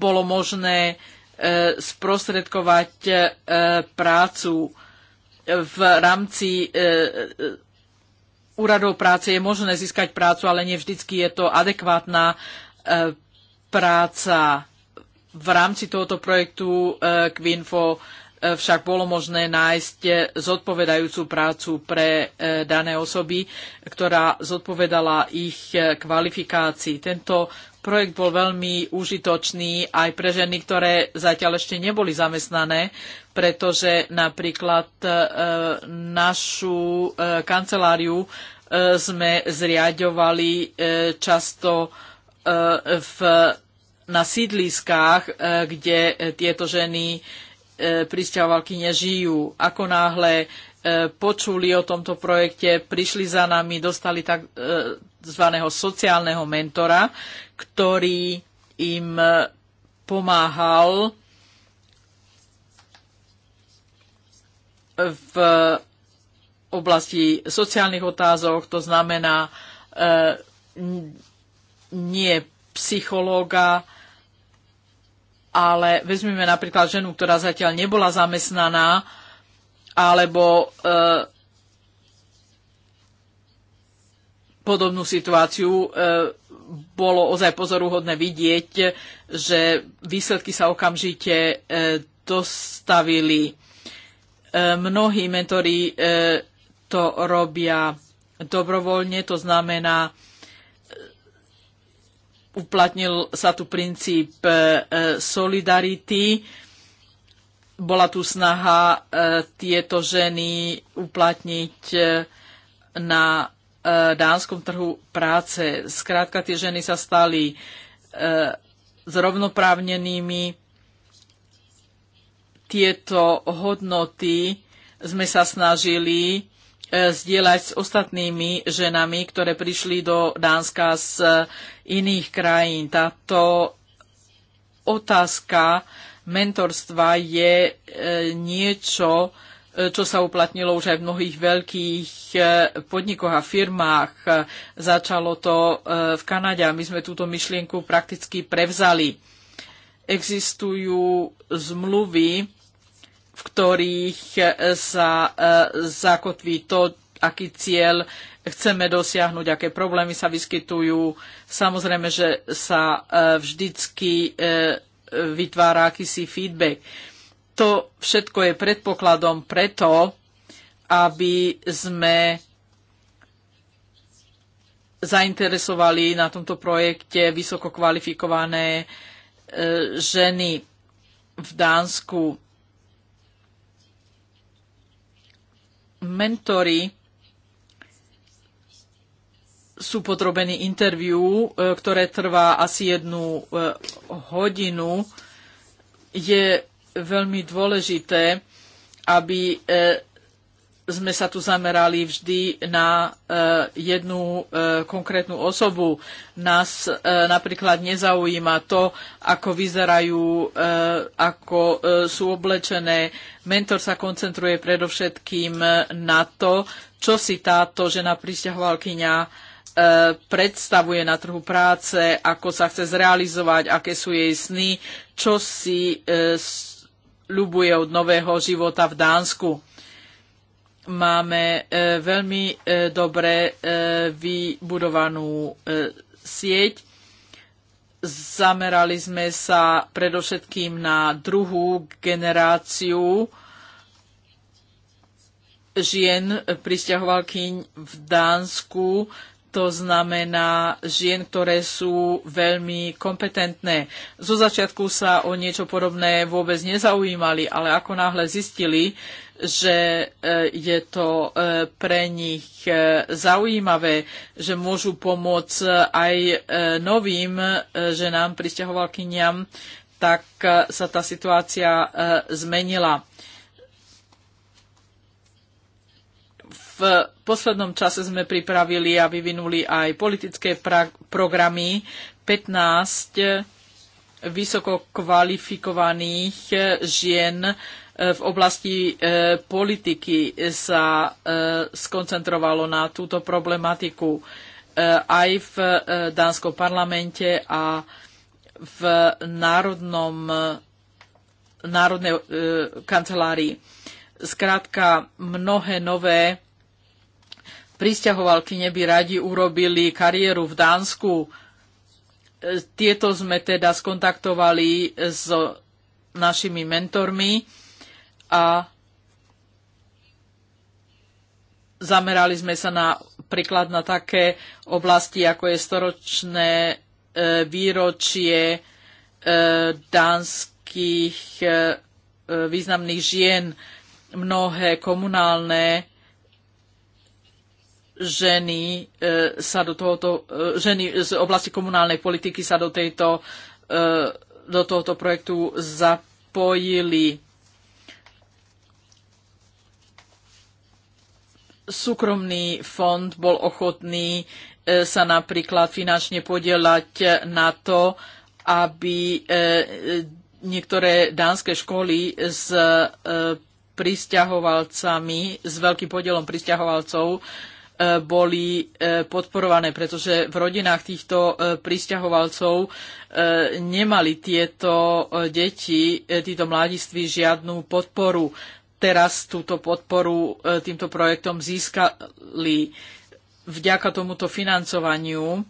bolo možné e, sprostredkovať e, prácu v rámci úradov práce je možné získať prácu, ale nevždy je to adekvátna práca. V rámci tohoto projektu Quinfo však bolo možné nájsť eh, zodpovedajúcu prácu pre eh, dané osoby, ktorá zodpovedala ich eh, kvalifikácii. Tento projekt bol veľmi užitočný aj pre ženy, ktoré zatiaľ ešte neboli zamestnané, pretože napríklad našu kanceláriu sme zriadovali často v, na sídliskách, kde tieto ženy E, pristahovalky nežijú. Ako náhle e, počuli o tomto projekte, prišli za nami, dostali e, zvaného sociálneho mentora, ktorý im pomáhal v oblasti sociálnych otázok, to znamená nie psychológa, ale vezmeme napríklad ženu, ktorá zatiaľ nebola zamestnaná, alebo e, podobnú situáciu e, bolo ozaj pozoruhodné vidieť, že výsledky sa okamžite e, dostavili. E, mnohí mentori e, to robia dobrovoľne, to znamená, uplatnil sa tu princíp e, solidarity. Bola tu snaha e, tieto ženy uplatniť e, na dánskom trhu práce. Skrátka, tie ženy sa stali zrovnoprávnenými. Tieto hodnoty sme sa snažili zdieľať s ostatnými ženami, ktoré prišli do Dánska z iných krajín. Táto otázka mentorstva je e, niečo, e, čo sa uplatnilo už aj v mnohých veľkých e, podnikoch a firmách. Začalo to v Kanade a my sme túto myšlienku prakticky prevzali. Existujú zmluvy v ktorých e, sa e, zakotví to, aký cieľ chceme dosiahnuť, aké problémy sa vyskytujú. Samozrejme, že sa e, vždycky vytvára akýsi feedback. To všetko je predpokladom preto, aby sme zainteresovali na tomto projekte vysoko kvalifikované ženy v Dánsku. mentory sú podrobení interviu, e, ktoré trvá asi jednu e, hodinu. Je veľmi dôležité, aby e, sme sa tu zamerali vždy na e, jednu e, konkrétnu osobu. Nás e, napríklad nezaujíma to, ako vyzerajú, ako sú oblečené. Mentor sa koncentruje predovšetkým na to, čo si táto žena pristahovalkyňa predstavuje na trhu práce, ako sa chce zrealizovať, aké sú jej sny, čo si ľubuje od nového života v Dánsku máme e, veľmi e, dobre e, vybudovanú sieť. Zamerali sme sa predovšetkým na druhú generáciu žien pristahovalkyň v Dánsku, to znamená žien, ktoré sú veľmi kompetentné. Zo začiatku sa o niečo podobné vôbec nezaujímali, ale ako náhle zistili, že e, je to e, pre nich e, zaujímavé, že môžu pomôcť aj novým ženám, pristahovalkyniam, tak sa tá situácia zmenila. v poslednom čase sme pripravili a vyvinuli aj politické programy 15 vysoko kvalifikovaných eh, žien eh, v oblasti eh, politiky sa skoncentrovalo na túto problematiku aj v Dánskom parlamente a v národnom, národnej kancelárii. Zkrátka, mnohé nové pristahovalkyne by radi urobili kariéru v Dánsku. E, tieto sme teda skontaktovali s našimi mentormi a zamerali sme sa na príklad na také oblasti, ako je storočné e, výročie e, dánskych významných žien, mnohé komunálne ženy e, sa do tohoto, e, ženy z oblasti komunálnej politiky sa do, tejto, e, do tohoto projektu zapojili. Súkromný fond bol ochotný sa napríklad finančne podielať na to, aby niektoré dánske školy s pristahovalcami, s veľkým podielom pristahovalcov, E, boli e, podporované, pretože v rodinách týchto e, pristahovalcov nemali tieto deti, títo mladiství žiadnu podporu. Teraz túto podporu týmto projektom získali vďaka tomuto financovaniu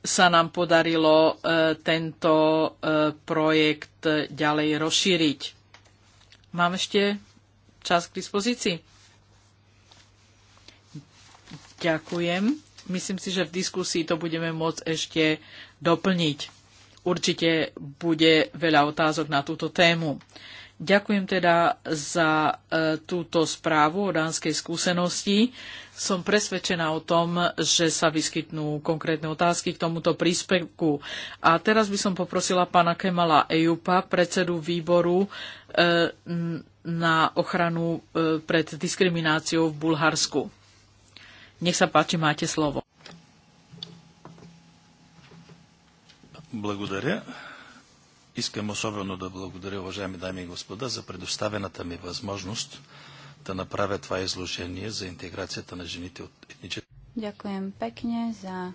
sa nám podarilo tento projekt ďalej rozšíriť. Mám ešte čas k dispozícii? Ďakujem. Myslím si, že v diskusii to budeme môcť ešte doplniť. Určite bude veľa otázok na túto tému. Ďakujem teda za e, túto správu o dánskej skúsenosti. Som presvedčená o tom, že sa vyskytnú konkrétne otázky k tomuto príspevku. A teraz by som poprosila pána Kemala Ejupa, predsedu výboru e, na ochranu e, pred diskrimináciou v Bulharsku. Nech sa páči, máte slovo. Благодаря. Искам особено да благодаря, уважаеми дами и господа, за предоставената ми възможност да направя това изложение за интеграцията на жените от етнически. Ďakujem pekne za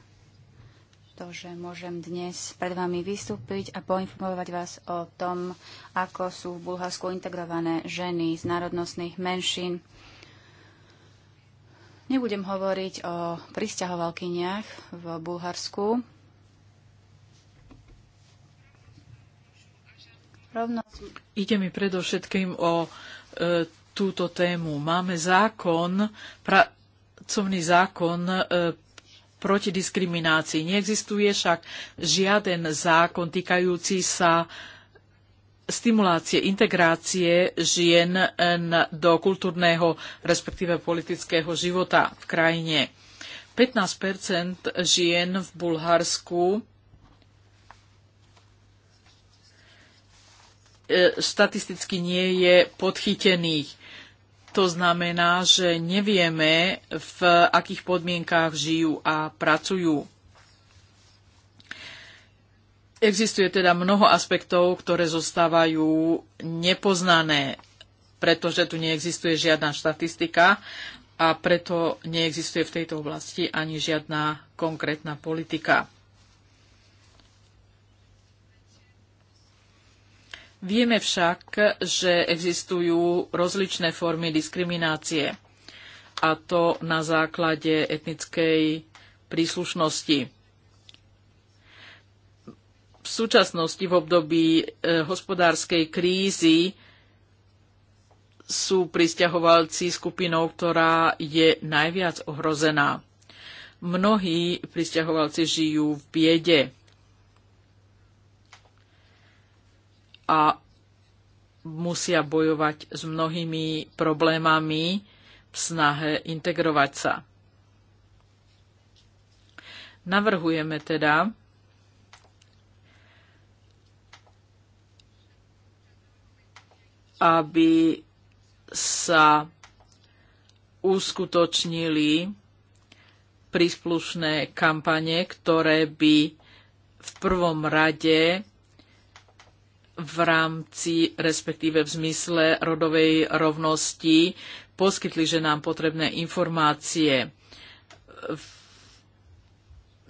to, že môžem dnes pred vami vystúpiť a poinformovať vás o tom, ako sú v Bulharsku integrované ženy z národnostných menšín Nebudem hovoriť o pristahovalkyniach v Bulharsku. Rovno... Ide mi predovšetkým o e, túto tému. Máme zákon, pracovný zákon e, proti diskriminácii. Neexistuje však žiaden zákon týkajúci sa stimulácie integrácie žien do kultúrneho, respektíve politického života v krajine. 15 žien v Bulharsku e, statisticky nie je podchytených. To znamená, že nevieme, v akých podmienkách žijú a pracujú. Existuje teda mnoho aspektov, ktoré zostávajú nepoznané, pretože tu neexistuje žiadna štatistika a preto neexistuje v tejto oblasti ani žiadna konkrétna politika. Vieme však, že existujú rozličné formy diskriminácie, a to na základe etnickej príslušnosti v súčasnosti v období e, hospodárskej krízy sú pristahovalci skupinou, ktorá je najviac ohrozená. Mnohí pristahovalci žijú v biede. A musia bojovať s mnohými problémami v snahe integrovať sa. Navrhujeme teda, aby sa uskutočnili príslušné kampane, ktoré by v prvom rade v rámci, respektíve v zmysle rodovej rovnosti, poskytli nám potrebné informácie. V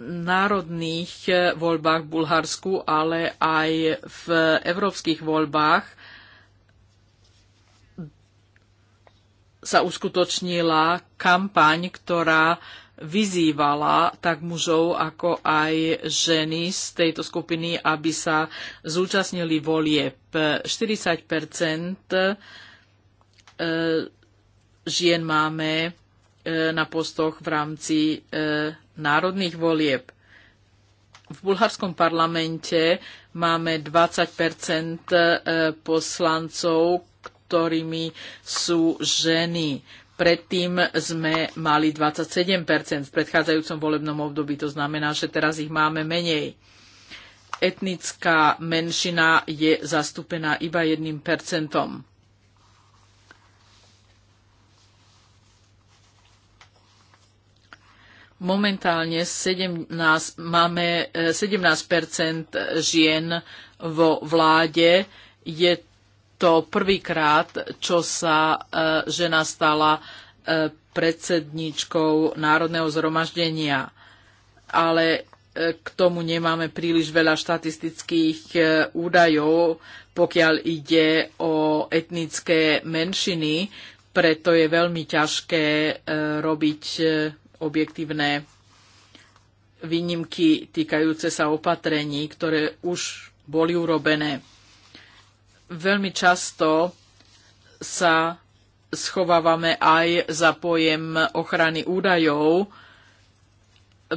národných voľbách v Bulharsku, ale aj v európskych voľbách sa uskutočnila kampaň, ktorá vyzývala tak mužov ako aj ženy z tejto skupiny, aby sa zúčastnili volieb. 40 e, žien máme e, na postoch v rámci e, národných volieb. V bulharskom parlamente máme 20 poslancov, ktorými sú ženy. Predtým sme mali 27 v predchádzajúcom volebnom období, to znamená, že teraz ich máme menej. Etnická menšina je zastúpená iba 1 percentom. Momentálne 17, máme 17 eh, žien vo vláde. Je to prvýkrát, čo sa e, žena stala e, predsedničkou Národného zhromaždenia. Ale e, k tomu nemáme príliš veľa štatistických údajov, pokiaľ ide o etnické menšiny, preto je veľmi ťažké robiť objektívne výnimky týkajúce sa opatrení, ktoré už boli urobené Veľmi často sa schovávame aj za pojem ochrany údajov,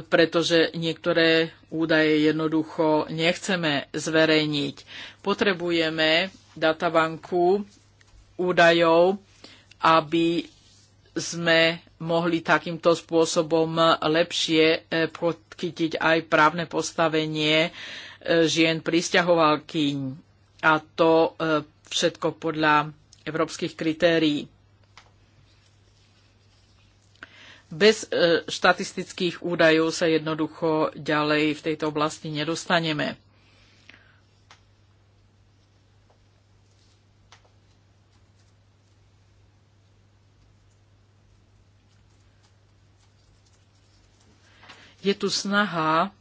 pretože niektoré údaje jednoducho nechceme zverejniť. Potrebujeme databanku údajov, aby sme mohli takýmto spôsobom lepšie eh, podkytiť aj právne postavenie eh, žien pristahovalkyň a to e, všetko podľa európskych kritérií. Bez e, štatistických údajov sa jednoducho ďalej v tejto oblasti nedostaneme. Je tu snaha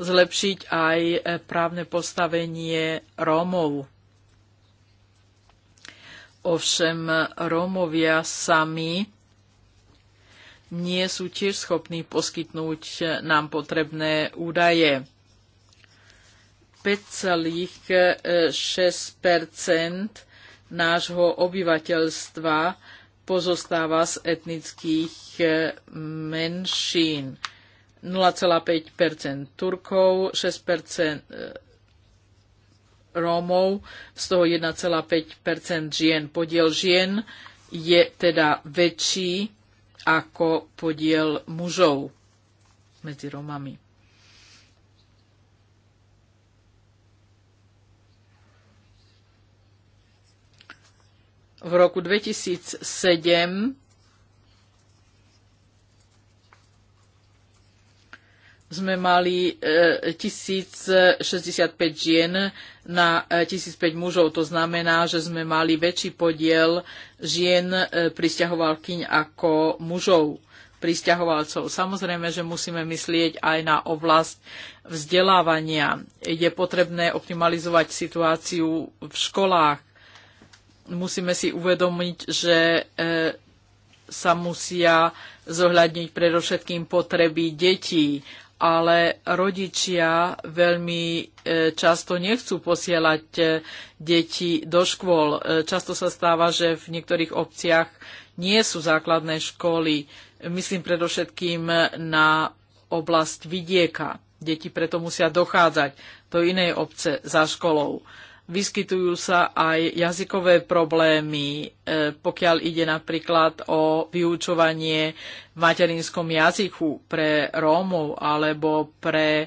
zlepšiť aj e, právne postavenie Rómov. Ovšem Rómovia sami nie sú tiež schopní poskytnúť nám potrebné údaje. 5,6 nášho obyvateľstva pozostáva z etnických e, menšín 0,5 Turkov, 6 e, Rómov, z toho 1,5 žien. Podiel žien je teda väčší ako podiel mužov medzi Rómami. V roku 2007 sme mali 1065 e, žien na 1005 e, mužov. To znamená, že sme mali väčší podiel žien e, pristahovalkyň ako mužov pristahovalcov. Samozrejme, že musíme myslieť aj na oblasť vzdelávania. Je potrebné optimalizovať situáciu v školách. Musíme si uvedomiť, že sa musia zohľadniť predovšetkým potreby detí ale rodičia veľmi e, často nechcú posielať e, deti do škôl. E, často sa stáva, že v niektorých obciach nie sú základné školy. Myslím predovšetkým na oblasť vidieka. Deti preto musia dochádzať do inej obce za školou vyskytujú sa aj jazykové problémy, e, pokiaľ ide napríklad o vyučovanie v materinskom jazyku pre Rómov alebo pre e,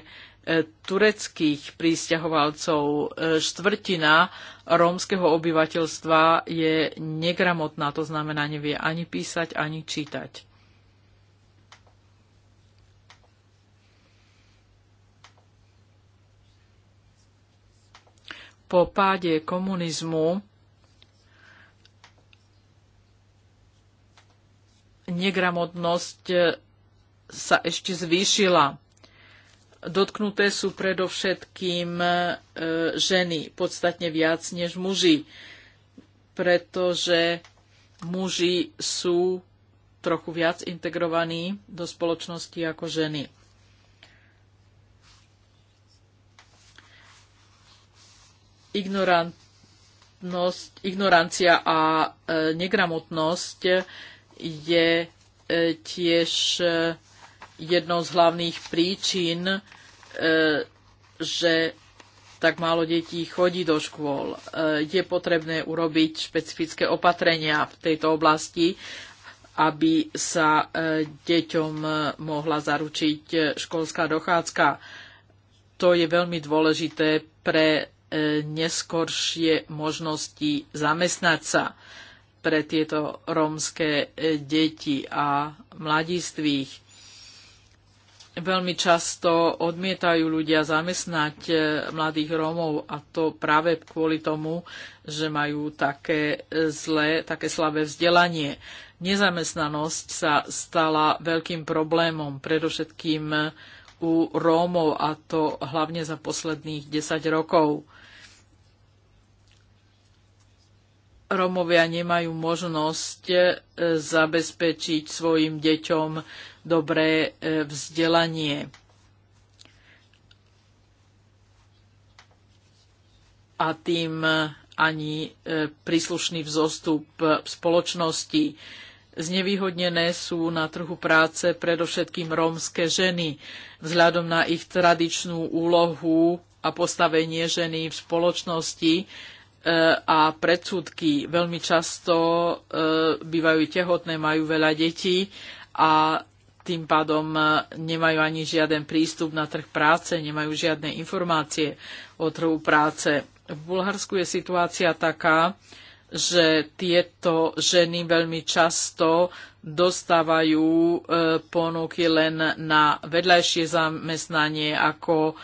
tureckých prísťahovalcov. E, štvrtina rómskeho obyvateľstva je negramotná, to znamená nevie ani písať, ani čítať. po páde komunizmu negramotnosť eh, sa ešte zvýšila. Dotknuté sú predovšetkým eh, ženy, podstatne viac než muži, pretože muži sú trochu viac integrovaní do spoločnosti ako ženy. ignorancia a e, negramotnosť je e, tiež e, jednou z hlavných príčin, že tak málo detí chodí do škôl. Je potrebné urobiť špecifické opatrenia v tejto oblasti, aby sa deťom mohla zaručiť školská dochádzka. To je veľmi dôležité pre E, neskoršie možnosti zamestnať sa pre tieto rómske e, deti a mladistvých. Veľmi často odmietajú ľudia zamestnať e, mladých Rómov a to práve kvôli tomu, že majú také zlé, také slabé vzdelanie. Nezamestnanosť sa stala veľkým problémom, predovšetkým u Rómov a to hlavne za posledných 10 rokov. Rómovia nemajú možnosť e, zabezpečiť svojim deťom dobré e, vzdelanie. A tým e, ani príslušný vzostup spoločnosti znevýhodnené sú na trhu práce predovšetkým rómske ženy vzhľadom na ich tradičnú úlohu a postavenie ženy v spoločnosti e, a predsudky. Veľmi často e, bývajú tehotné, majú veľa detí a tým pádom e, nemajú ani žiaden prístup na trh práce, nemajú žiadne informácie o trhu práce. V Bulharsku je situácia taká, že tieto ženy veľmi často dostávajú e, ponuky len na vedľajšie zamestnanie ako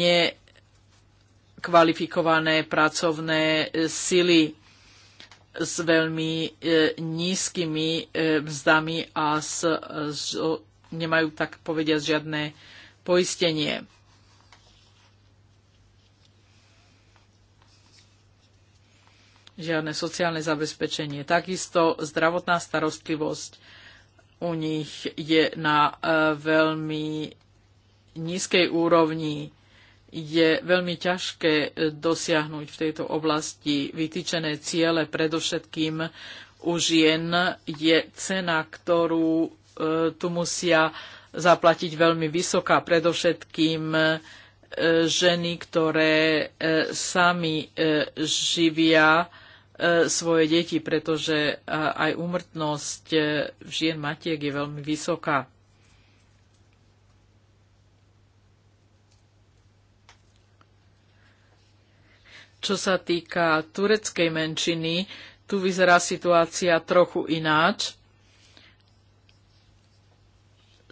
nekvalifikované pracovné e, sily s veľmi e, nízkymi vzdami a s, s, nemajú tak povediať žiadne poistenie. žiadne sociálne zabezpečenie. Takisto zdravotná starostlivosť u nich je na e, veľmi nízkej úrovni. Je veľmi ťažké e, dosiahnuť v tejto oblasti vytýčené ciele. Predovšetkým u žien je cena, ktorú e, tu musia zaplatiť veľmi vysoká. Predovšetkým ženy, ktoré sami živia svoje deti, pretože aj úmrtnosť e, žien matiek je veľmi vysoká. Čo sa týka tureckej menšiny, tu vyzerá situácia trochu ináč.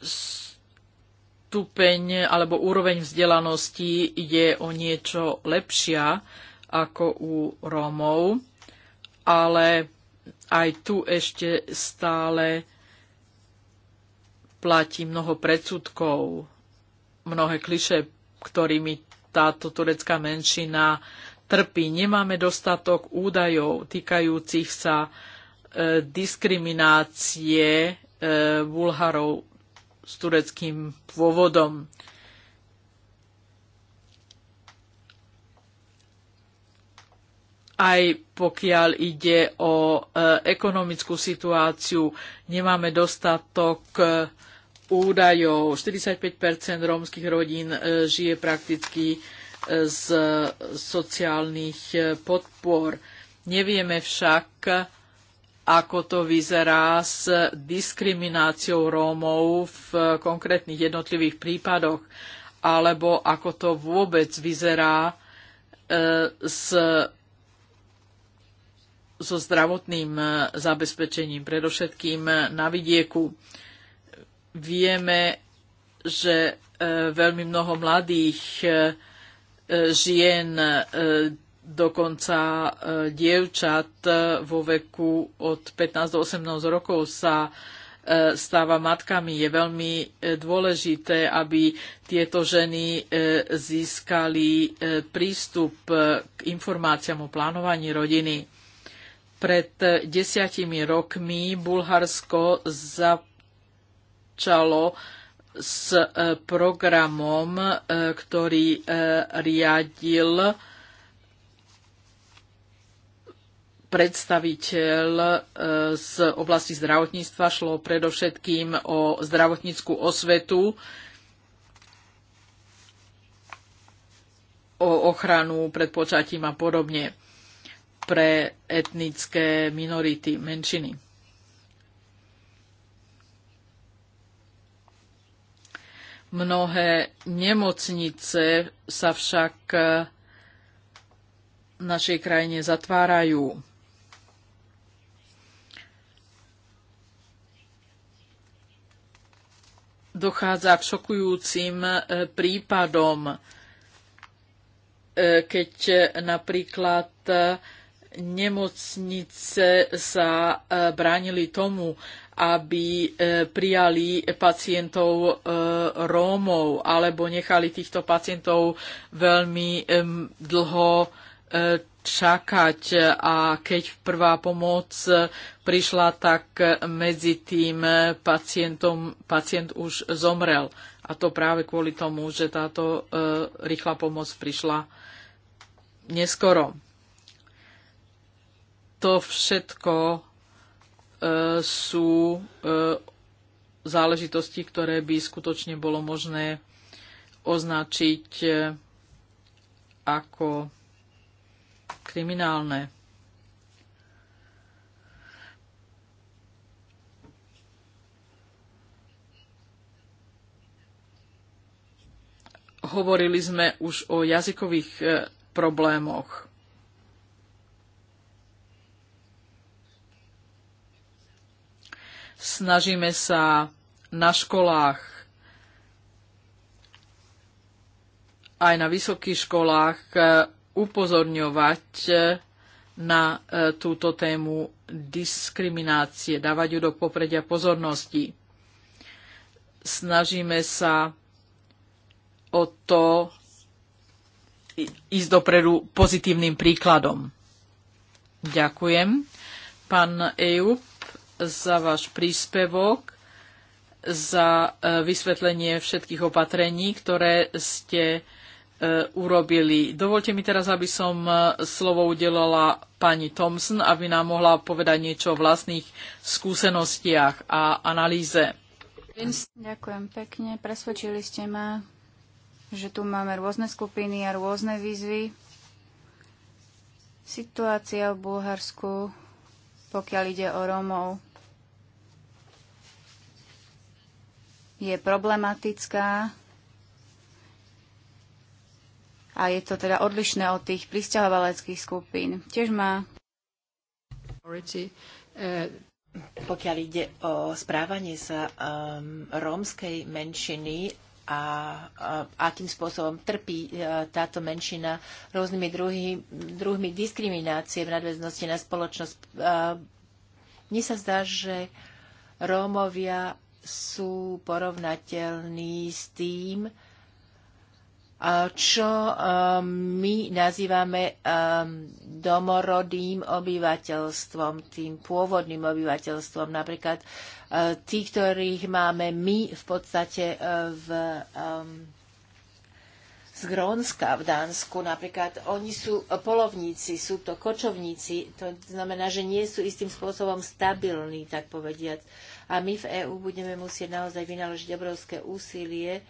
Stupeň alebo úroveň vzdelanosti je o niečo lepšia ako u Rómov ale aj tu ešte stále platí mnoho predsudkov, mnohé kliše, ktorými táto turecká menšina trpí. Nemáme dostatok údajov týkajúcich sa e, diskriminácie e, Bulharov s tureckým pôvodom. Aj pokiaľ ide o e, ekonomickú situáciu. Nemáme dostatok e, údajov. 45 rómskych rodín e, žije prakticky z sociálnych podpor. Nevieme však, ako to vyzerá s diskrimináciou Rómov v konkrétnych jednotlivých prípadoch, alebo ako to vôbec vyzerá s so zdravotným e, zabezpečením, predovšetkým e, na vidieku. Vieme, že e, veľmi mnoho mladých žien, dokonca dievčat vo veku od 15 do 18 rokov sa stáva matkami. Je veľmi dôležité, aby tieto ženy získali prístup k informáciám o plánovaní rodiny. Pred eh, desiatimi rokmi Bulharsko začalo s eh, programom, eh, ktorý riadil predstaviteľ z oblasti zdravotníctva. Šlo predovšetkým o zdravotníckú osvetu, o ochranu pred počatím a podobne pre etnické minority, menšiny. Mnohé nemocnice sa však e, v našej krajine zatvárajú. Dochádza k šokujúcim e, prípadom, e, keď napríklad nemocnice sa e, bránili tomu, aby e, prijali pacientov e, Rómov alebo nechali týchto pacientov veľmi dlho čakať a keď prvá pomoc prišla, tak medzi tým pacientom, pacient už zomrel. A to práve kvôli tomu, že táto rýchla pomoc prišla neskoro to všetko e, sú e, záležitosti, ktoré by skutočne bolo možné označiť e, ako kriminálne. Hovorili sme už o jazykových problémoch. Snažíme sa na školách aj na vysokých školách e, upozorňovať e, na e, túto tému diskriminácie, dávať ju do popredia pozornosti. Snažíme sa o to ísť dopredu pozitívnym príkladom. Ďakujem. Pán Ejup, za váš príspevok, za e, vysvetlenie všetkých opatrení, ktoré ste e, urobili. Dovolte mi teraz, aby som e, slovo udelala pani Thompson, aby nám mohla povedať niečo o vlastných skúsenostiach a analýze. Ďakujem pekne. Presvedčili ste ma, že tu máme rôzne skupiny a rôzne výzvy. Situácia v Bulharsku, pokiaľ ide o Rómov, je problematická a je to teda odlišné od tých pristahovaleckých skupín. Tiež má. Eh, Pokiaľ ide o správanie sa um, rómskej menšiny a, a akým spôsobom trpí a, eh, táto menšina rôznymi druhy, druhmi diskriminácie v nadväznosti na spoločnosť. A, eh, mne sa zdá, že Rómovia sú porovnateľní s tým, čo my nazývame domorodým obyvateľstvom, tým pôvodným obyvateľstvom. Napríklad tí, ktorých máme my v podstate v, z Grónska v Dánsku napríklad, oni sú polovníci, sú to kočovníci, to znamená, že nie sú istým spôsobom stabilní, tak povediať a my v EÚ budeme musieť naozaj vynaložiť obrovské úsilie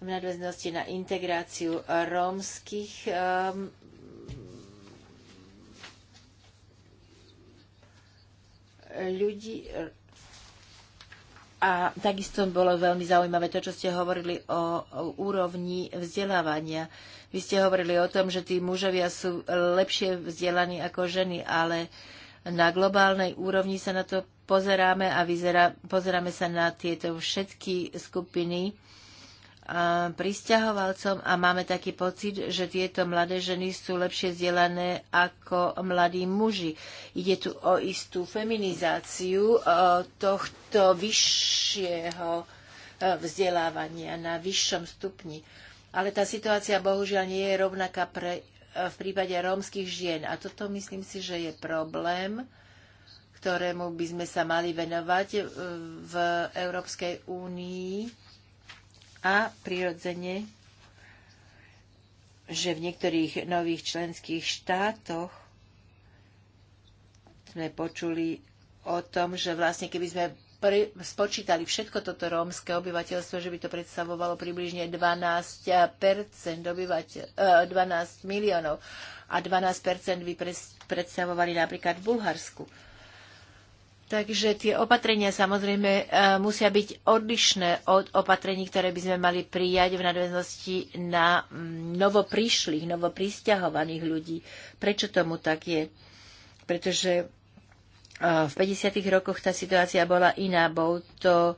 v nadväznosti na integráciu rómskych um, ľudí. A takisto bolo veľmi zaujímavé to, čo ste hovorili o, o úrovni vzdelávania. Vy ste hovorili o tom, že tí mužovia sú lepšie vzdelaní ako ženy, ale na globálnej úrovni sa na to pozeráme a vyzerá, pozeráme sa na tieto všetky skupiny pristahovalcom a máme taký pocit, že tieto mladé ženy sú lepšie vzdelané ako mladí muži. Ide tu o istú feminizáciu e, tohto vyššieho e, vzdelávania na vyššom stupni. Ale tá situácia bohužiaľ nie je rovnaká pre, e, v prípade rómskych žien. A toto myslím si, že je problém ktorému by sme sa mali venovať e, v Európskej únii a prirodzene, že v niektorých nových členských štátoch sme počuli o tom, že vlastne keby sme spočítali všetko toto rómske obyvateľstvo, že by to predstavovalo približne 12, obyvateľ, 12 e, miliónov a 12 by predstavovali napríklad v Bulharsku. Takže tie opatrenia samozrejme e, musia byť odlišné od opatrení, ktoré by sme mali prijať v nadväznosti na mm, novoprišlých, novoprisťahovaných ľudí. Prečo tomu tak je? Pretože e, v 50. rokoch tá situácia bola iná. Bol to e,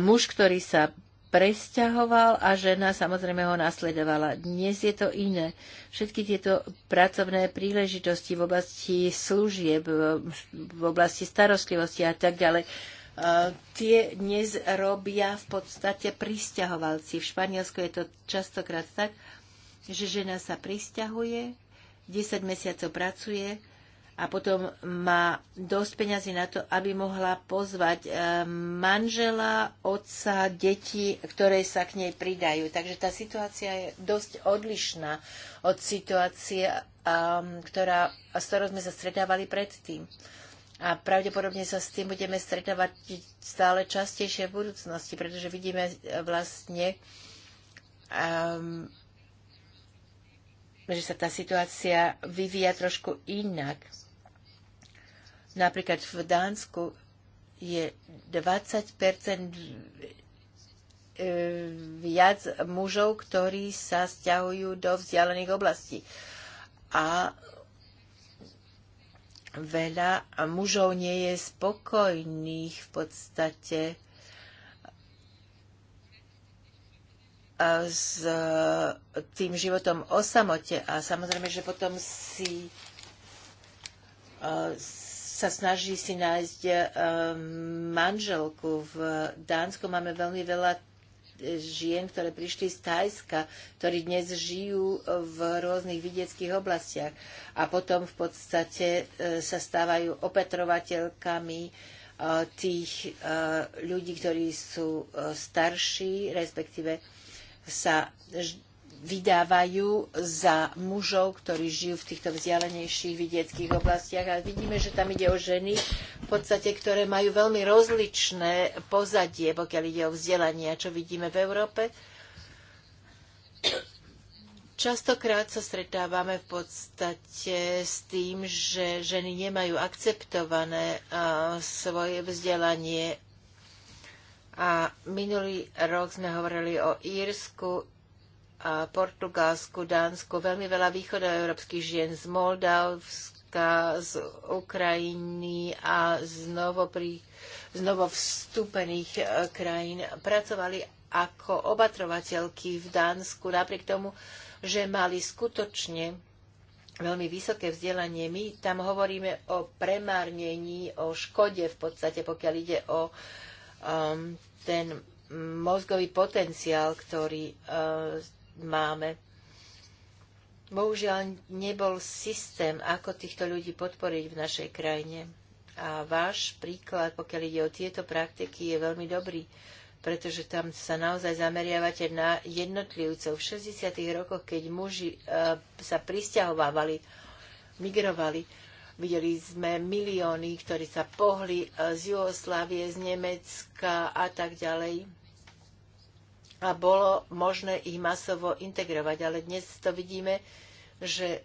muž, ktorý sa presťahoval a žena samozrejme ho nasledovala. Dnes je to iné. Všetky tieto pracovné príležitosti v oblasti služieb, v oblasti starostlivosti a tak ďalej, e, tie dnes robia v podstate pristahovalci. V Španielsku je to častokrát tak, že žena sa pristahuje, 10 mesiacov pracuje, a potom má dosť peňazí na to, aby mohla pozvať eh, manžela, otca, deti, ktoré sa k nej pridajú. Takže tá situácia je dosť odlišná od situácie, ehm, ktorá, s ktorou sme sa stretávali predtým. A pravdepodobne sa s tým budeme stretávať stále častejšie v budúcnosti, pretože vidíme eh, vlastne, um, že sa tá situácia vyvíja trošku inak. Napríklad v Dánsku je 20 e, viac mužov, ktorí sa stiahujú do vzdialených oblastí. A veľa mužov nie je spokojných v podstate s tým životom o samote. A samozrejme, že potom si sa snaží si nájsť e, manželku. V Dánsku máme veľmi veľa e, žien, ktoré prišli z Tajska, ktorí dnes žijú v rôznych vidieckých oblastiach a potom v podstate e, sa stávajú opetrovateľkami tých ľudí, ktorí sú starší, respektíve sa vydávajú za mužov, ktorí žijú v týchto vzdialenejších vidieckých oblastiach. A vidíme, že tam ide o ženy, v podstate, ktoré majú veľmi rozličné pozadie, pokiaľ ide o vzdelanie, čo vidíme v Európe. Častokrát sa stretávame v podstate s tým, že ženy nemajú akceptované svoje vzdelanie a minulý rok sme hovorili o Írsku Portugalsku, Dánsku, veľmi veľa východoeurópskych žien z Moldavska, z Ukrajiny a z, novovstúpených e, krajín pracovali ako obatrovateľky v Dánsku, napriek tomu, že mali skutočne veľmi vysoké vzdelanie. My tam hovoríme o premárnení, o škode v podstate, pokiaľ ide o um, ten mozgový potenciál, ktorý uh, máme. Bohužiaľ nebol systém, ako týchto ľudí podporiť v našej krajine. A váš príklad, pokiaľ ide o tieto praktiky, je veľmi dobrý, pretože tam sa naozaj zameriavate na jednotlivcov. V 60. rokoch, keď muži e, sa pristahovávali, migrovali, videli sme milióny, ktorí sa pohli e, z Jugoslávie, z Nemecka a tak ďalej a bolo možné ich masovo integrovať. Ale dnes to vidíme, že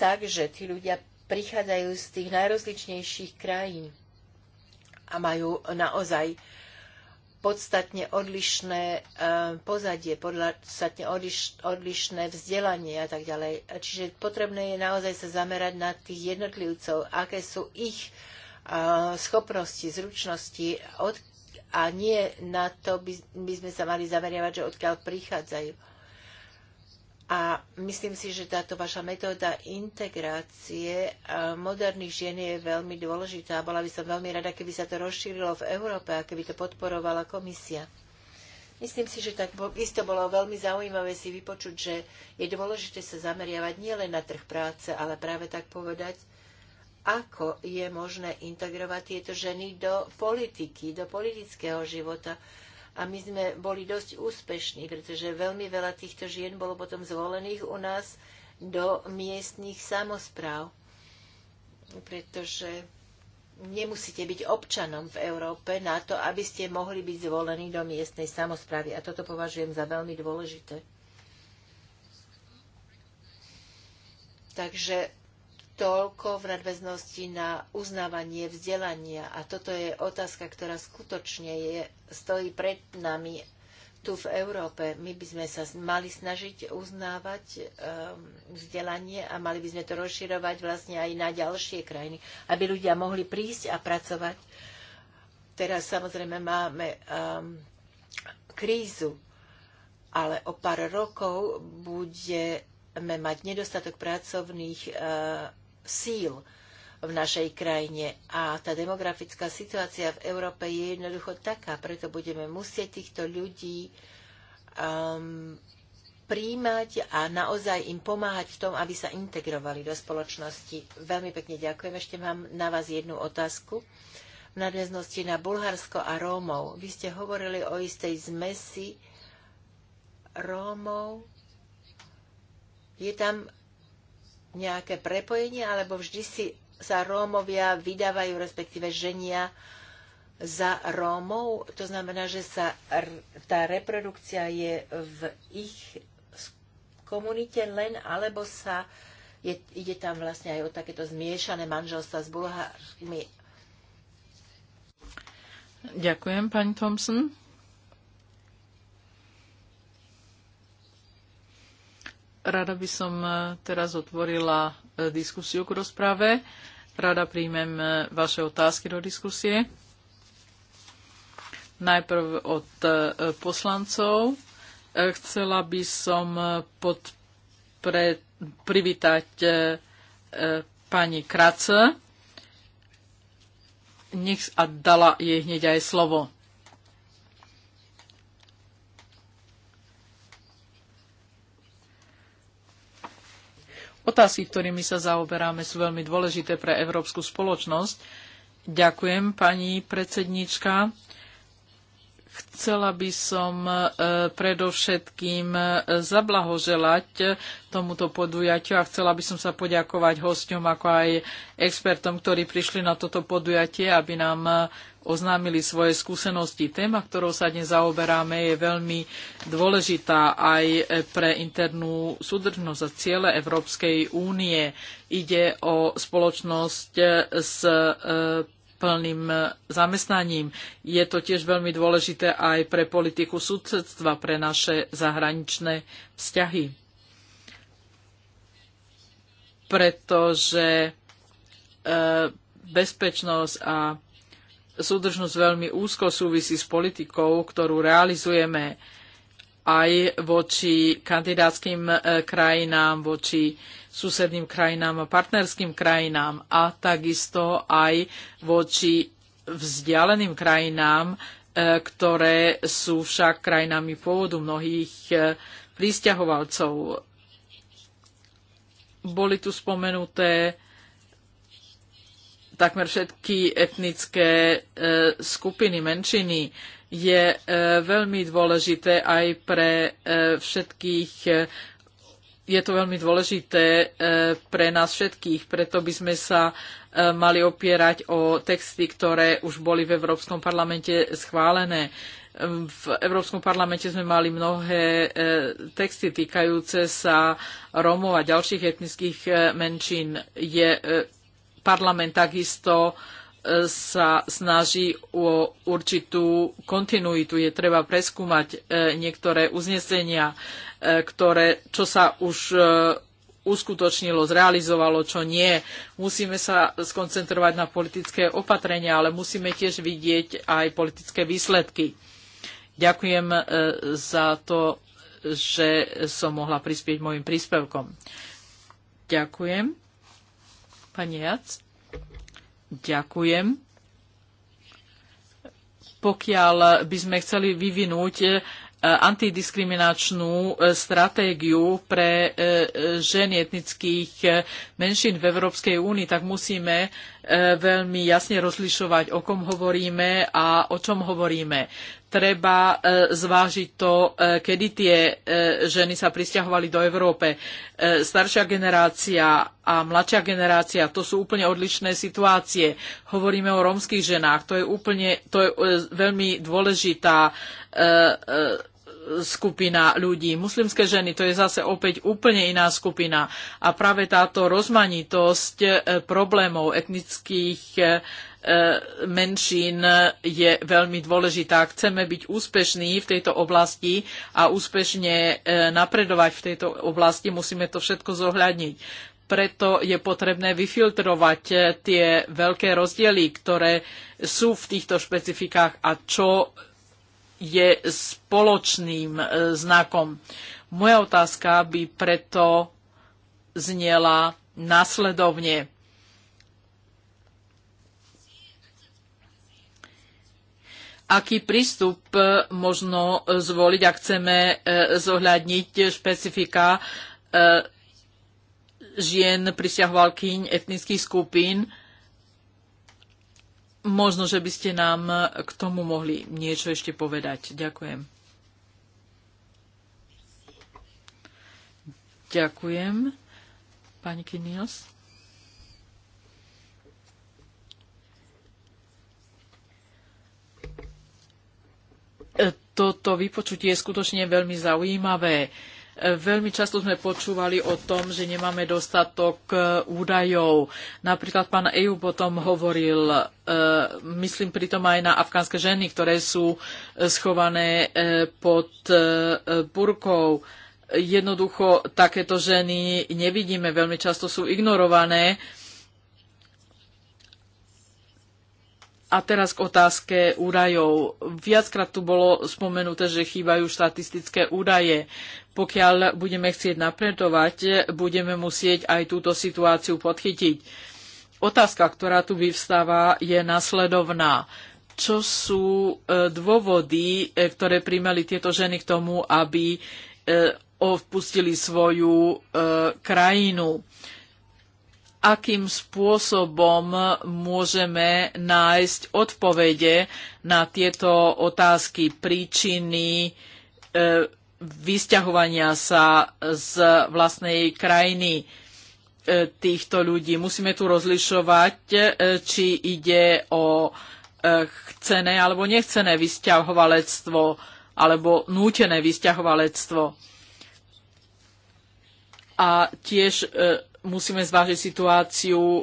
tak, že tí ľudia prichádzajú z tých najrozličnejších krajín a majú naozaj podstatne odlišné eh, pozadie, podstatne odlišné vzdelanie a tak ďalej. Čiže potrebné je naozaj sa zamerať na tých jednotlivcov, aké sú ich eh, schopnosti, zručnosti, od a nie na to by, by sme sa mali zameriavať, že odkiaľ prichádzajú. A myslím si, že táto vaša metóda integrácie moderných žien je veľmi dôležitá. Bola by som veľmi rada, keby sa to rozšírilo v Európe a keby to podporovala komisia. Myslím si, že tak isto bolo veľmi zaujímavé si vypočuť, že je dôležité sa zameriavať nielen na trh práce, ale práve tak povedať, ako je možné integrovať tieto ženy do politiky, do politického života. A my sme boli dosť úspešní, pretože veľmi veľa týchto žien bolo potom zvolených u nás do miestných samozpráv. Pretože nemusíte byť občanom v Európe na to, aby ste mohli byť zvolení do miestnej samozprávy. A toto považujem za veľmi dôležité. Takže toľko v nadväznosti na uznávanie vzdelania. A toto je otázka, ktorá skutočne je, stojí pred nami tu v Európe. My by sme sa mali snažiť uznávať um, vzdelanie a mali by sme to rozširovať vlastne aj na ďalšie krajiny, aby ľudia mohli prísť a pracovať. Teraz samozrejme máme um, krízu, ale o pár rokov budeme mať nedostatok pracovných uh, síl v našej krajine. A tá demografická situácia v Európe je jednoducho taká, preto budeme musieť týchto ľudí um, príjmať a naozaj im pomáhať v tom, aby sa integrovali do spoločnosti. Veľmi pekne ďakujem. Ešte mám na vás jednu otázku. V nadväznosti na Bulharsko a Rómov. Vy ste hovorili o istej zmesi Rómov. Je tam nejaké prepojenie, alebo vždy si sa Rómovia vydávajú, respektíve ženia za Rómov. To znamená, že sa tá reprodukcia je v ich komunite len, alebo sa je, ide tam vlastne aj o takéto zmiešané manželstva s bulhármi. Ďakujem, pani Thompson. Rada by som e, teraz otvorila e, diskusiu k rozprave. Rada príjmem e, vaše otázky do diskusie. Najprv od poslancov. Chcela by som privítať pani Krace nech a dala jej hneď aj slovo. Otázky, ktorými sa zaoberáme, sú veľmi dôležité pre európsku spoločnosť. Ďakujem, pani predsednička. Chcela by som e, predovšetkým e, zablahoželať e, tomuto podujatiu a chcela by som sa poďakovať hostom ako aj expertom, ktorí prišli na toto podujatie, aby nám oznámili svoje skúsenosti. Téma, ktorou sa dnes zaoberáme, je veľmi dôležitá aj pre internú súdržnosť a ciele Európskej únie. Ide o spoločnosť s plným e, zamestnaním. Je to tiež veľmi dôležité aj pre politiku sudcedstva, pre naše zahraničné vzťahy. Pretože e, bezpečnosť a súdržnosť veľmi úzko súvisí s politikou, ktorú realizujeme aj voči kandidátským e, krajinám, voči susedným krajinám a partnerským krajinám a takisto aj voči vzdialeným krajinám, e, ktoré sú však krajinami pôvodu mnohých e, pristahovalcov. Boli tu spomenuté takmer všetky etnické e, skupiny, menšiny je veľmi dôležité aj pre všetkých je to veľmi dôležité eh, pre nás všetkých, preto by sme sa eh, mali opierať o texty, ktoré už boli v Európskom parlamente schválené. Ehm, v Európskom parlamente sme mali mnohé eh, texty týkajúce sa Rómov a ďalších etnických menšín. Je parlament takisto sa snaží o určitú kontinuitu. Je treba preskúmať e, niektoré uznesenia, e, ktoré, čo sa už e, uskutočnilo, zrealizovalo, čo nie. Musíme sa skoncentrovať na politické opatrenia, ale musíme tiež vidieť aj politické výsledky. Ďakujem za to, že som mohla prispieť môjim príspevkom. Ďakujem. Pani Jac. Ďakujem. Pokiaľ by sme chceli vyvinúť e, antidiskriminačnú e, stratégiu pre e, ženy etnických menšín v Európskej únii, tak musíme veľmi jasne rozlišovať, o kom hovoríme a o čom hovoríme treba e, zvážiť to, e, kedy tie e, ženy sa pristahovali do Európe. Staršia generácia a mladšia generácia, to sú úplne odlišné situácie. Hovoríme o rómskych ženách, to je, úplne, to je veľmi dôležitá skupina ľudí. Muslimské ženy, to je zase opäť úplne iná skupina. A práve táto rozmanitosť problémov etnických E, menšín je veľmi dôležitá. Chceme byť úspešní v tejto oblasti a úspešne e, napredovať v tejto oblasti, musíme to všetko zohľadniť. Preto je potrebné vyfiltrovať e, tie veľké rozdiely, ktoré sú v týchto špecifikách a čo je spoločným znakom. Moja otázka by preto zniela nasledovne aký prístup e, možno e, zvoliť, ak chceme e, zohľadniť špecifika žien, prisťahovalkyň, etnických skupín. Možno, že by ste nám k tomu mohli niečo ešte povedať. Ďakujem. Ďakujem. Pani Kinios. Toto vypočutie je skutočne veľmi zaujímavé. Veľmi často sme počúvali o tom, že nemáme dostatok e, údajov. Napríklad pán Eju potom hovoril, e, myslím pritom aj na afgánske ženy, ktoré sú e, schované pod burkou. Jednoducho takéto ženy nevidíme, veľmi často sú ignorované A teraz k otázke údajov. Viackrát tu bolo spomenuté, že chýbajú štatistické údaje. Pokiaľ budeme chcieť napredovať, budeme musieť aj túto situáciu podchytiť. Otázka, ktorá tu vyvstáva, je nasledovná. Čo sú e, dôvody, e, ktoré primeli tieto ženy k tomu, aby e, opustili svoju krajinu? akým spôsobom môžeme nájsť odpovede na tieto otázky príčiny e, vysťahovania sa z vlastnej krajiny e, týchto ľudí. Musíme tu rozlišovať, e, či ide o chcené alebo nechcené vysťahovalectvo alebo nútené vysťahovalectvo. A tiež musíme zvážiť situáciu e,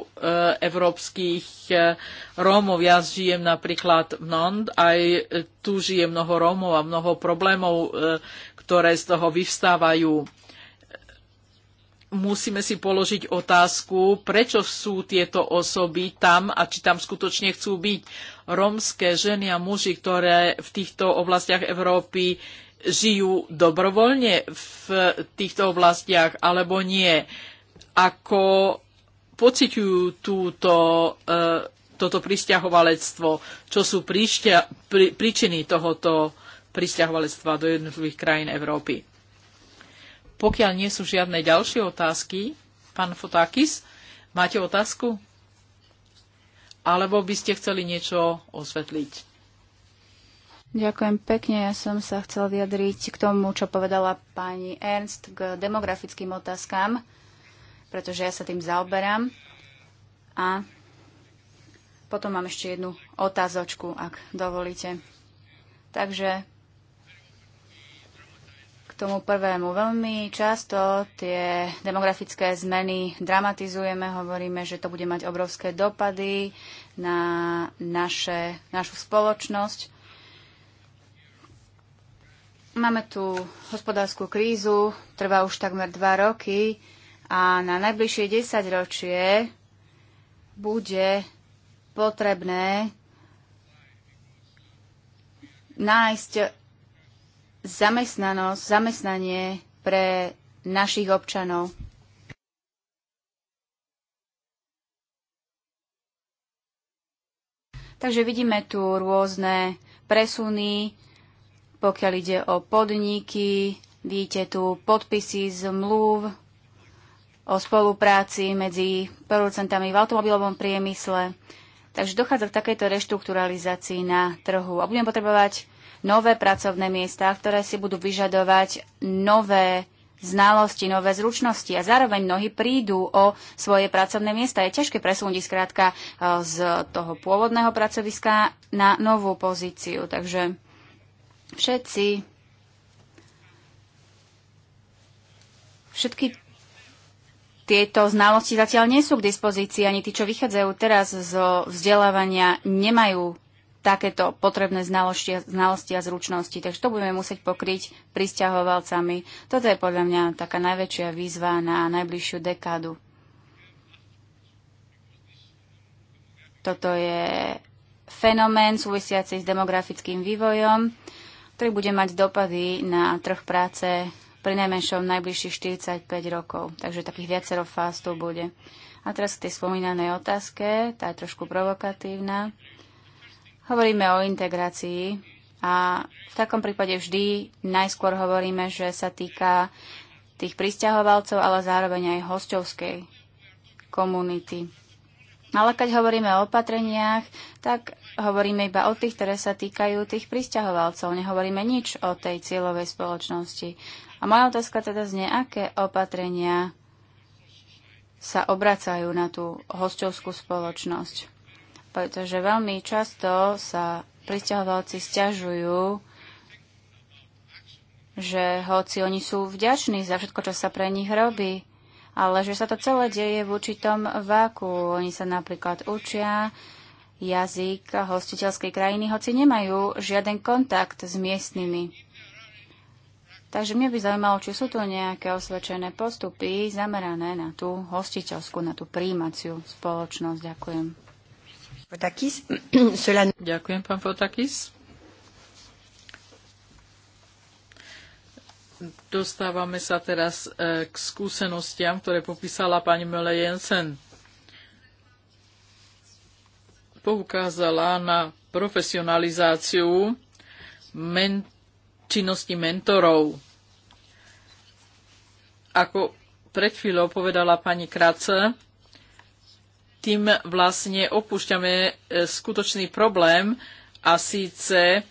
európskych e, Rómov. Ja žijem napríklad v Nond, aj tu žije mnoho Rómov a mnoho problémov, e, ktoré z toho vyvstávajú. Musíme si položiť otázku, prečo sú tieto osoby tam a či tam skutočne chcú byť. Rómske ženy a muži, ktoré v týchto oblastiach Európy žijú dobrovoľne v týchto oblastiach alebo nie ako pociťujú túto, e, toto pristahovalectvo, čo sú príštia, prí, príčiny tohoto pristahovalectva do jednotlivých krajín Európy. Pokiaľ nie sú žiadne ďalšie otázky, pán Fotakis, máte otázku? Alebo by ste chceli niečo osvetliť? Ďakujem pekne. Ja som sa chcel vyjadriť k tomu, čo povedala pani Ernst k demografickým otázkam pretože ja sa tým zaoberám. A potom mám ešte jednu otázočku, ak dovolíte. Takže k tomu prvému. Veľmi často tie demografické zmeny dramatizujeme, hovoríme, že to bude mať obrovské dopady na naše, našu spoločnosť. Máme tu hospodárskú krízu, trvá už takmer dva roky a na najbližšie 10 ročie bude potrebné nájsť zamestnanosť, zamestnanie pre našich občanov. Takže vidíme tu rôzne presuny, pokiaľ ide o podniky, vidíte tu podpisy z zmluv, o spolupráci medzi producentami v automobilovom priemysle. Takže dochádza k takejto reštrukturalizácii na trhu a budeme potrebovať nové pracovné miesta, ktoré si budú vyžadovať nové znalosti, nové zručnosti a zároveň mnohí prídu o svoje pracovné miesta. Je ťažké presunúť skrátka e, z toho pôvodného pracoviska na novú pozíciu. Takže všetci všetky tieto znalosti zatiaľ nie sú k dispozícii, ani tí, čo vychádzajú teraz zo vzdelávania, nemajú takéto potrebné znalosti, a, znalosti a zručnosti. Takže to budeme musieť pokryť pristahovalcami. Toto je podľa mňa taká najväčšia výzva na najbližšiu dekádu. Toto je fenomén súvisiaci s demografickým vývojom, ktorý bude mať dopady na trh práce pri najmenšom najbližších 45 rokov. Takže takých viacero fáz tu bude. A teraz k tej spomínanej otázke, tá je trošku provokatívna. Hovoríme o integrácii a v takom prípade vždy najskôr hovoríme, že sa týka tých pristahovalcov, ale zároveň aj hostovskej komunity. Ale keď hovoríme o opatreniach, tak hovoríme iba o tých, ktoré sa týkajú tých pristahovalcov. Nehovoríme nič o tej cieľovej spoločnosti. A moja otázka teda znie, aké opatrenia sa obracajú na tú hostovskú spoločnosť. Pretože veľmi často sa pristahovalci stiažujú, že hoci oni sú vďační za všetko, čo sa pre nich robí, ale že sa to celé deje v určitom váku. Oni sa napríklad učia jazyk hostiteľskej krajiny, hoci nemajú žiaden kontakt s miestnymi. Takže mňa by zaujímalo, či sú to nejaké osvedčené postupy zamerané na tú hostiteľskú, na tú príjímaciu spoločnosť. Ďakujem. Ďakujem, pán Fotakis. Dostávame sa teraz e, k skúsenostiam, ktoré popísala pani Mele Jensen. Poukázala na profesionalizáciu ment- činnosti mentorov. Ako pred chvíľou povedala pani Krace, tým vlastne opúšťame e, skutočný problém a síce,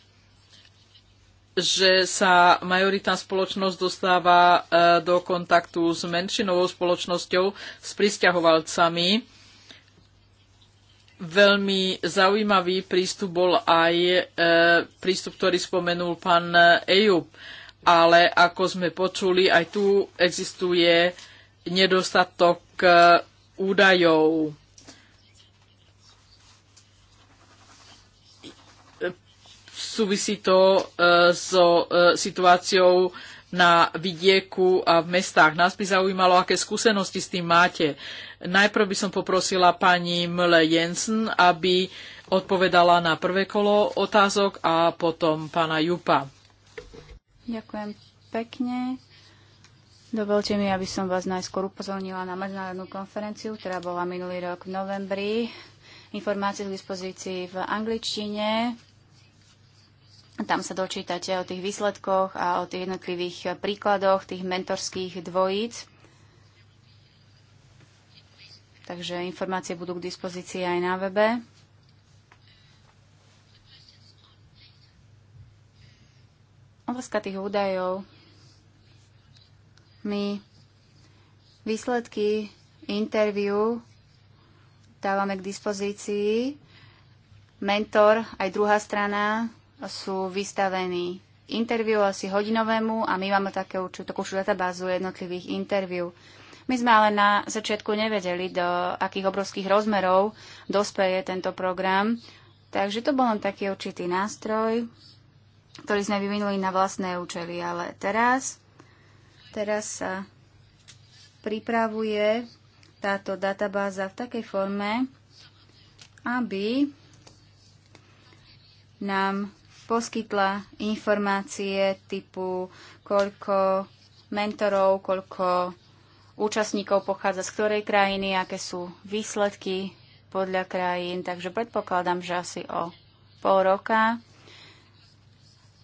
že sa majoritná spoločnosť dostáva e, do kontaktu s menšinovou spoločnosťou, s pristahovalcami veľmi zaujímavý prístup bol aj e, prístup, ktorý spomenul pán Ejub. Ale ako sme počuli, aj tu existuje nedostatok e, údajov. Súvisí to e, so e, situáciou na vidieku a v mestách. Nás by zaujímalo, aké skúsenosti s tým máte. E, Najprv by som poprosila pani Mle Jensen, aby odpovedala na prvé kolo otázok a potom pána Jupa. Ďakujem pekne. Dovolte mi, aby som vás najskôr upozornila na medzinárodnú konferenciu, ktorá bola minulý rok v novembri. Informácie k dispozícii v angličtine. Tam sa dočítate o tých výsledkoch a o tých jednotlivých príkladoch tých mentorských dvojíc takže informácie budú k dispozícii aj na webe. Otázka tých údajov. My výsledky interviu dávame k dispozícii. Mentor aj druhá strana sú vystavení interviu asi hodinovému a my máme také takú databázu jednotlivých interviu. My sme ale na začiatku nevedeli, do akých obrovských rozmerov dospeje tento program. Takže to bol len taký určitý nástroj, ktorý sme vyvinuli na vlastné účely. Ale teraz, teraz sa pripravuje táto databáza v takej forme, aby nám poskytla informácie typu, koľko mentorov, koľko účastníkov pochádza z ktorej krajiny, aké sú výsledky podľa krajín. Takže predpokladám, že asi o pol roka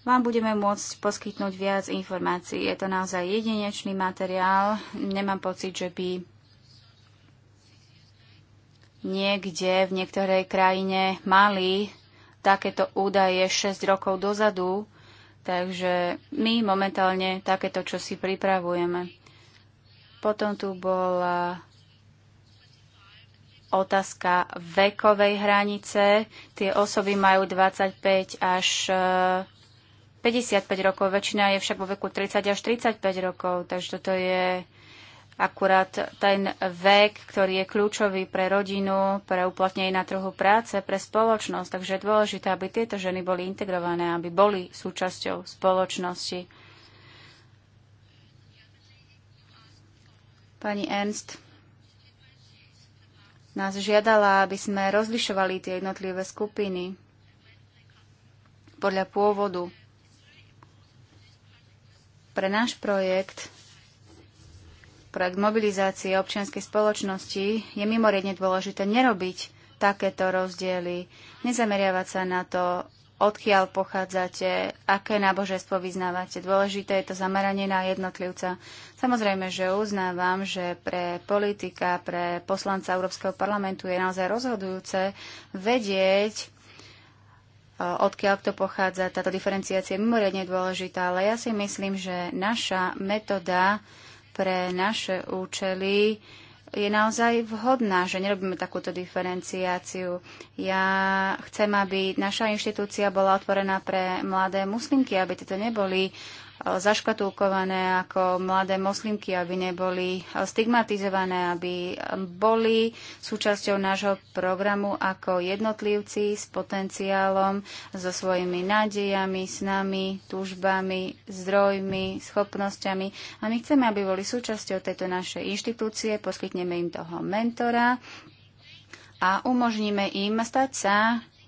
vám budeme môcť poskytnúť viac informácií. Je to naozaj jedinečný materiál. Nemám pocit, že by niekde v niektorej krajine mali takéto údaje 6 rokov dozadu, takže my momentálne takéto čo si pripravujeme. Potom tu bola otázka vekovej hranice. Tie osoby majú 25 až 55 eh, rokov, väčšina je však vo veku 30 až 35 rokov, takže toto je akurát ten vek, ktorý je kľúčový pre rodinu, pre uplatnenie na trhu práce, pre spoločnosť. Takže je dôležité, aby tieto ženy boli integrované, aby boli súčasťou spoločnosti. Pani Ernst nás žiadala, aby sme rozlišovali tie jednotlivé skupiny podľa pôvodu. Pre náš projekt, projekt mobilizácie občianskej spoločnosti, je mimoriadne dôležité nerobiť takéto rozdiely, nezameriavať sa na to, odkiaľ pochádzate, aké náboženstvo vyznávate. Dôležité je to zameranie na jednotlivca. Samozrejme, že uznávam, že pre politika, pre poslanca Európskeho parlamentu je naozaj rozhodujúce vedieť, e, odkiaľ to pochádza. Táto diferenciácia je mimoriadne dôležitá, ale ja si myslím, že naša metóda pre naše účely je naozaj vhodná, že nerobíme takúto diferenciáciu. Ja chcem, aby naša inštitúcia bola otvorená pre mladé muslimky, aby tieto neboli uh, Eh, zaškatulkované ako mladé moslimky, aby neboli eh, stigmatizované, aby eh, boli súčasťou nášho programu ako jednotlivci s potenciálom, so svojimi nádejami, snami, túžbami, zdrojmi, schopnosťami. A my chceme, aby boli súčasťou tejto našej inštitúcie, poskytneme im toho mentora a umožníme im stať sa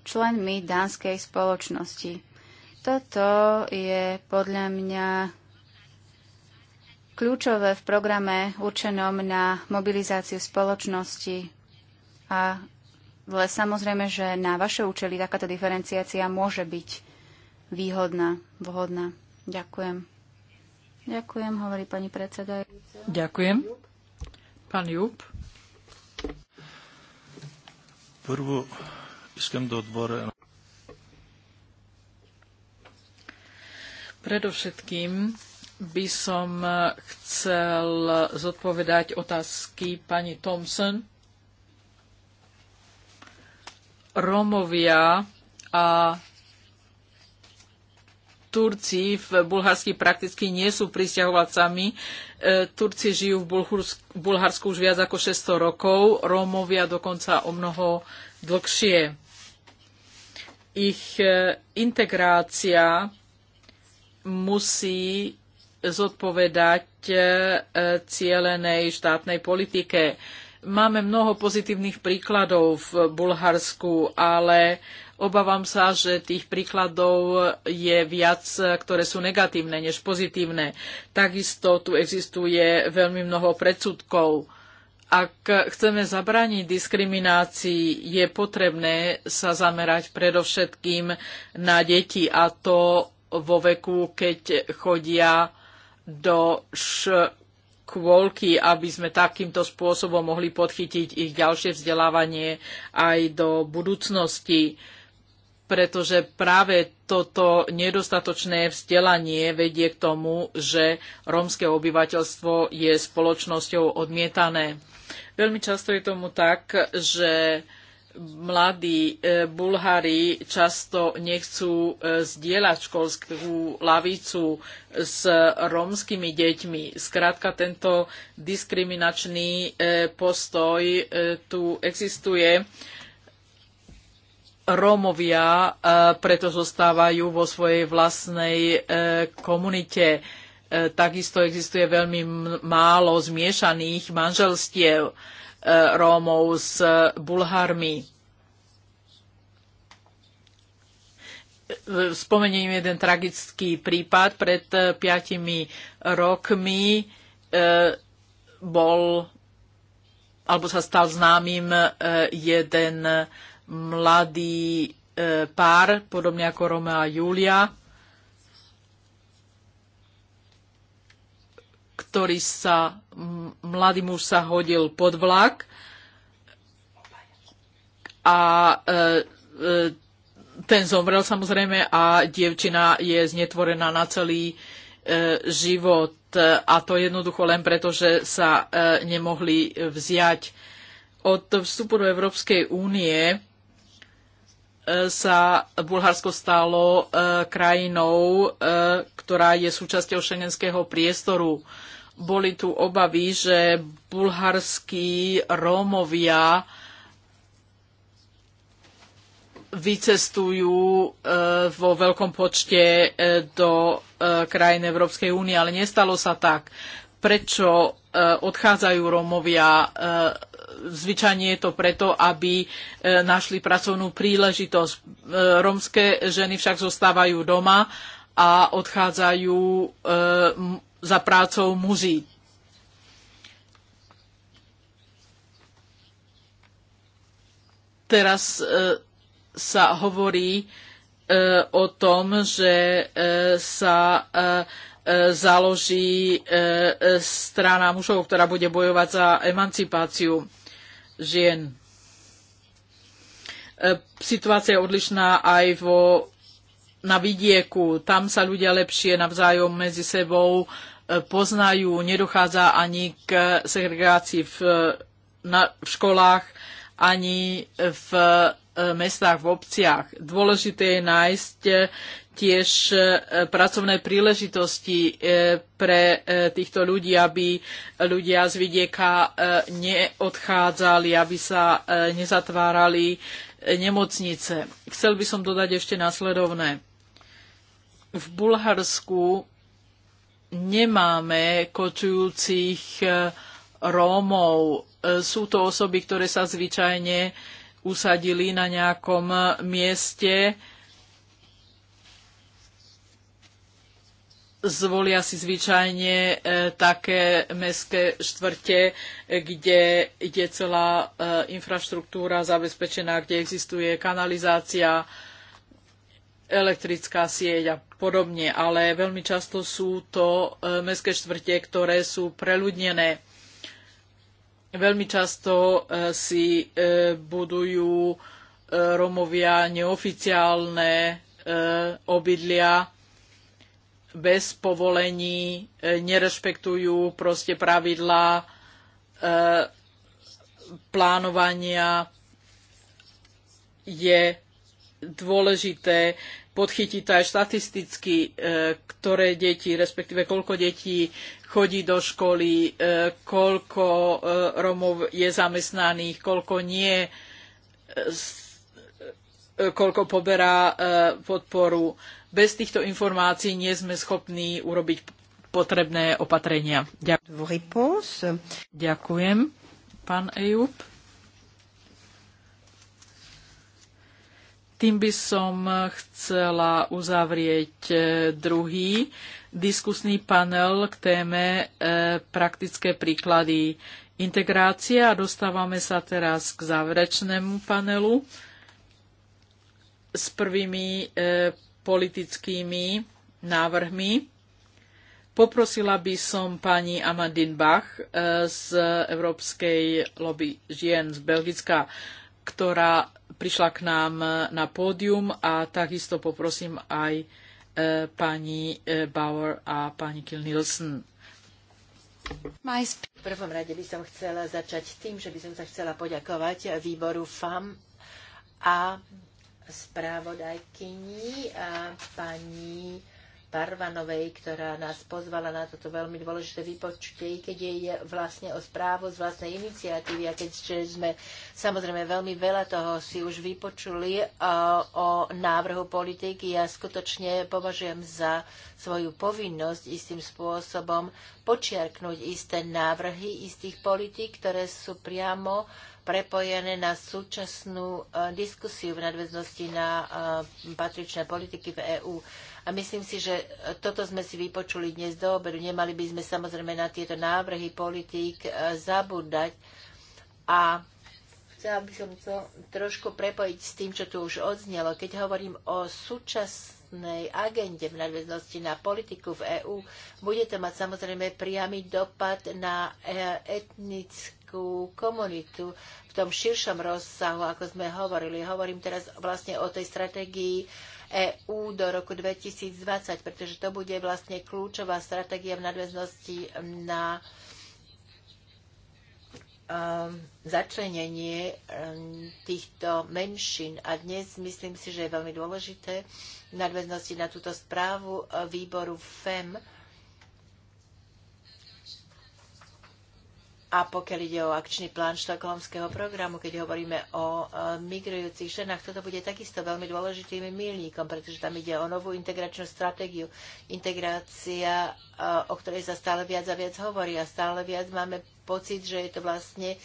členmi dánskej spoločnosti. Toto je podľa mňa kľúčové v programe určenom na mobilizáciu spoločnosti. A, ale samozrejme, že na vaše účely takáto diferenciácia môže byť výhodná, vhodná. Ďakujem. Ďakujem, hovorí pani predsedajúca. Ďakujem. Pán Júb. Prvú iskam do odbore. Predovšetkým by som eh, chcel zodpovedať otázky pani Thompson. Romovia a Turci v Bulharsku prakticky nie sú pristahovalcami. Eh, Turci žijú v Bulharsku, Bulharsku už viac ako 600 rokov, Rómovia dokonca o mnoho dlhšie. Ich eh, integrácia musí zodpovedať e, cielenej štátnej politike. Máme mnoho pozitívnych príkladov v Bulharsku, ale obávam sa, že tých príkladov je viac, ktoré sú negatívne než pozitívne. Takisto tu existuje veľmi mnoho predsudkov. Ak chceme zabrániť diskriminácii, je potrebné sa zamerať predovšetkým na deti a to vo veku, keď chodia do škôlky, aby sme takýmto spôsobom mohli podchytiť ich ďalšie vzdelávanie aj do budúcnosti, pretože práve toto nedostatočné vzdelanie vedie k tomu, že rómske obyvateľstvo je spoločnosťou odmietané. Veľmi často je tomu tak, že mladí e, Bulhári často nechcú e, zdieľať školskú lavicu s rómskymi deťmi. Skrátka, tento diskriminačný e, postoj tu existuje. Rómovia preto zostávajú vo svojej vlastnej komunite. Takisto existuje veľmi málo zmiešaných manželstiev Rómov s Bulhármi. Spomeniem jeden tragický prípad. Pred eh, piatimi rokmi eh, bol alebo sa stal známym eh, jeden mladý pár, podobne ako Romeo a Julia. ktorý sa, mladý muž sa hodil pod vlak a e, e, ten zomrel samozrejme a dievčina je znetvorená na celý e, život a to jednoducho len preto, že sa e, nemohli vziať. Od vstupu do Európskej únie e, sa Bulharsko stalo e, krajinou, e, ktorá je súčasťou šengenského priestoru. E, boli tu obavy, že bulharskí Rómovia vycestujú e, vo veľkom počte e, do e, krajín Európskej únie, ale nestalo sa tak. Prečo odchádzajú Rómovia? Zvyčajne je to preto, aby našli pracovnú príležitosť. Rómske ženy však zostávajú doma a odchádzajú za prácou muží. Teraz e, sa hovorí e, o tom, že e, sa e, e založí e, e, strana mužov, ktorá bude bojovať za emancipáciu žien. Situácia je odlišná aj vo, na vidieku. Tam sa ľudia lepšie navzájom medzi sebou poznajú, nedochádza ani k segregácii v, na, v školách, ani v e, mestách, v obciach. Dôležité je nájsť e, tiež e, pracovné príležitosti pre týchto ľudí, aby ľudia z vidieka neodchádzali, aby sa nezatvárali nemocnice. Chcel by som dodať ešte následovné. V Bulharsku nemáme kočujúcich e, Rómov. E, sú to osoby, ktoré sa zvyčajne usadili na nejakom e, mieste, zvolia si zvyčajne také mestské štvrte, kde je celá infraštruktúra zabezpečená, kde existuje kanalizácia, elektrická sieť a podobne, ale veľmi často sú to e, mestské štvrte, ktoré sú preľudnené. Veľmi často e, si e, budujú Romovia neoficiálne obydlia bez povolení, nerešpektujú proste pravidlá plánovania. Je dôležité podchytiť to aj štatisticky, e, ktoré deti, respektíve koľko detí chodí do školy, e, koľko e, Romov je zamestnaných, koľko nie, koľko poberá podporu. Bez týchto informácií nie sme schopní urobiť potrebné opatrenia. Ďakujem. Ďakujem, pán Ejup. Tým by som eh, chcela uzavrieť eh, druhý diskusný panel k téme eh, praktické príklady integrácie a dostávame sa teraz k záverečnému panelu s prvými politickými návrhmi. Poprosila by som pani Amandine Bach z Európskej lobby žien z Belgická, ktorá prišla k nám na pódium a takisto poprosím aj e, pani e, Bauer a pani Kill Nielsen. V prvom rade by som chcela začať tým, že by som sa chcela poďakovať výboru FAM a správodajkyni pani Parvanovej, ktorá nás pozvala na toto veľmi dôležité vypočutie, i keď je vlastne o správu z vlastnej iniciatívy a keďže sme samozrejme veľmi veľa toho si už vypočuli e, o návrhu politiky, ja skutočne považujem za svoju povinnosť istým spôsobom počiarknúť isté návrhy istých politik, ktoré sú priamo prepojené na súčasnú e, diskusiu v nadväznosti na e, patričné politiky v EÚ. A myslím si, že toto sme si vypočuli dnes do obedu. Nemali by sme samozrejme na tieto návrhy politík e, zabúdať. A chcela by som to trošku prepojiť s tým, čo tu už odznelo. Keď hovorím o súčasnej agende v nadväznosti na politiku v EÚ, bude to mať samozrejme priamy dopad na e, etnickú komunitu v tom širšom rozsahu, ako sme hovorili. Hovorím teraz vlastne o tej stratégii EÚ do roku 2020, pretože to bude vlastne kľúčová stratégia v nadväznosti na ehm, začlenenie ehm, týchto menšín. A dnes myslím si, že je veľmi dôležité v nadväznosti na túto správu e, výboru FEM A pokiaľ ide o akčný plán štokholmského programu, keď hovoríme o e, migrujúcich ženách, toto bude takisto veľmi dôležitým milníkom, pretože tam ide o novú integračnú stratégiu. Integrácia, e, o ktorej sa stále viac a viac hovorí a stále viac máme pocit, že je to vlastne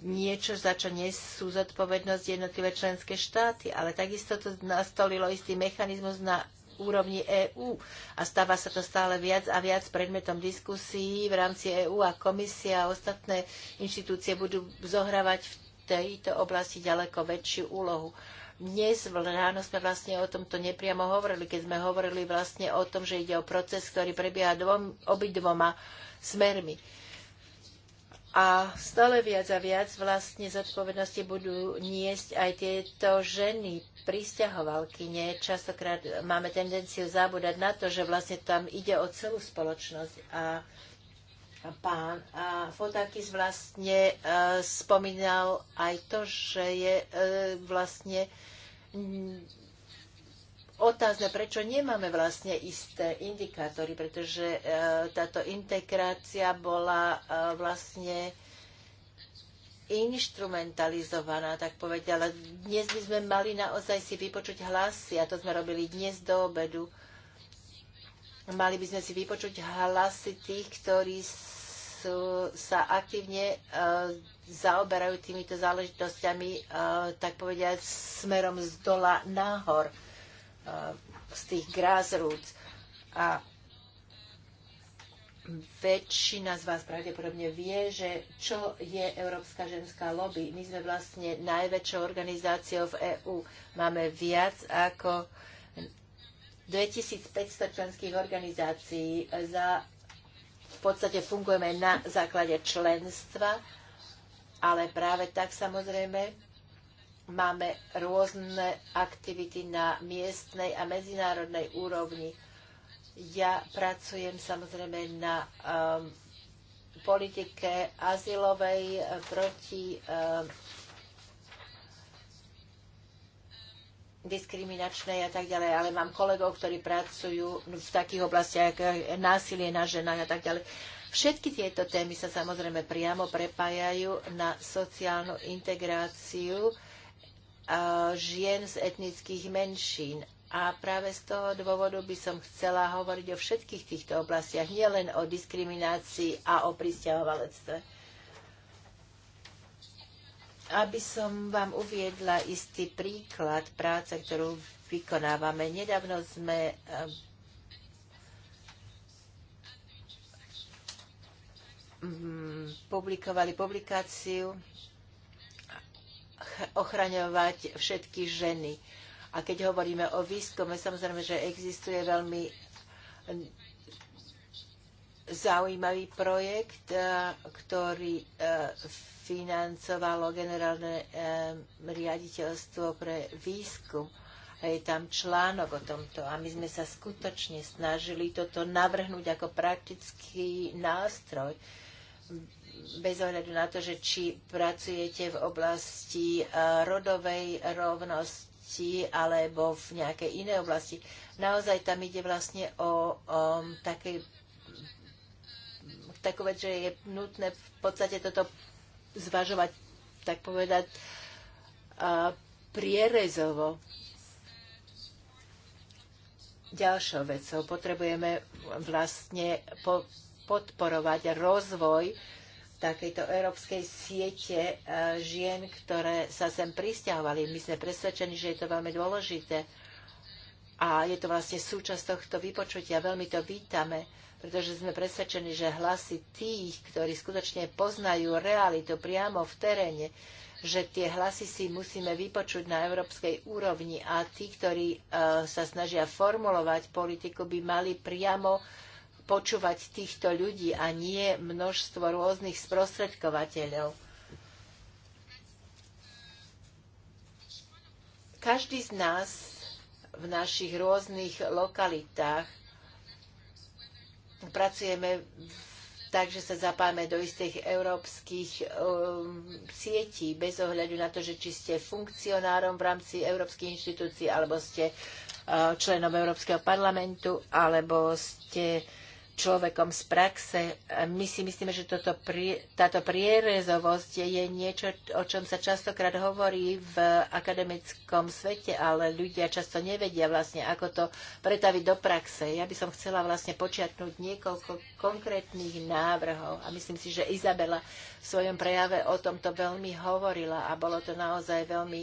niečo, za čo nesú zodpovednosť jednotlivé členské štáty, ale takisto to nastolilo istý mechanizmus na úrovni EÚ a stáva sa to stále viac a viac predmetom diskusí v rámci EÚ a komisia a ostatné inštitúcie budú zohrávať v tejto oblasti ďaleko väčšiu úlohu. Dnes ráno sme vlastne o tomto nepriamo hovorili, keď sme hovorili vlastne o tom, že ide o proces, ktorý prebieha dvom, obidvoma smermi. A stále viac a viac vlastne zodpovednosti budú niesť aj tieto ženy, pristahovalkyne, častokrát máme tendenciu zabúdať na to, že vlastne tam ide o celú spoločnosť a pán a Fotakis vlastne e, spomínal aj to, že je e, vlastne mm, otázne, prečo nemáme vlastne isté indikátory, pretože e, táto integrácia bola e, vlastne inštrumentalizovaná, tak povedať, ale dnes by sme mali naozaj si vypočuť hlasy a to sme robili dnes do obedu. Mali by sme si vypočuť hlasy tých, ktorí sú, sa aktívne uh, zaoberajú týmito záležitostiami, uh, e, tak povediať, smerom z dola nahor, uh, z tých grassroots. A väčšina z vás pravdepodobne vie, že čo je Európska ženská lobby. My sme vlastne najväčšou organizáciou v EÚ. Máme viac ako 2500 členských organizácií. Za, v podstate fungujeme na základe členstva, ale práve tak samozrejme máme rôzne aktivity na miestnej a medzinárodnej úrovni ja pracujem samozrejme na um, politike azylovej eh, proti um, diskriminačnej a tak ďalej, ale mám kolegov, ktorí pracujú v takých oblastiach, ako eh, násilie na ženách a tak ďalej. Všetky tieto témy sa samozrejme priamo prepájajú na sociálnu integráciu žien z etnických menšín a práve z toho dôvodu by som chcela hovoriť o všetkých týchto oblastiach, nielen o diskriminácii a o pristahovalectve. Aby som vám uviedla istý príklad práce, ktorú vykonávame. Nedávno sme ehm, publikovali publikáciu ochraňovať všetky ženy a keď hovoríme o výskume, samozrejme, že existuje veľmi zaujímavý projekt, eh, ktorý eh, financovalo generálne eh, riaditeľstvo pre výskum. A je tam článok o tomto. A my sme sa skutočne snažili toto navrhnúť ako praktický nástroj bez ohľadu na to, že či pracujete v oblasti rodovej rovnosti, oblasti alebo v nejakej inej oblasti. Naozaj tam ide vlastne o, o také, takú vec, že je nutné v podstate toto zvažovať, tak povedať, a prierezovo. Ďalšou vecou potrebujeme vlastne po, podporovať rozvoj takejto európskej siete e, žien, ktoré sa sem pristahovali. My sme presvedčení, že je to veľmi dôležité a je to vlastne súčasť tohto vypočutia. Veľmi to vítame, pretože sme presvedčení, že hlasy tých, ktorí skutočne poznajú realitu priamo v teréne, že tie hlasy si musíme vypočuť na európskej úrovni a tí, ktorí uh, sa snažia formulovať politiku, by mali priamo uh, počúvať týchto ľudí a nie množstvo rôznych sprostredkovateľov. Každý z nás v našich rôznych lokalitách pracujeme tak, že sa zapáme do istých európskych um, sietí, bez ohľadu na to, že či ste funkcionárom v rámci európskych inštitúcií, alebo ste uh, členom Európskeho parlamentu, alebo ste človekom z praxe. My si myslíme, že toto, táto prierezovosť je niečo, o čom sa častokrát hovorí v akademickom svete, ale ľudia často nevedia vlastne, ako to pretaviť do praxe. Ja by som chcela vlastne počiatnúť niekoľko konkrétnych návrhov a myslím si, že Izabela v svojom prejave o tomto veľmi hovorila a bolo to naozaj veľmi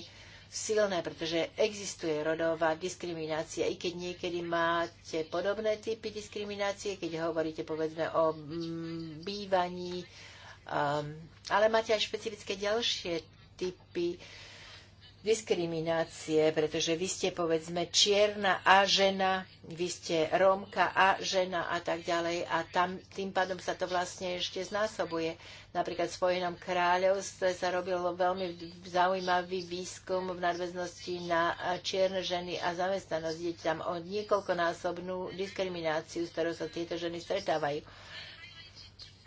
silné, pretože existuje rodová diskriminácia, i keď niekedy máte podobné typy diskriminácie, keď hovoríte povedzme o mm, bývaní, um, ale máte aj špecifické ďalšie typy diskriminácie, pretože vy ste povedzme čierna a žena, vy ste rómka a žena a tak ďalej a tam, tým pádom sa to vlastne ešte znásobuje. Napríklad v Spojenom kráľovstve sa robil veľmi zaujímavý výskum v nadväznosti na čierne ženy a zamestnanosť. Je tam o niekoľkonásobnú diskrimináciu, s ktorou sa tieto ženy stretávajú.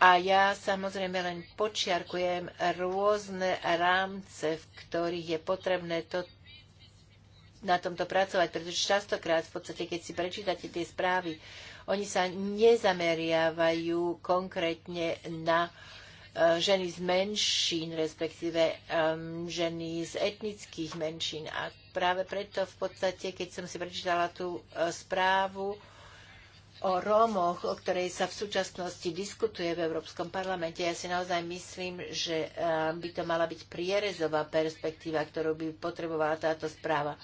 A ja samozrejme len počiarkujem rôzne rámce, v ktorých je potrebné to, na tomto pracovať, pretože častokrát v podstate, keď si prečítate tie správy, oni sa nezameriavajú konkrétne na eh, ženy z menšín, respektíve um, ženy z etnických menšín. A práve preto v podstate, keď som si prečítala tú uh, správu, o Rómoch, o ktorej sa v súčasnosti diskutuje v Európskom parlamente, ja si naozaj myslím, že eh, by to mala byť prierezová perspektíva, ktorú by potrebovala táto správa.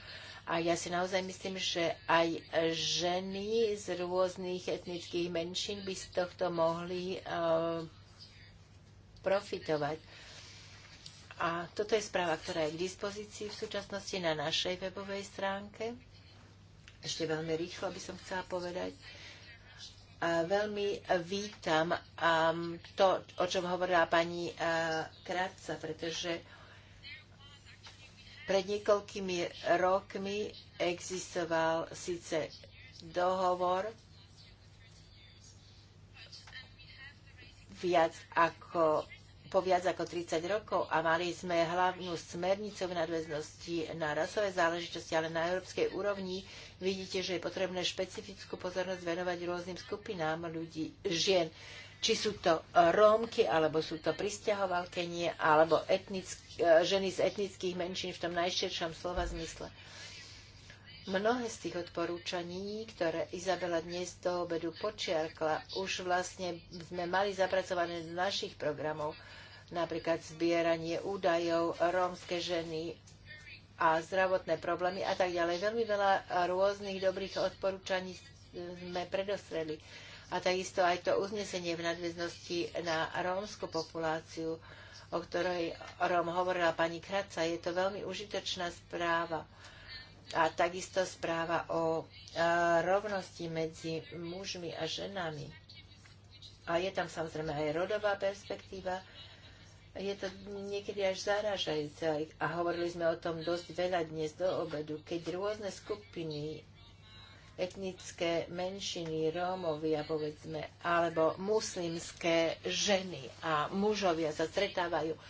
A ja si naozaj myslím, že aj ženy z rôznych etnických menšín by z tohto mohli eh, profitovať. A toto je správa, ktorá je k dispozícii v súčasnosti na našej webovej stránke. Ešte veľmi rýchlo by som chcela povedať a veľmi vítam um, to, o čom hovorila pani uh, Kratca, pretože pred niekoľkými rokmi existoval síce dohovor viac ako po viac ako 30 rokov a mali sme hlavnú smernicu v nadväznosti na rasové záležitosti, ale na európskej úrovni vidíte, že je potrebné špecifickú pozornosť venovať rôznym skupinám ľudí, žien. Či sú to Rómky, alebo sú to pristahovalkenie, alebo etnick, e, ženy z etnických menšín v tom najširšom slova zmysle. Mnohé z tých odporúčaní, ktoré Izabela dnes do obedu počiarkla, už vlastne sme mali zapracované z našich programov napríklad zbieranie údajov, rómske ženy a zdravotné problémy a tak ďalej. Veľmi veľa rôznych dobrých odporúčaní sme predostreli. A takisto aj to uznesenie v nadväznosti na rómsku populáciu, o ktorej Róm hovorila pani Kraca, je to veľmi užitočná správa. A takisto správa o e, rovnosti medzi mužmi a ženami. A je tam samozrejme aj rodová perspektíva, je to niekedy až zaražajúce. a hovorili sme o tom dosť veľa dnes do obedu, keď rôzne skupiny etnické menšiny, Rómovia povedzme, alebo muslimské ženy a mužovia sa stretávajú e,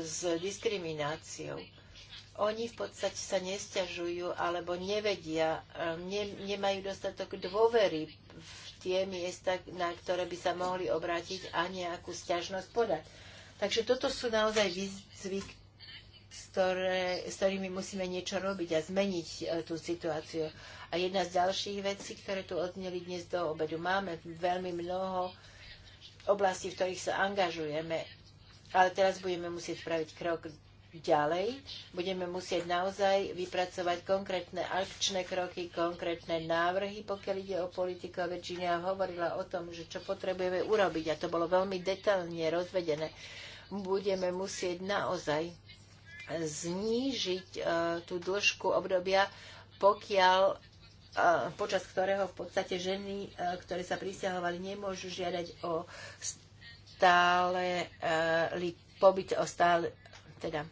s diskrimináciou. Oni v podstate sa nestiažujú alebo nevedia, e, ne, nemajú dostatok dôvery v tie miesta, na ktoré by sa mohli obrátiť a nejakú stiažnosť podať. Takže toto sú naozaj výzvy, ktoré, s ktorými musíme niečo robiť a zmeniť e, tú situáciu. A jedna z ďalších vecí, ktoré tu odneli dnes do obedu, máme veľmi mnoho oblastí, v ktorých sa angažujeme, ale teraz budeme musieť spraviť krok ďalej. Budeme musieť naozaj vypracovať konkrétne akčné kroky, konkrétne návrhy, pokiaľ ide o politiku. A Virginia hovorila o tom, že čo potrebujeme urobiť. A to bolo veľmi detailne rozvedené budeme musieť naozaj znížiť e, tú dĺžku obdobia, pokiaľ e, počas ktorého v podstate ženy, e, ktoré sa prisťahovali, nemôžu žiadať o stále pobyt, o stále, teda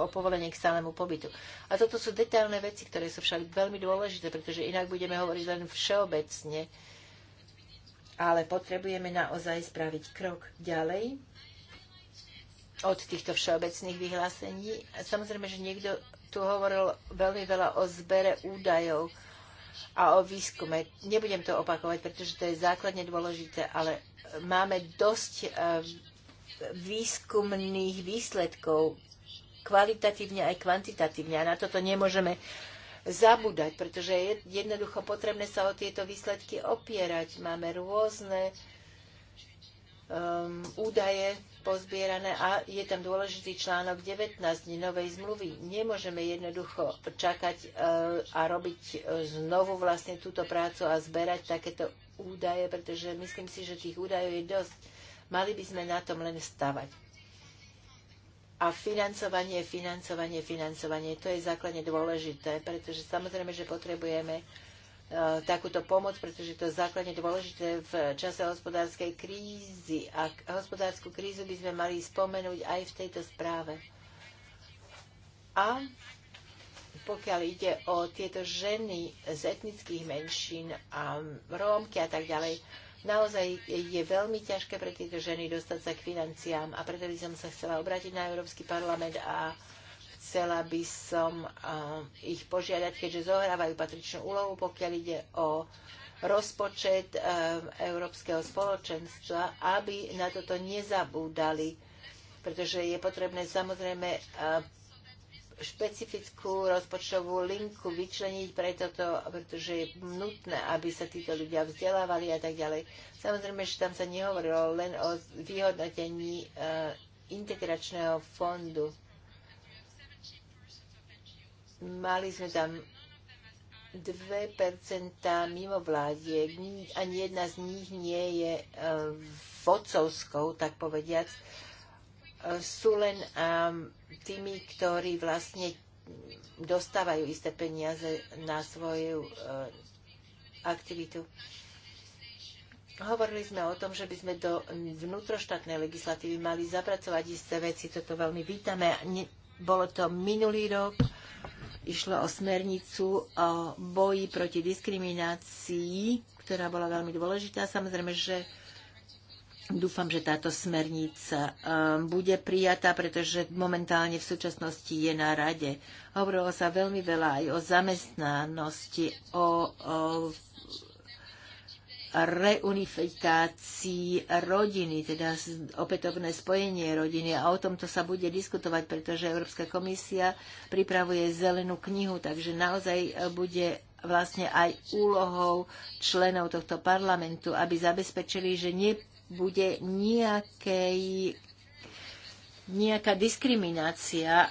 o povolenie k stálemu pobytu. A toto sú detailné veci, ktoré sú však veľmi dôležité, pretože inak budeme hovoriť len všeobecne. Ale potrebujeme naozaj spraviť krok ďalej od týchto všeobecných vyhlásení. Samozrejme, že niekto tu hovoril veľmi veľa o zbere údajov a o výskume. Nebudem to opakovať, pretože to je základne dôležité, ale máme dosť eh, výskumných výsledkov kvalitatívne aj kvantitatívne. A na toto nemôžeme zabúdať, pretože je jednoducho potrebné sa o tieto výsledky opierať. Máme rôzne um, údaje pozbierané a je tam dôležitý článok 19 novej zmluvy. Nemôžeme jednoducho čakať e, a robiť e, znovu vlastne túto prácu a zberať takéto údaje, pretože myslím si, že tých údajov je dosť. Mali by sme na tom len stavať. A financovanie, financovanie, financovanie, to je základne dôležité, pretože samozrejme, že potrebujeme E, takúto pomoc, pretože to je základne dôležité v čase hospodárskej krízy. A hospodárskú krízu by sme mali spomenúť aj v tejto správe. A pokiaľ ide o tieto ženy z etnických menšín a rómky a tak ďalej, naozaj je veľmi ťažké pre tieto ženy dostať sa k financiám a preto by som sa chcela obrátiť na Európsky parlament a chcela by som eh, ich požiadať, keďže zohrávajú patričnú úlohu, pokiaľ ide o rozpočet eh, Európskeho spoločenstva, aby na toto nezabúdali, pretože je potrebné samozrejme eh, špecifickú rozpočtovú linku vyčleniť pre toto, pretože je nutné, aby sa títo ľudia vzdelávali a tak ďalej. Samozrejme, že tam sa nehovorilo len o vyhodnotení integračného fondu Mali sme tam 2% mimovládiek. Ani jedna z nich nie je eh, vodcovskou, tak povediac. Eh, sú len eh, tými, ktorí vlastne dostávajú isté peniaze na svoju aktivitu. Hovorili sme o tom, že by sme do vnútroštátnej legislatívy mali zapracovať isté veci. Toto veľmi vítame. Bolo to minulý rok Išlo o smernicu o boji proti diskriminácii, ktorá bola veľmi dôležitá. Samozrejme, že Dúfam, že táto smernica um, bude prijatá, pretože momentálne v súčasnosti je na rade. Hovorilo sa veľmi veľa aj o zamestnanosti, o, o reunifikácii rodiny, teda opätovné spojenie rodiny. A o tomto sa bude diskutovať, pretože Európska komisia pripravuje zelenú knihu, takže naozaj e, bude vlastne aj úlohou členov tohto parlamentu, aby zabezpečili, že nebude nejakej nejaká diskriminácia e,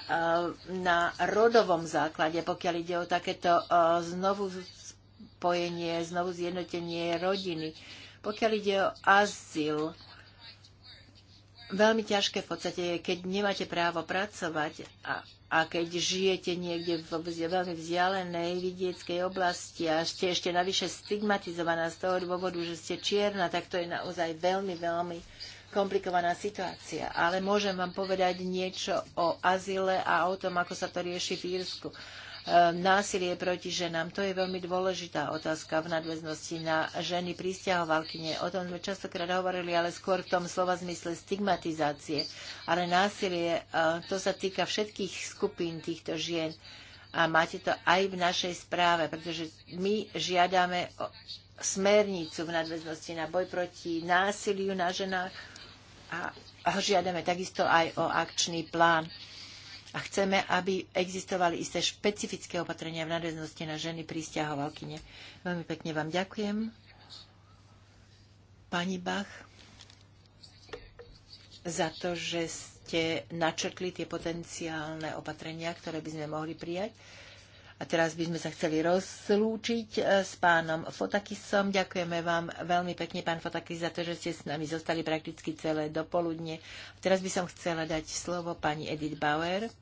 na rodovom základe, pokiaľ ide o takéto e, znovu spojenie, znovu zjednotenie rodiny. Pokiaľ ide o azyl, veľmi ťažké v podstate je, keď nemáte právo pracovať a, a keď žijete niekde v veľmi vzdialenej vidieckej oblasti a ste ešte navyše stigmatizovaná z toho dôvodu, že ste čierna, tak to je naozaj veľmi, veľmi komplikovaná situácia. Ale môžem vám povedať niečo o azile a o tom, ako sa to rieši v Írsku násilie proti ženám. To je veľmi dôležitá otázka v nadväznosti na ženy pristahovalkyne. O tom sme častokrát hovorili, ale skôr v tom slova zmysle stigmatizácie. Ale násilie, e, to sa týka všetkých skupín týchto žien. A máte to aj v našej správe, pretože my žiadame smernicu v nadväznosti na boj proti násiliu na ženách a žiadame takisto aj o akčný plán a chceme, aby existovali isté špecifické opatrenia v nadväznosti na ženy stiahovalkyne. Veľmi pekne vám ďakujem. Pani Bach, za to, že ste načrtli tie potenciálne opatrenia, ktoré by sme mohli prijať. A teraz by sme sa chceli rozlúčiť e, s pánom Fotakisom. Ďakujeme vám veľmi pekne, pán Fotakis, za to, že ste s nami zostali prakticky celé dopoludne. A teraz by som chcela dať slovo pani Edith Bauer,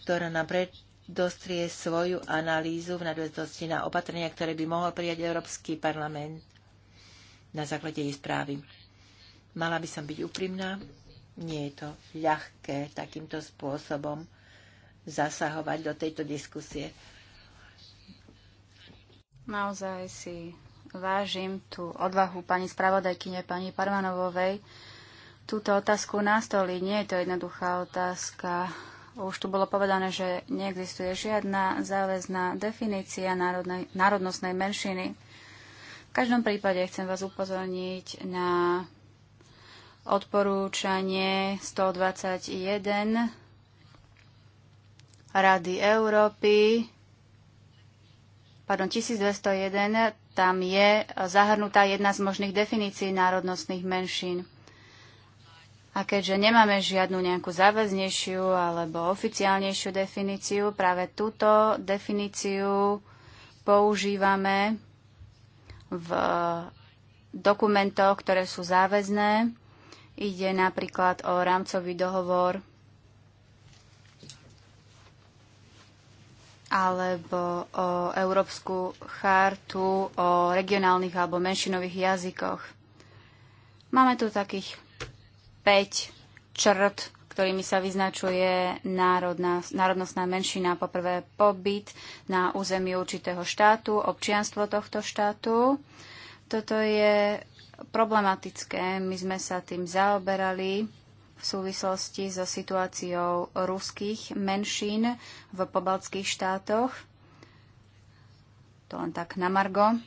ktorá nám predostrie svoju analýzu v nadväznosti na opatrenia, ktoré by mohol prijať Európsky parlament na základe jej správy. Mala by som byť úprimná. Nie je to ľahké takýmto spôsobom zasahovať do tejto diskusie. Naozaj si vážim tú odvahu pani spravodajkyne, pani Parmanovovej, túto otázku nastoli. Nie je to jednoduchá otázka. Už tu bolo povedané, že neexistuje žiadna záväzná definícia národnej, národnostnej menšiny. V každom prípade chcem vás upozorniť na odporúčanie 121 Rady Európy, pardon, 1201, tam je zahrnutá jedna z možných definícií národnostných menšín. A keďže nemáme žiadnu nejakú záväznejšiu alebo oficiálnejšiu definíciu, práve túto definíciu používame v dokumentoch, ktoré sú záväzné. Ide napríklad o rámcový dohovor alebo o Európsku chartu o regionálnych alebo menšinových jazykoch. Máme tu takých 5 črt, ktorými sa vyznačuje národná, národnostná menšina. Poprvé pobyt na území určitého štátu, občianstvo tohto štátu. Toto je problematické. My sme sa tým zaoberali v súvislosti so situáciou ruských menšín v pobaltských štátoch. To len tak na margo.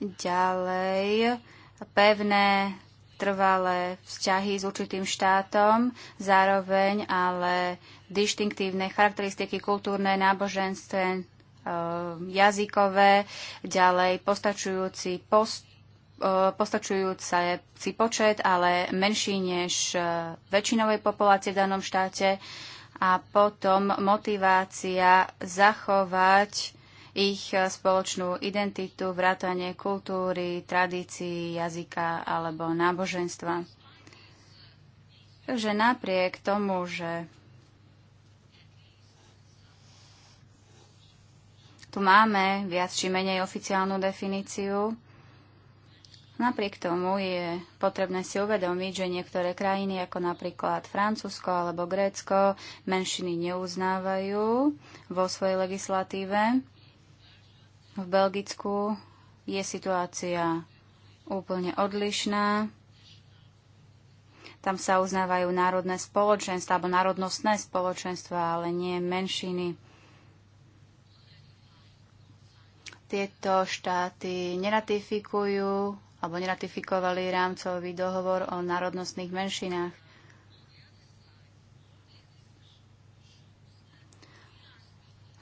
Ďalej, pevné trvalé vzťahy s určitým štátom, zároveň ale dištinktívne charakteristiky kultúrne, náboženstve, eh, jazykové, ďalej postačujúci post E, si počet, ale menší než e, väčšinovej populácie v danom štáte a potom motivácia zachovať ich e, spoločnú identitu, vrátanie kultúry, tradícií, jazyka alebo náboženstva. Takže napriek tomu, že tu máme viac či menej oficiálnu definíciu, Napriek tomu je potrebné si uvedomiť, že niektoré krajiny, ako napríklad Francúzsko alebo Grécko, menšiny neuznávajú vo svojej legislatíve. V Belgicku je situácia úplne odlišná. Tam sa uznávajú národné spoločenstva alebo národnostné spoločenstva, ale nie menšiny. Tieto štáty neratifikujú alebo neratifikovali rámcový dohovor o národnostných menšinách.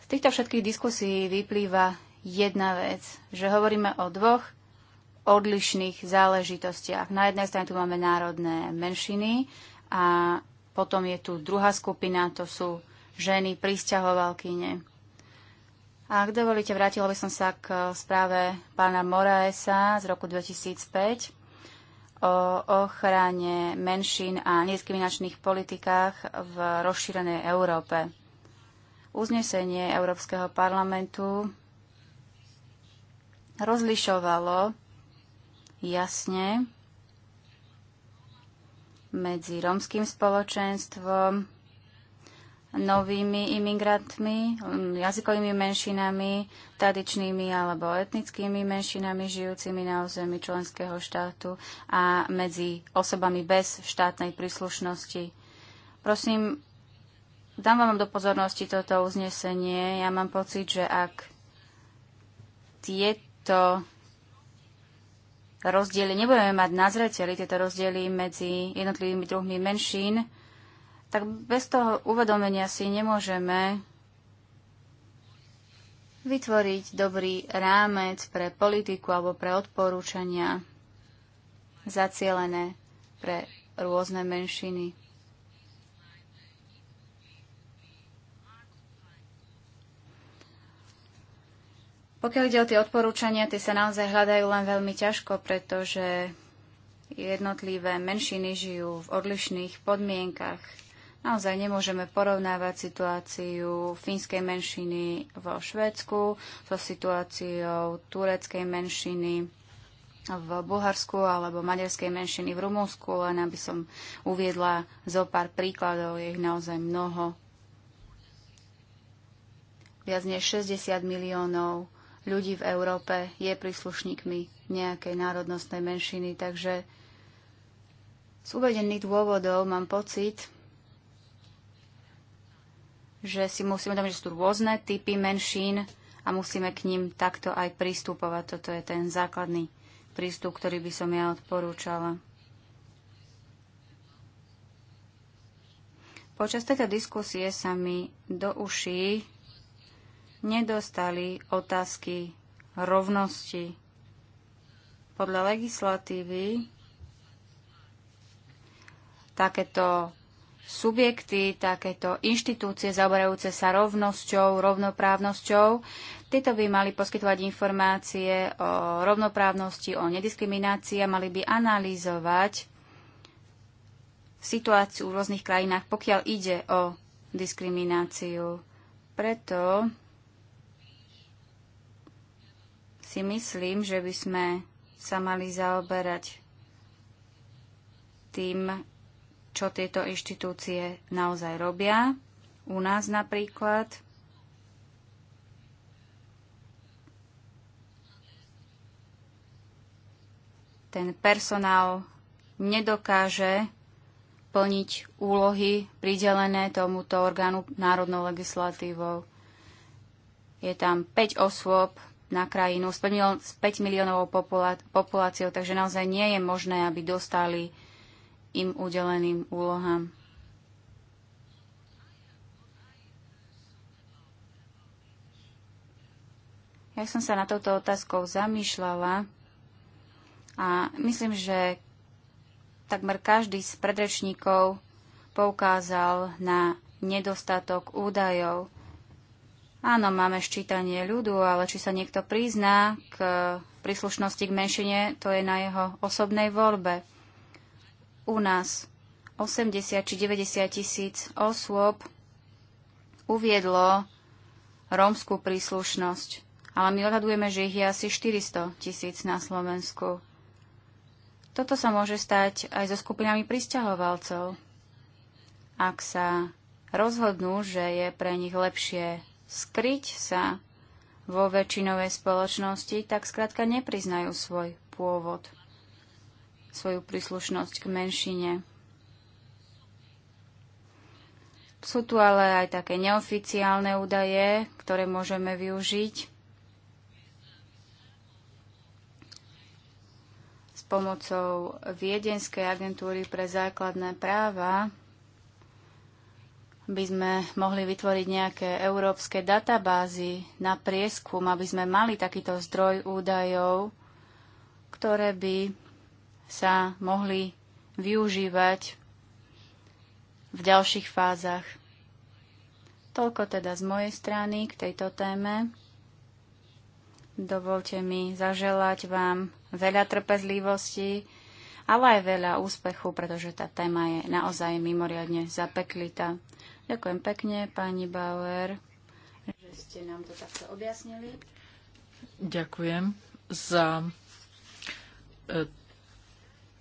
Z týchto všetkých diskusí vyplýva jedna vec, že hovoríme o dvoch odlišných záležitostiach. Na jednej strane tu máme národné menšiny a potom je tu druhá skupina, to sú ženy pristahovalkyne. A ak dovolíte, vrátila by som sa k eh, správe pána Moraesa z roku 2005 o ochrane menšín a nediskriminačných politikách v rozšírenej Európe. Uznesenie Európskeho parlamentu rozlišovalo jasne medzi rómským spoločenstvom novými imigrantmi, jazykovými menšinami, tradičnými alebo etnickými menšinami žijúcimi na území členského štátu a medzi osobami bez štátnej príslušnosti. Prosím, dám vám do pozornosti toto uznesenie. Ja mám pocit, že ak tieto rozdiely nebudeme mať na zreteli, tieto rozdiely medzi jednotlivými druhmi menšín, tak bez toho uvedomenia si nemôžeme vytvoriť dobrý rámec pre politiku alebo pre odporúčania zacielené pre rôzne menšiny. Pokiaľ ide o tie odporúčania, tie sa naozaj hľadajú len veľmi ťažko, pretože jednotlivé menšiny žijú v odlišných podmienkach, Naozaj nemôžeme porovnávať situáciu fínskej menšiny vo Švédsku so situáciou tureckej menšiny v Bulharsku alebo maďarskej menšiny v Rumunsku, len aby som uviedla zo pár príkladov, je ich naozaj mnoho. Viac než 60 miliónov ľudí v Európe je príslušníkmi nejakej národnostnej menšiny, takže z uvedených dôvodov mám pocit, že si musíme domyť, že sú rôzne typy menšín a musíme k ním takto aj pristupovať. Toto je ten základný prístup, ktorý by som ja odporúčala. Počas tejto diskusie sa mi do uší nedostali otázky rovnosti. Podľa legislatívy takéto subjekty, takéto inštitúcie zaoberajúce sa rovnosťou, rovnoprávnosťou. Tieto by mali poskytovať informácie o rovnoprávnosti, o nediskriminácii a mali by analyzovať situáciu v rôznych krajinách, pokiaľ ide o diskrimináciu. Preto si myslím, že by sme sa mali zaoberať tým, čo tieto inštitúcie naozaj robia. U nás napríklad ten personál nedokáže plniť úlohy pridelené tomuto orgánu národnou legislatívou. Je tam 5 osôb na krajinu s 5 miliónovou populáciou, takže naozaj nie je možné, aby dostali im udeleným úlohám. Ja som sa na touto otázkou zamýšľala a myslím, že takmer každý z predrečníkov poukázal na nedostatok údajov. Áno, máme ščítanie ľudu, ale či sa niekto prizná k príslušnosti k menšine, to je na jeho osobnej voľbe u nás 80 či 90 tisíc osôb uviedlo rómskú príslušnosť. Ale my odhadujeme, že ich je asi 400 tisíc na Slovensku. Toto sa môže stať aj so skupinami pristahovalcov, ak sa rozhodnú, že je pre nich lepšie skryť sa vo väčšinovej spoločnosti, tak skrátka nepriznajú svoj pôvod svoju príslušnosť k menšine. Sú tu ale aj také neoficiálne údaje, ktoré môžeme využiť s pomocou Viedenskej agentúry pre základné práva by sme mohli vytvoriť nejaké európske databázy na prieskum, aby sme mali takýto zdroj údajov, ktoré by sa mohli využívať v ďalších fázach. Toľko teda z mojej strany k tejto téme. Dovolte mi zaželať vám veľa trpezlivosti, ale aj veľa úspechu, pretože tá téma je naozaj mimoriadne zapeklitá. Ďakujem pekne, pani Bauer, že ste nám to takto objasnili. Ďakujem za e,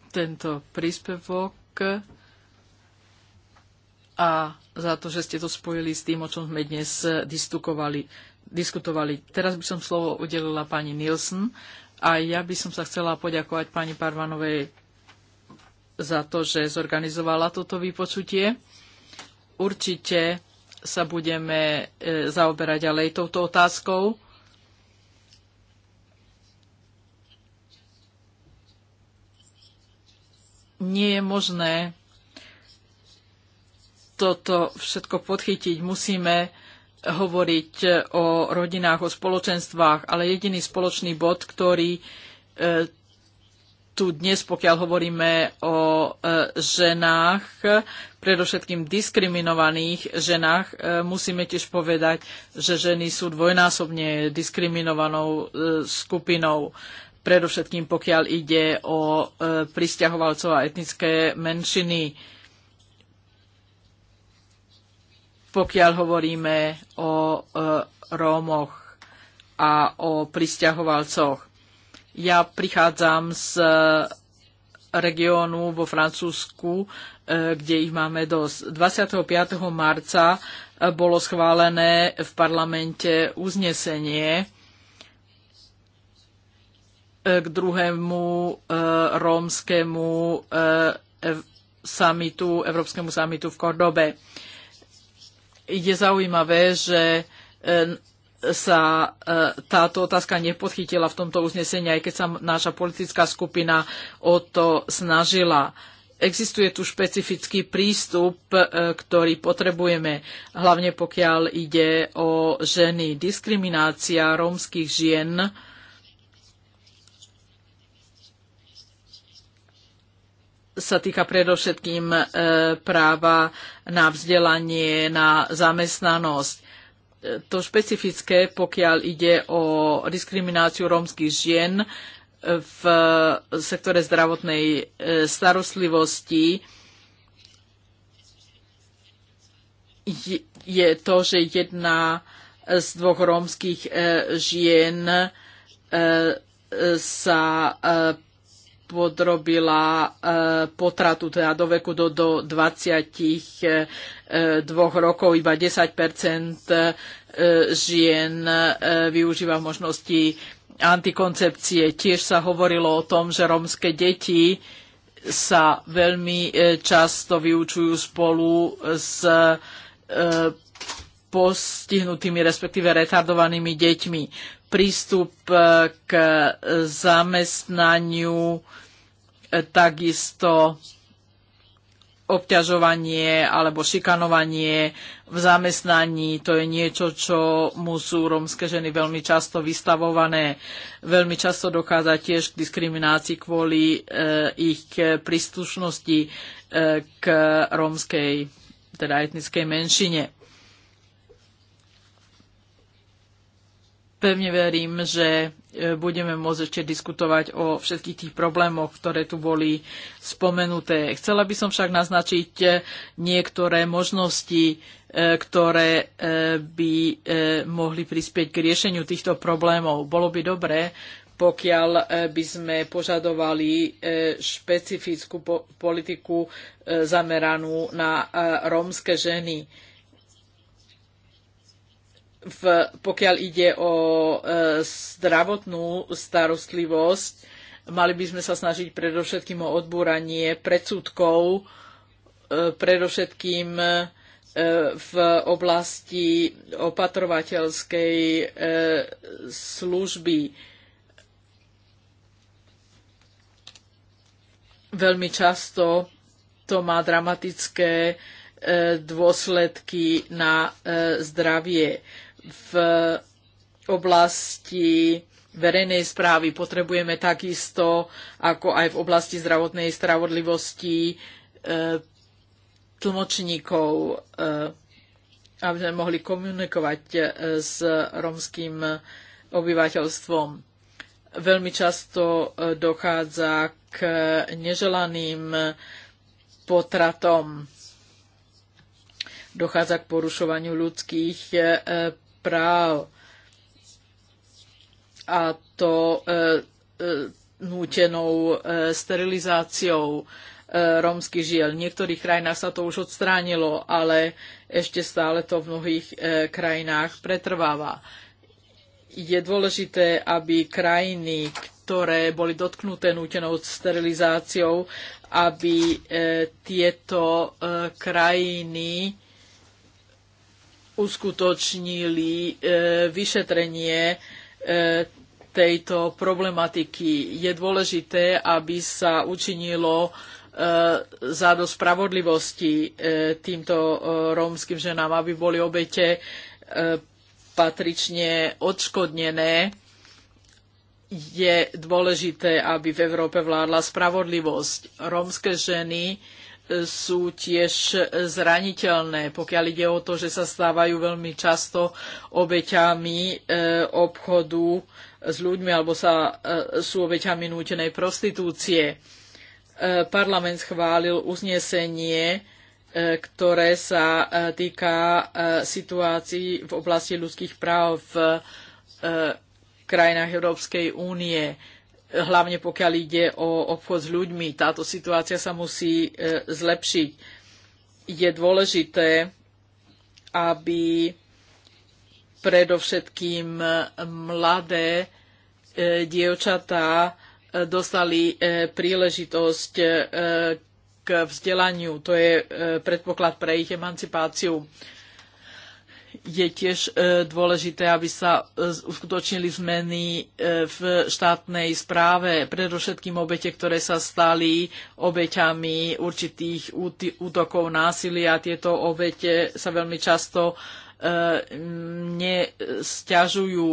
tento príspevok a za to, že ste to spojili s tým, o čom sme dnes diskutovali. Teraz by som slovo udelila pani Nielsen a ja by som sa chcela poďakovať pani Parvanovej za to, že zorganizovala toto vypočutie. Určite sa budeme e, zaoberať ďalej touto otázkou nie je možné toto všetko podchytiť. Musíme hovoriť o rodinách, o spoločenstvách, ale jediný spoločný bod, ktorý e, tu dnes, pokiaľ hovoríme o e, ženách, predovšetkým diskriminovaných ženách, e, musíme tiež povedať, že ženy sú dvojnásobne diskriminovanou skupinou predovšetkým pokiaľ ide o e, pristahovalcov a etnické menšiny. Pokiaľ hovoríme o e, Rómoch a o pristahovalcoch. Ja prichádzam z e, regiónu vo Francúzsku, e, kde ich máme dosť. 25. marca e, bolo schválené v parlamente uznesenie, E, k druhému e, rómskému e, samitu, Európskemu samitu v Kordobe. Je zaujímavé, že sa táto otázka nepodchytila v tomto uznesení, aj keď sa naša politická skupina o to snažila. Existuje tu špecifický prístup, ktorý potrebujeme, hlavne pokiaľ ide o ženy. Diskriminácia rómskych žien sa týka predovšetkým e, práva na vzdelanie, na zamestnanosť. E, to špecifické, pokiaľ ide o diskrimináciu rómskych žien e, v sektore zdravotnej starostlivosti, je to, že jedna z dvoch rómskych žien sa podrobila e, potratu teda do veku do, do 22 e, rokov. Iba 10 e, žien využíva možnosti antikoncepcie. Tiež sa hovorilo o tom, že rómske deti sa veľmi často vyučujú spolu s postihnutými, respektíve retardovanými deťmi prístup e, k zamestnaniu, e, takisto obťažovanie alebo šikanovanie v zamestnaní. To je niečo, čo mu sú rómske ženy veľmi často vystavované. Veľmi často dochádza tiež k diskriminácii kvôli e, ich príslušnosti e, k rómskej, teda etnickej menšine. Pevne verím, že e, budeme môcť ešte diskutovať o všetkých tých problémoch, ktoré tu boli spomenuté. Chcela by som však naznačiť e, niektoré možnosti, e, ktoré by mohli prispieť k riešeniu týchto problémov. Bolo by dobré, pokiaľ by sme požadovali špecifickú politiku zameranú na rómske ženy v, pokiaľ ide o e, zdravotnú starostlivosť, mali by sme sa snažiť predovšetkým o odbúranie predsudkov, e, predovšetkým e, v oblasti opatrovateľskej e, služby. Veľmi často to má dramatické e, dôsledky na e, zdravie v oblasti verejnej správy potrebujeme takisto, ako aj v oblasti zdravotnej spravodlivosti, e, tlmočníkov, e, aby sme mohli komunikovať e, s romským obyvateľstvom. Veľmi často dochádza k neželaným potratom. Dochádza k porušovaniu ľudských práv. A to e, e, nútenou e, sterilizáciou e, rómskych žiel. V niektorých krajinách sa to už odstránilo, ale ešte stále to v mnohých e, krajinách pretrváva. Je dôležité, aby krajiny, ktoré boli dotknuté nútenou sterilizáciou, aby e, tieto e, krajiny uskutočnili e, vyšetrenie e, tejto problematiky. Je dôležité, aby sa učinilo e, za do spravodlivosti týmto rómskym ženám, aby boli obete patrične odškodnené. Je dôležité, aby v Európe vládla spravodlivosť. Rómske ženy sú tiež zraniteľné, pokiaľ ide o to, že sa stávajú veľmi často obeťami e, obchodu s ľuďmi alebo sa, e, sú obeťami nútenej prostitúcie. E, parlament schválil uznesenie, ktoré sa týka situácií v oblasti ľudských práv v krajinách Európskej únie hlavne pokiaľ ide o obchod s ľuďmi. Táto situácia sa musí e, zlepšiť. Je dôležité, aby predovšetkým mladé e, dievčatá e, dostali príležitosť k vzdelaniu. To je predpoklad pre ich emancipáciu je tiež e, dôležité, aby sa e, uskutočnili zmeny e, v štátnej správe, predovšetkým obete, ktoré sa stali obeťami určitých útokov násilia. Tieto obete sa veľmi často nesťažujú.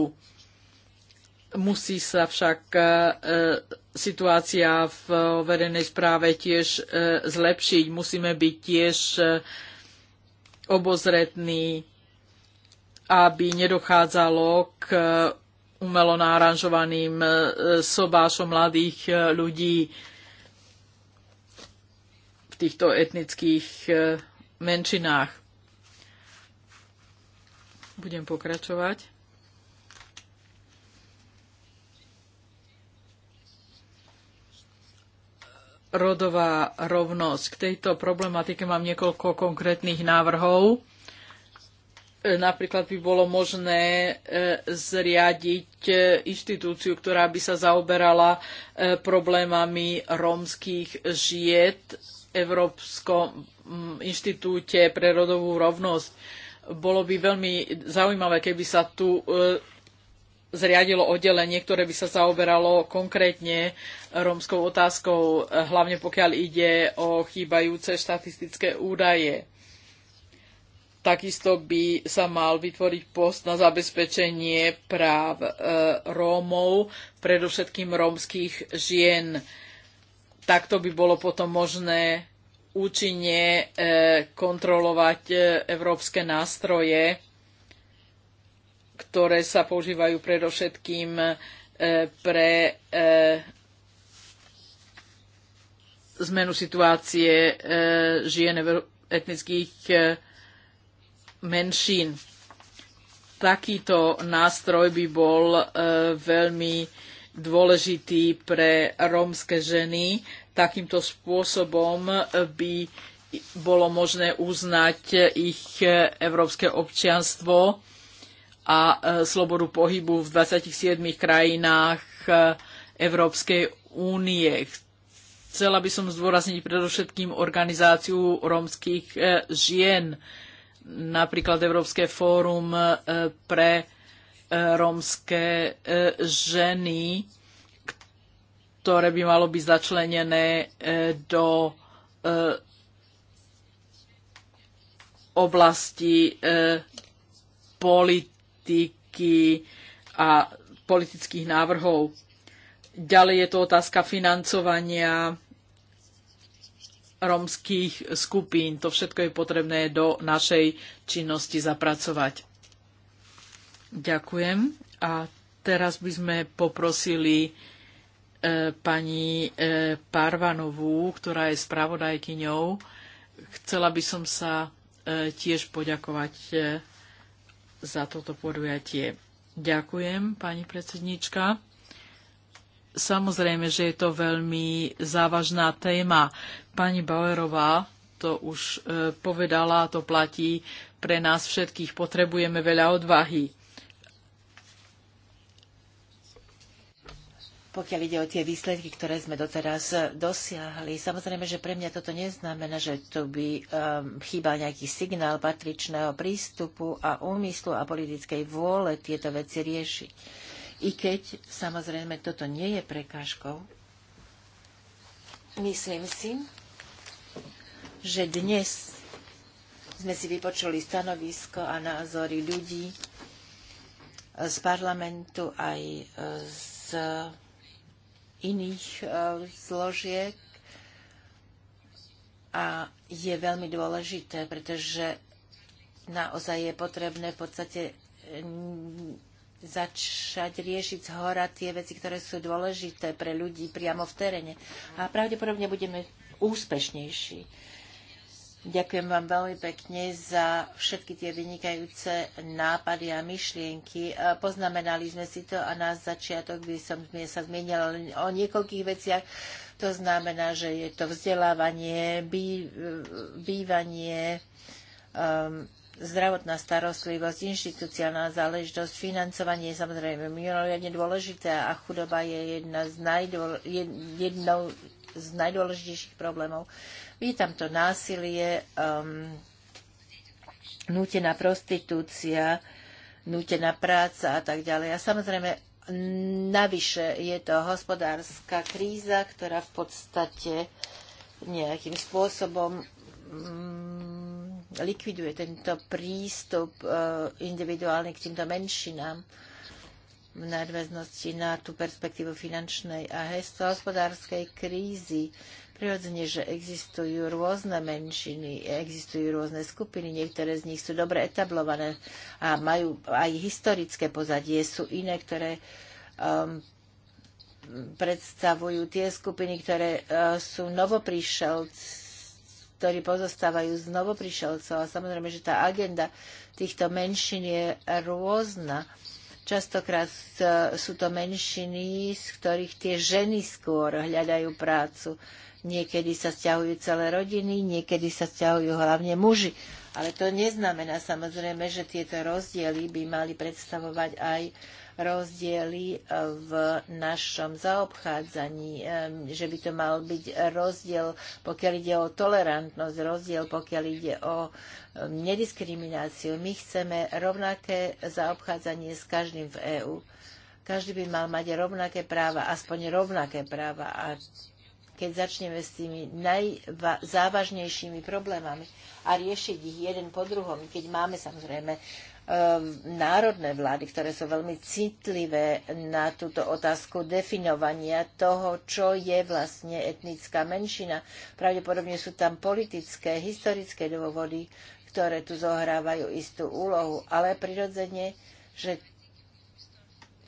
Musí sa však situácia v verejnej správe tiež zlepšiť. Musíme byť tiež obozretní aby nedochádzalo k e, umelo náranžovaným e, sobášom mladých e, ľudí v týchto etnických menšinách. Budem pokračovať. Rodová rovnosť. K tejto problematike mám niekoľko konkrétnych návrhov Napríklad by bolo možné e, zriadiť e, inštitúciu, ktorá by sa zaoberala e, problémami rómskych žied v Európskom inštitúte pre rodovú rovnosť. Bolo by veľmi zaujímavé, keby sa tu zriadilo oddelenie, ktoré by sa zaoberalo konkrétne rómskou otázkou, hlavne pokiaľ ide o chýbajúce štatistické údaje Takisto by sa mal vytvoriť post na zabezpečenie práv e, Rómov, predovšetkým rómskych žien. Takto by bolo potom možné účinne e, kontrolovať e, európske nástroje, ktoré sa používajú predovšetkým pre zmenu situácie žien etnických menšín. Takýto nástroj by bol e, veľmi dôležitý pre rómske ženy. Takýmto spôsobom by bolo možné uznať ich európske občianstvo a e, slobodu pohybu v 27 krajinách e, Európskej únie. Chcela by som zdôrazniť predovšetkým organizáciu rómskych žien napríklad Európske fórum e, pre e, rómske e, ženy, ktoré by malo byť začlenené do oblasti politiky a politických návrhov. Ďalej je to otázka financovania romských skupín. To všetko je potrebné do našej činnosti zapracovať. Ďakujem. A teraz by sme poprosili e, pani e, Parvanovú, ktorá je spravodajkyňou. Chcela by som sa e, tiež poďakovať e, za toto podujatie. Ďakujem, pani predsednička. Samozrejme, že je to veľmi závažná téma. Pani Bauerová to už e, povedala, to platí pre nás všetkých. Potrebujeme veľa odvahy. pokiaľ ide o tie výsledky, ktoré sme doteraz dosiahli. Samozrejme, že pre mňa toto neznamená, že tu by um, chýbal nejaký signál patričného prístupu a úmyslu a politickej vôle tieto veci riešiť. I keď samozrejme toto nie je prekážkou, myslím si, že dnes sme si vypočuli stanovisko a názory ľudí z parlamentu aj e, z iných e, zložiek a je veľmi dôležité, pretože naozaj je potrebné v podstate začať riešiť z hora tie veci, ktoré sú dôležité pre ľudí priamo v teréne. A pravdepodobne budeme úspešnejší. Ďakujem vám veľmi pekne za všetky tie vynikajúce nápady a myšlienky. E, poznamenali sme si to a na začiatok by som sa zmienila o niekoľkých veciach. To znamená, že je to vzdelávanie, e, bývanie, um, zdravotná starostlivosť, inštitucionálna záležitosť, financovanie je samozrejme mimoriadne dôležité a chudoba je jedna z najdôle, jednou z najdôležitejších problémov. Vítam to násilie, um, nútená prostitúcia, nútená práca a tak ďalej. A samozrejme, navyše je to hospodárska kríza, ktorá v podstate nejakým spôsobom um, likviduje tento prístup e, individuálny k týmto menšinám v nadväznosti na tú perspektívu finančnej a hospodárskej krízy. Prirodzene, že existujú rôzne menšiny, existujú rôzne skupiny, niektoré z nich sú dobre etablované a majú aj historické pozadie, sú iné, ktoré um, predstavujú tie skupiny, ktoré uh, sú novoprišelci ktorí pozostávajú z novoprišelcov. A samozrejme, že tá agenda týchto menšín je rôzna. Častokrát sú to menšiny, z ktorých tie ženy skôr hľadajú prácu. Niekedy sa stiahujú celé rodiny, niekedy sa stiahujú hlavne muži. Ale to neznamená samozrejme, že tieto rozdiely by mali predstavovať aj rozdiely eh, v našom zaobchádzaní, že by to mal byť rozdiel, pokiaľ ide o tolerantnosť, rozdiel, pokiaľ ide o nediskrimináciu. My chceme rovnaké zaobchádzanie s každým v EÚ. Každý by mal mať rovnaké práva, aspoň rovnaké práva. A keď začneme s tými najzávažnejšími problémami a riešiť ich jeden po druhom, keď máme samozrejme Ehm, národné vlády, ktoré sú veľmi citlivé na túto otázku definovania toho, čo je vlastne etnická menšina. Pravdepodobne sú tam politické, historické dôvody, ktoré tu zohrávajú istú úlohu, ale prirodzene, že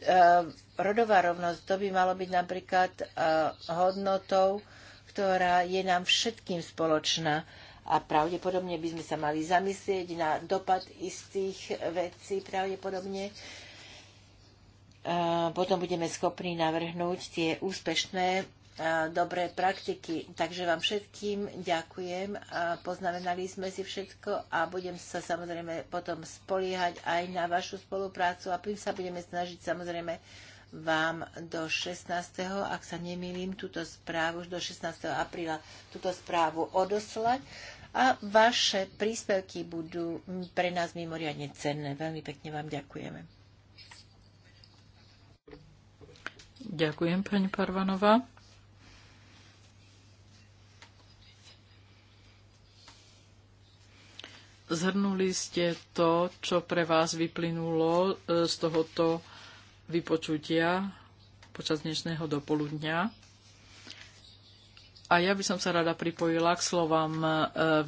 ehm, rodová rovnosť, to by malo byť napríklad ehm, hodnotou, ktorá je nám všetkým spoločná a pravdepodobne by sme sa mali zamyslieť na dopad istých vecí pravdepodobne. Potom budeme schopní navrhnúť tie úspešné dobré praktiky. Takže vám všetkým ďakujem. A poznamenali sme si všetko a budem sa samozrejme potom spoliehať aj na vašu spoluprácu a tým sa budeme snažiť samozrejme vám do 16. ak sa nemýlim, túto správu už do 16. apríla túto správu odoslať a vaše príspevky budú pre nás mimoriadne cenné. Veľmi pekne vám ďakujeme. Ďakujem, pani Parvanová. Zhrnuli ste to, čo pre vás vyplynulo e, z tohoto vypočutia počas dnešného dopoludňa. A ja by som sa rada pripojila k slovám e,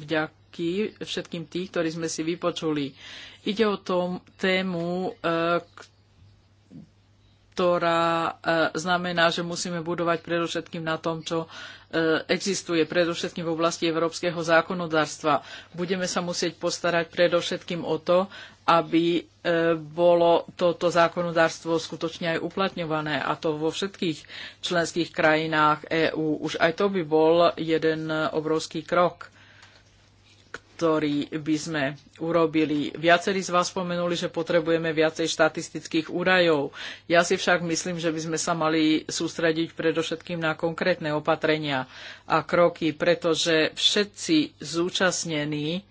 vďaky všetkým tých, ktorí sme si vypočuli. Ide o tom tému, e, ktorá e, znamená, že musíme budovať predovšetkým na tom, čo e, existuje, predovšetkým v oblasti európskeho zákonodárstva. Budeme sa musieť postarať predovšetkým o to, aby e, bolo toto zákonodárstvo skutočne aj uplatňované, a to vo všetkých členských krajinách EÚ. Už aj to by bol jeden obrovský krok ktorý by sme urobili. Viacerí z vás spomenuli, že potrebujeme viacej štatistických údajov. Ja si však myslím, že by sme sa mali sústrediť predovšetkým na konkrétne opatrenia a kroky, pretože všetci zúčastnení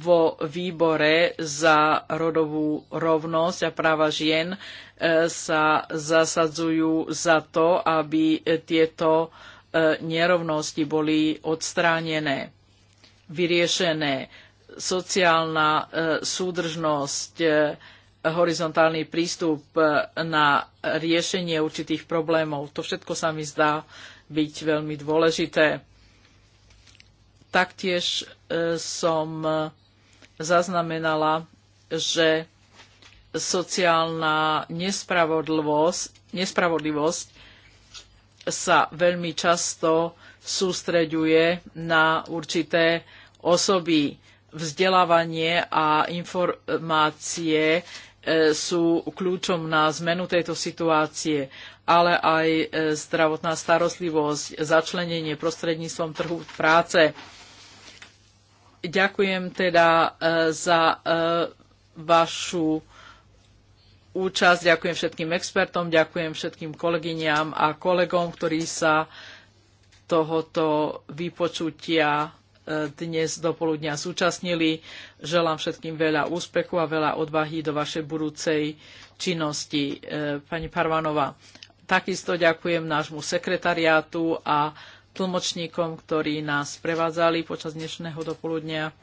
vo výbore za rodovú rovnosť a práva žien e, sa zasadzujú za to, aby tieto e, nerovnosti boli odstránené vyriešené. Sociálna e, súdržnosť, e, horizontálny prístup e, na riešenie určitých problémov, to všetko sa mi zdá byť veľmi dôležité. Taktiež som zaznamenala, že sociálna nespravodlivosť, nespravodlivosť sa veľmi často sústreďuje na určité osoby. Vzdelávanie a informácie e, sú kľúčom na zmenu tejto situácie, ale aj e, zdravotná starostlivosť, začlenenie prostredníctvom trhu práce. Ďakujem teda e, za vašu účasť, ďakujem všetkým expertom, ďakujem všetkým kolegyňam a kolegom, ktorí sa tohoto vypočutia e, dnes do poludnia zúčastnili. Želám všetkým veľa úspechu a veľa odvahy do vašej budúcej činnosti. E, pani Parvanova, takisto ďakujem nášmu sekretariátu a tlmočníkom, ktorí nás prevádzali počas dnešného dopoludnia.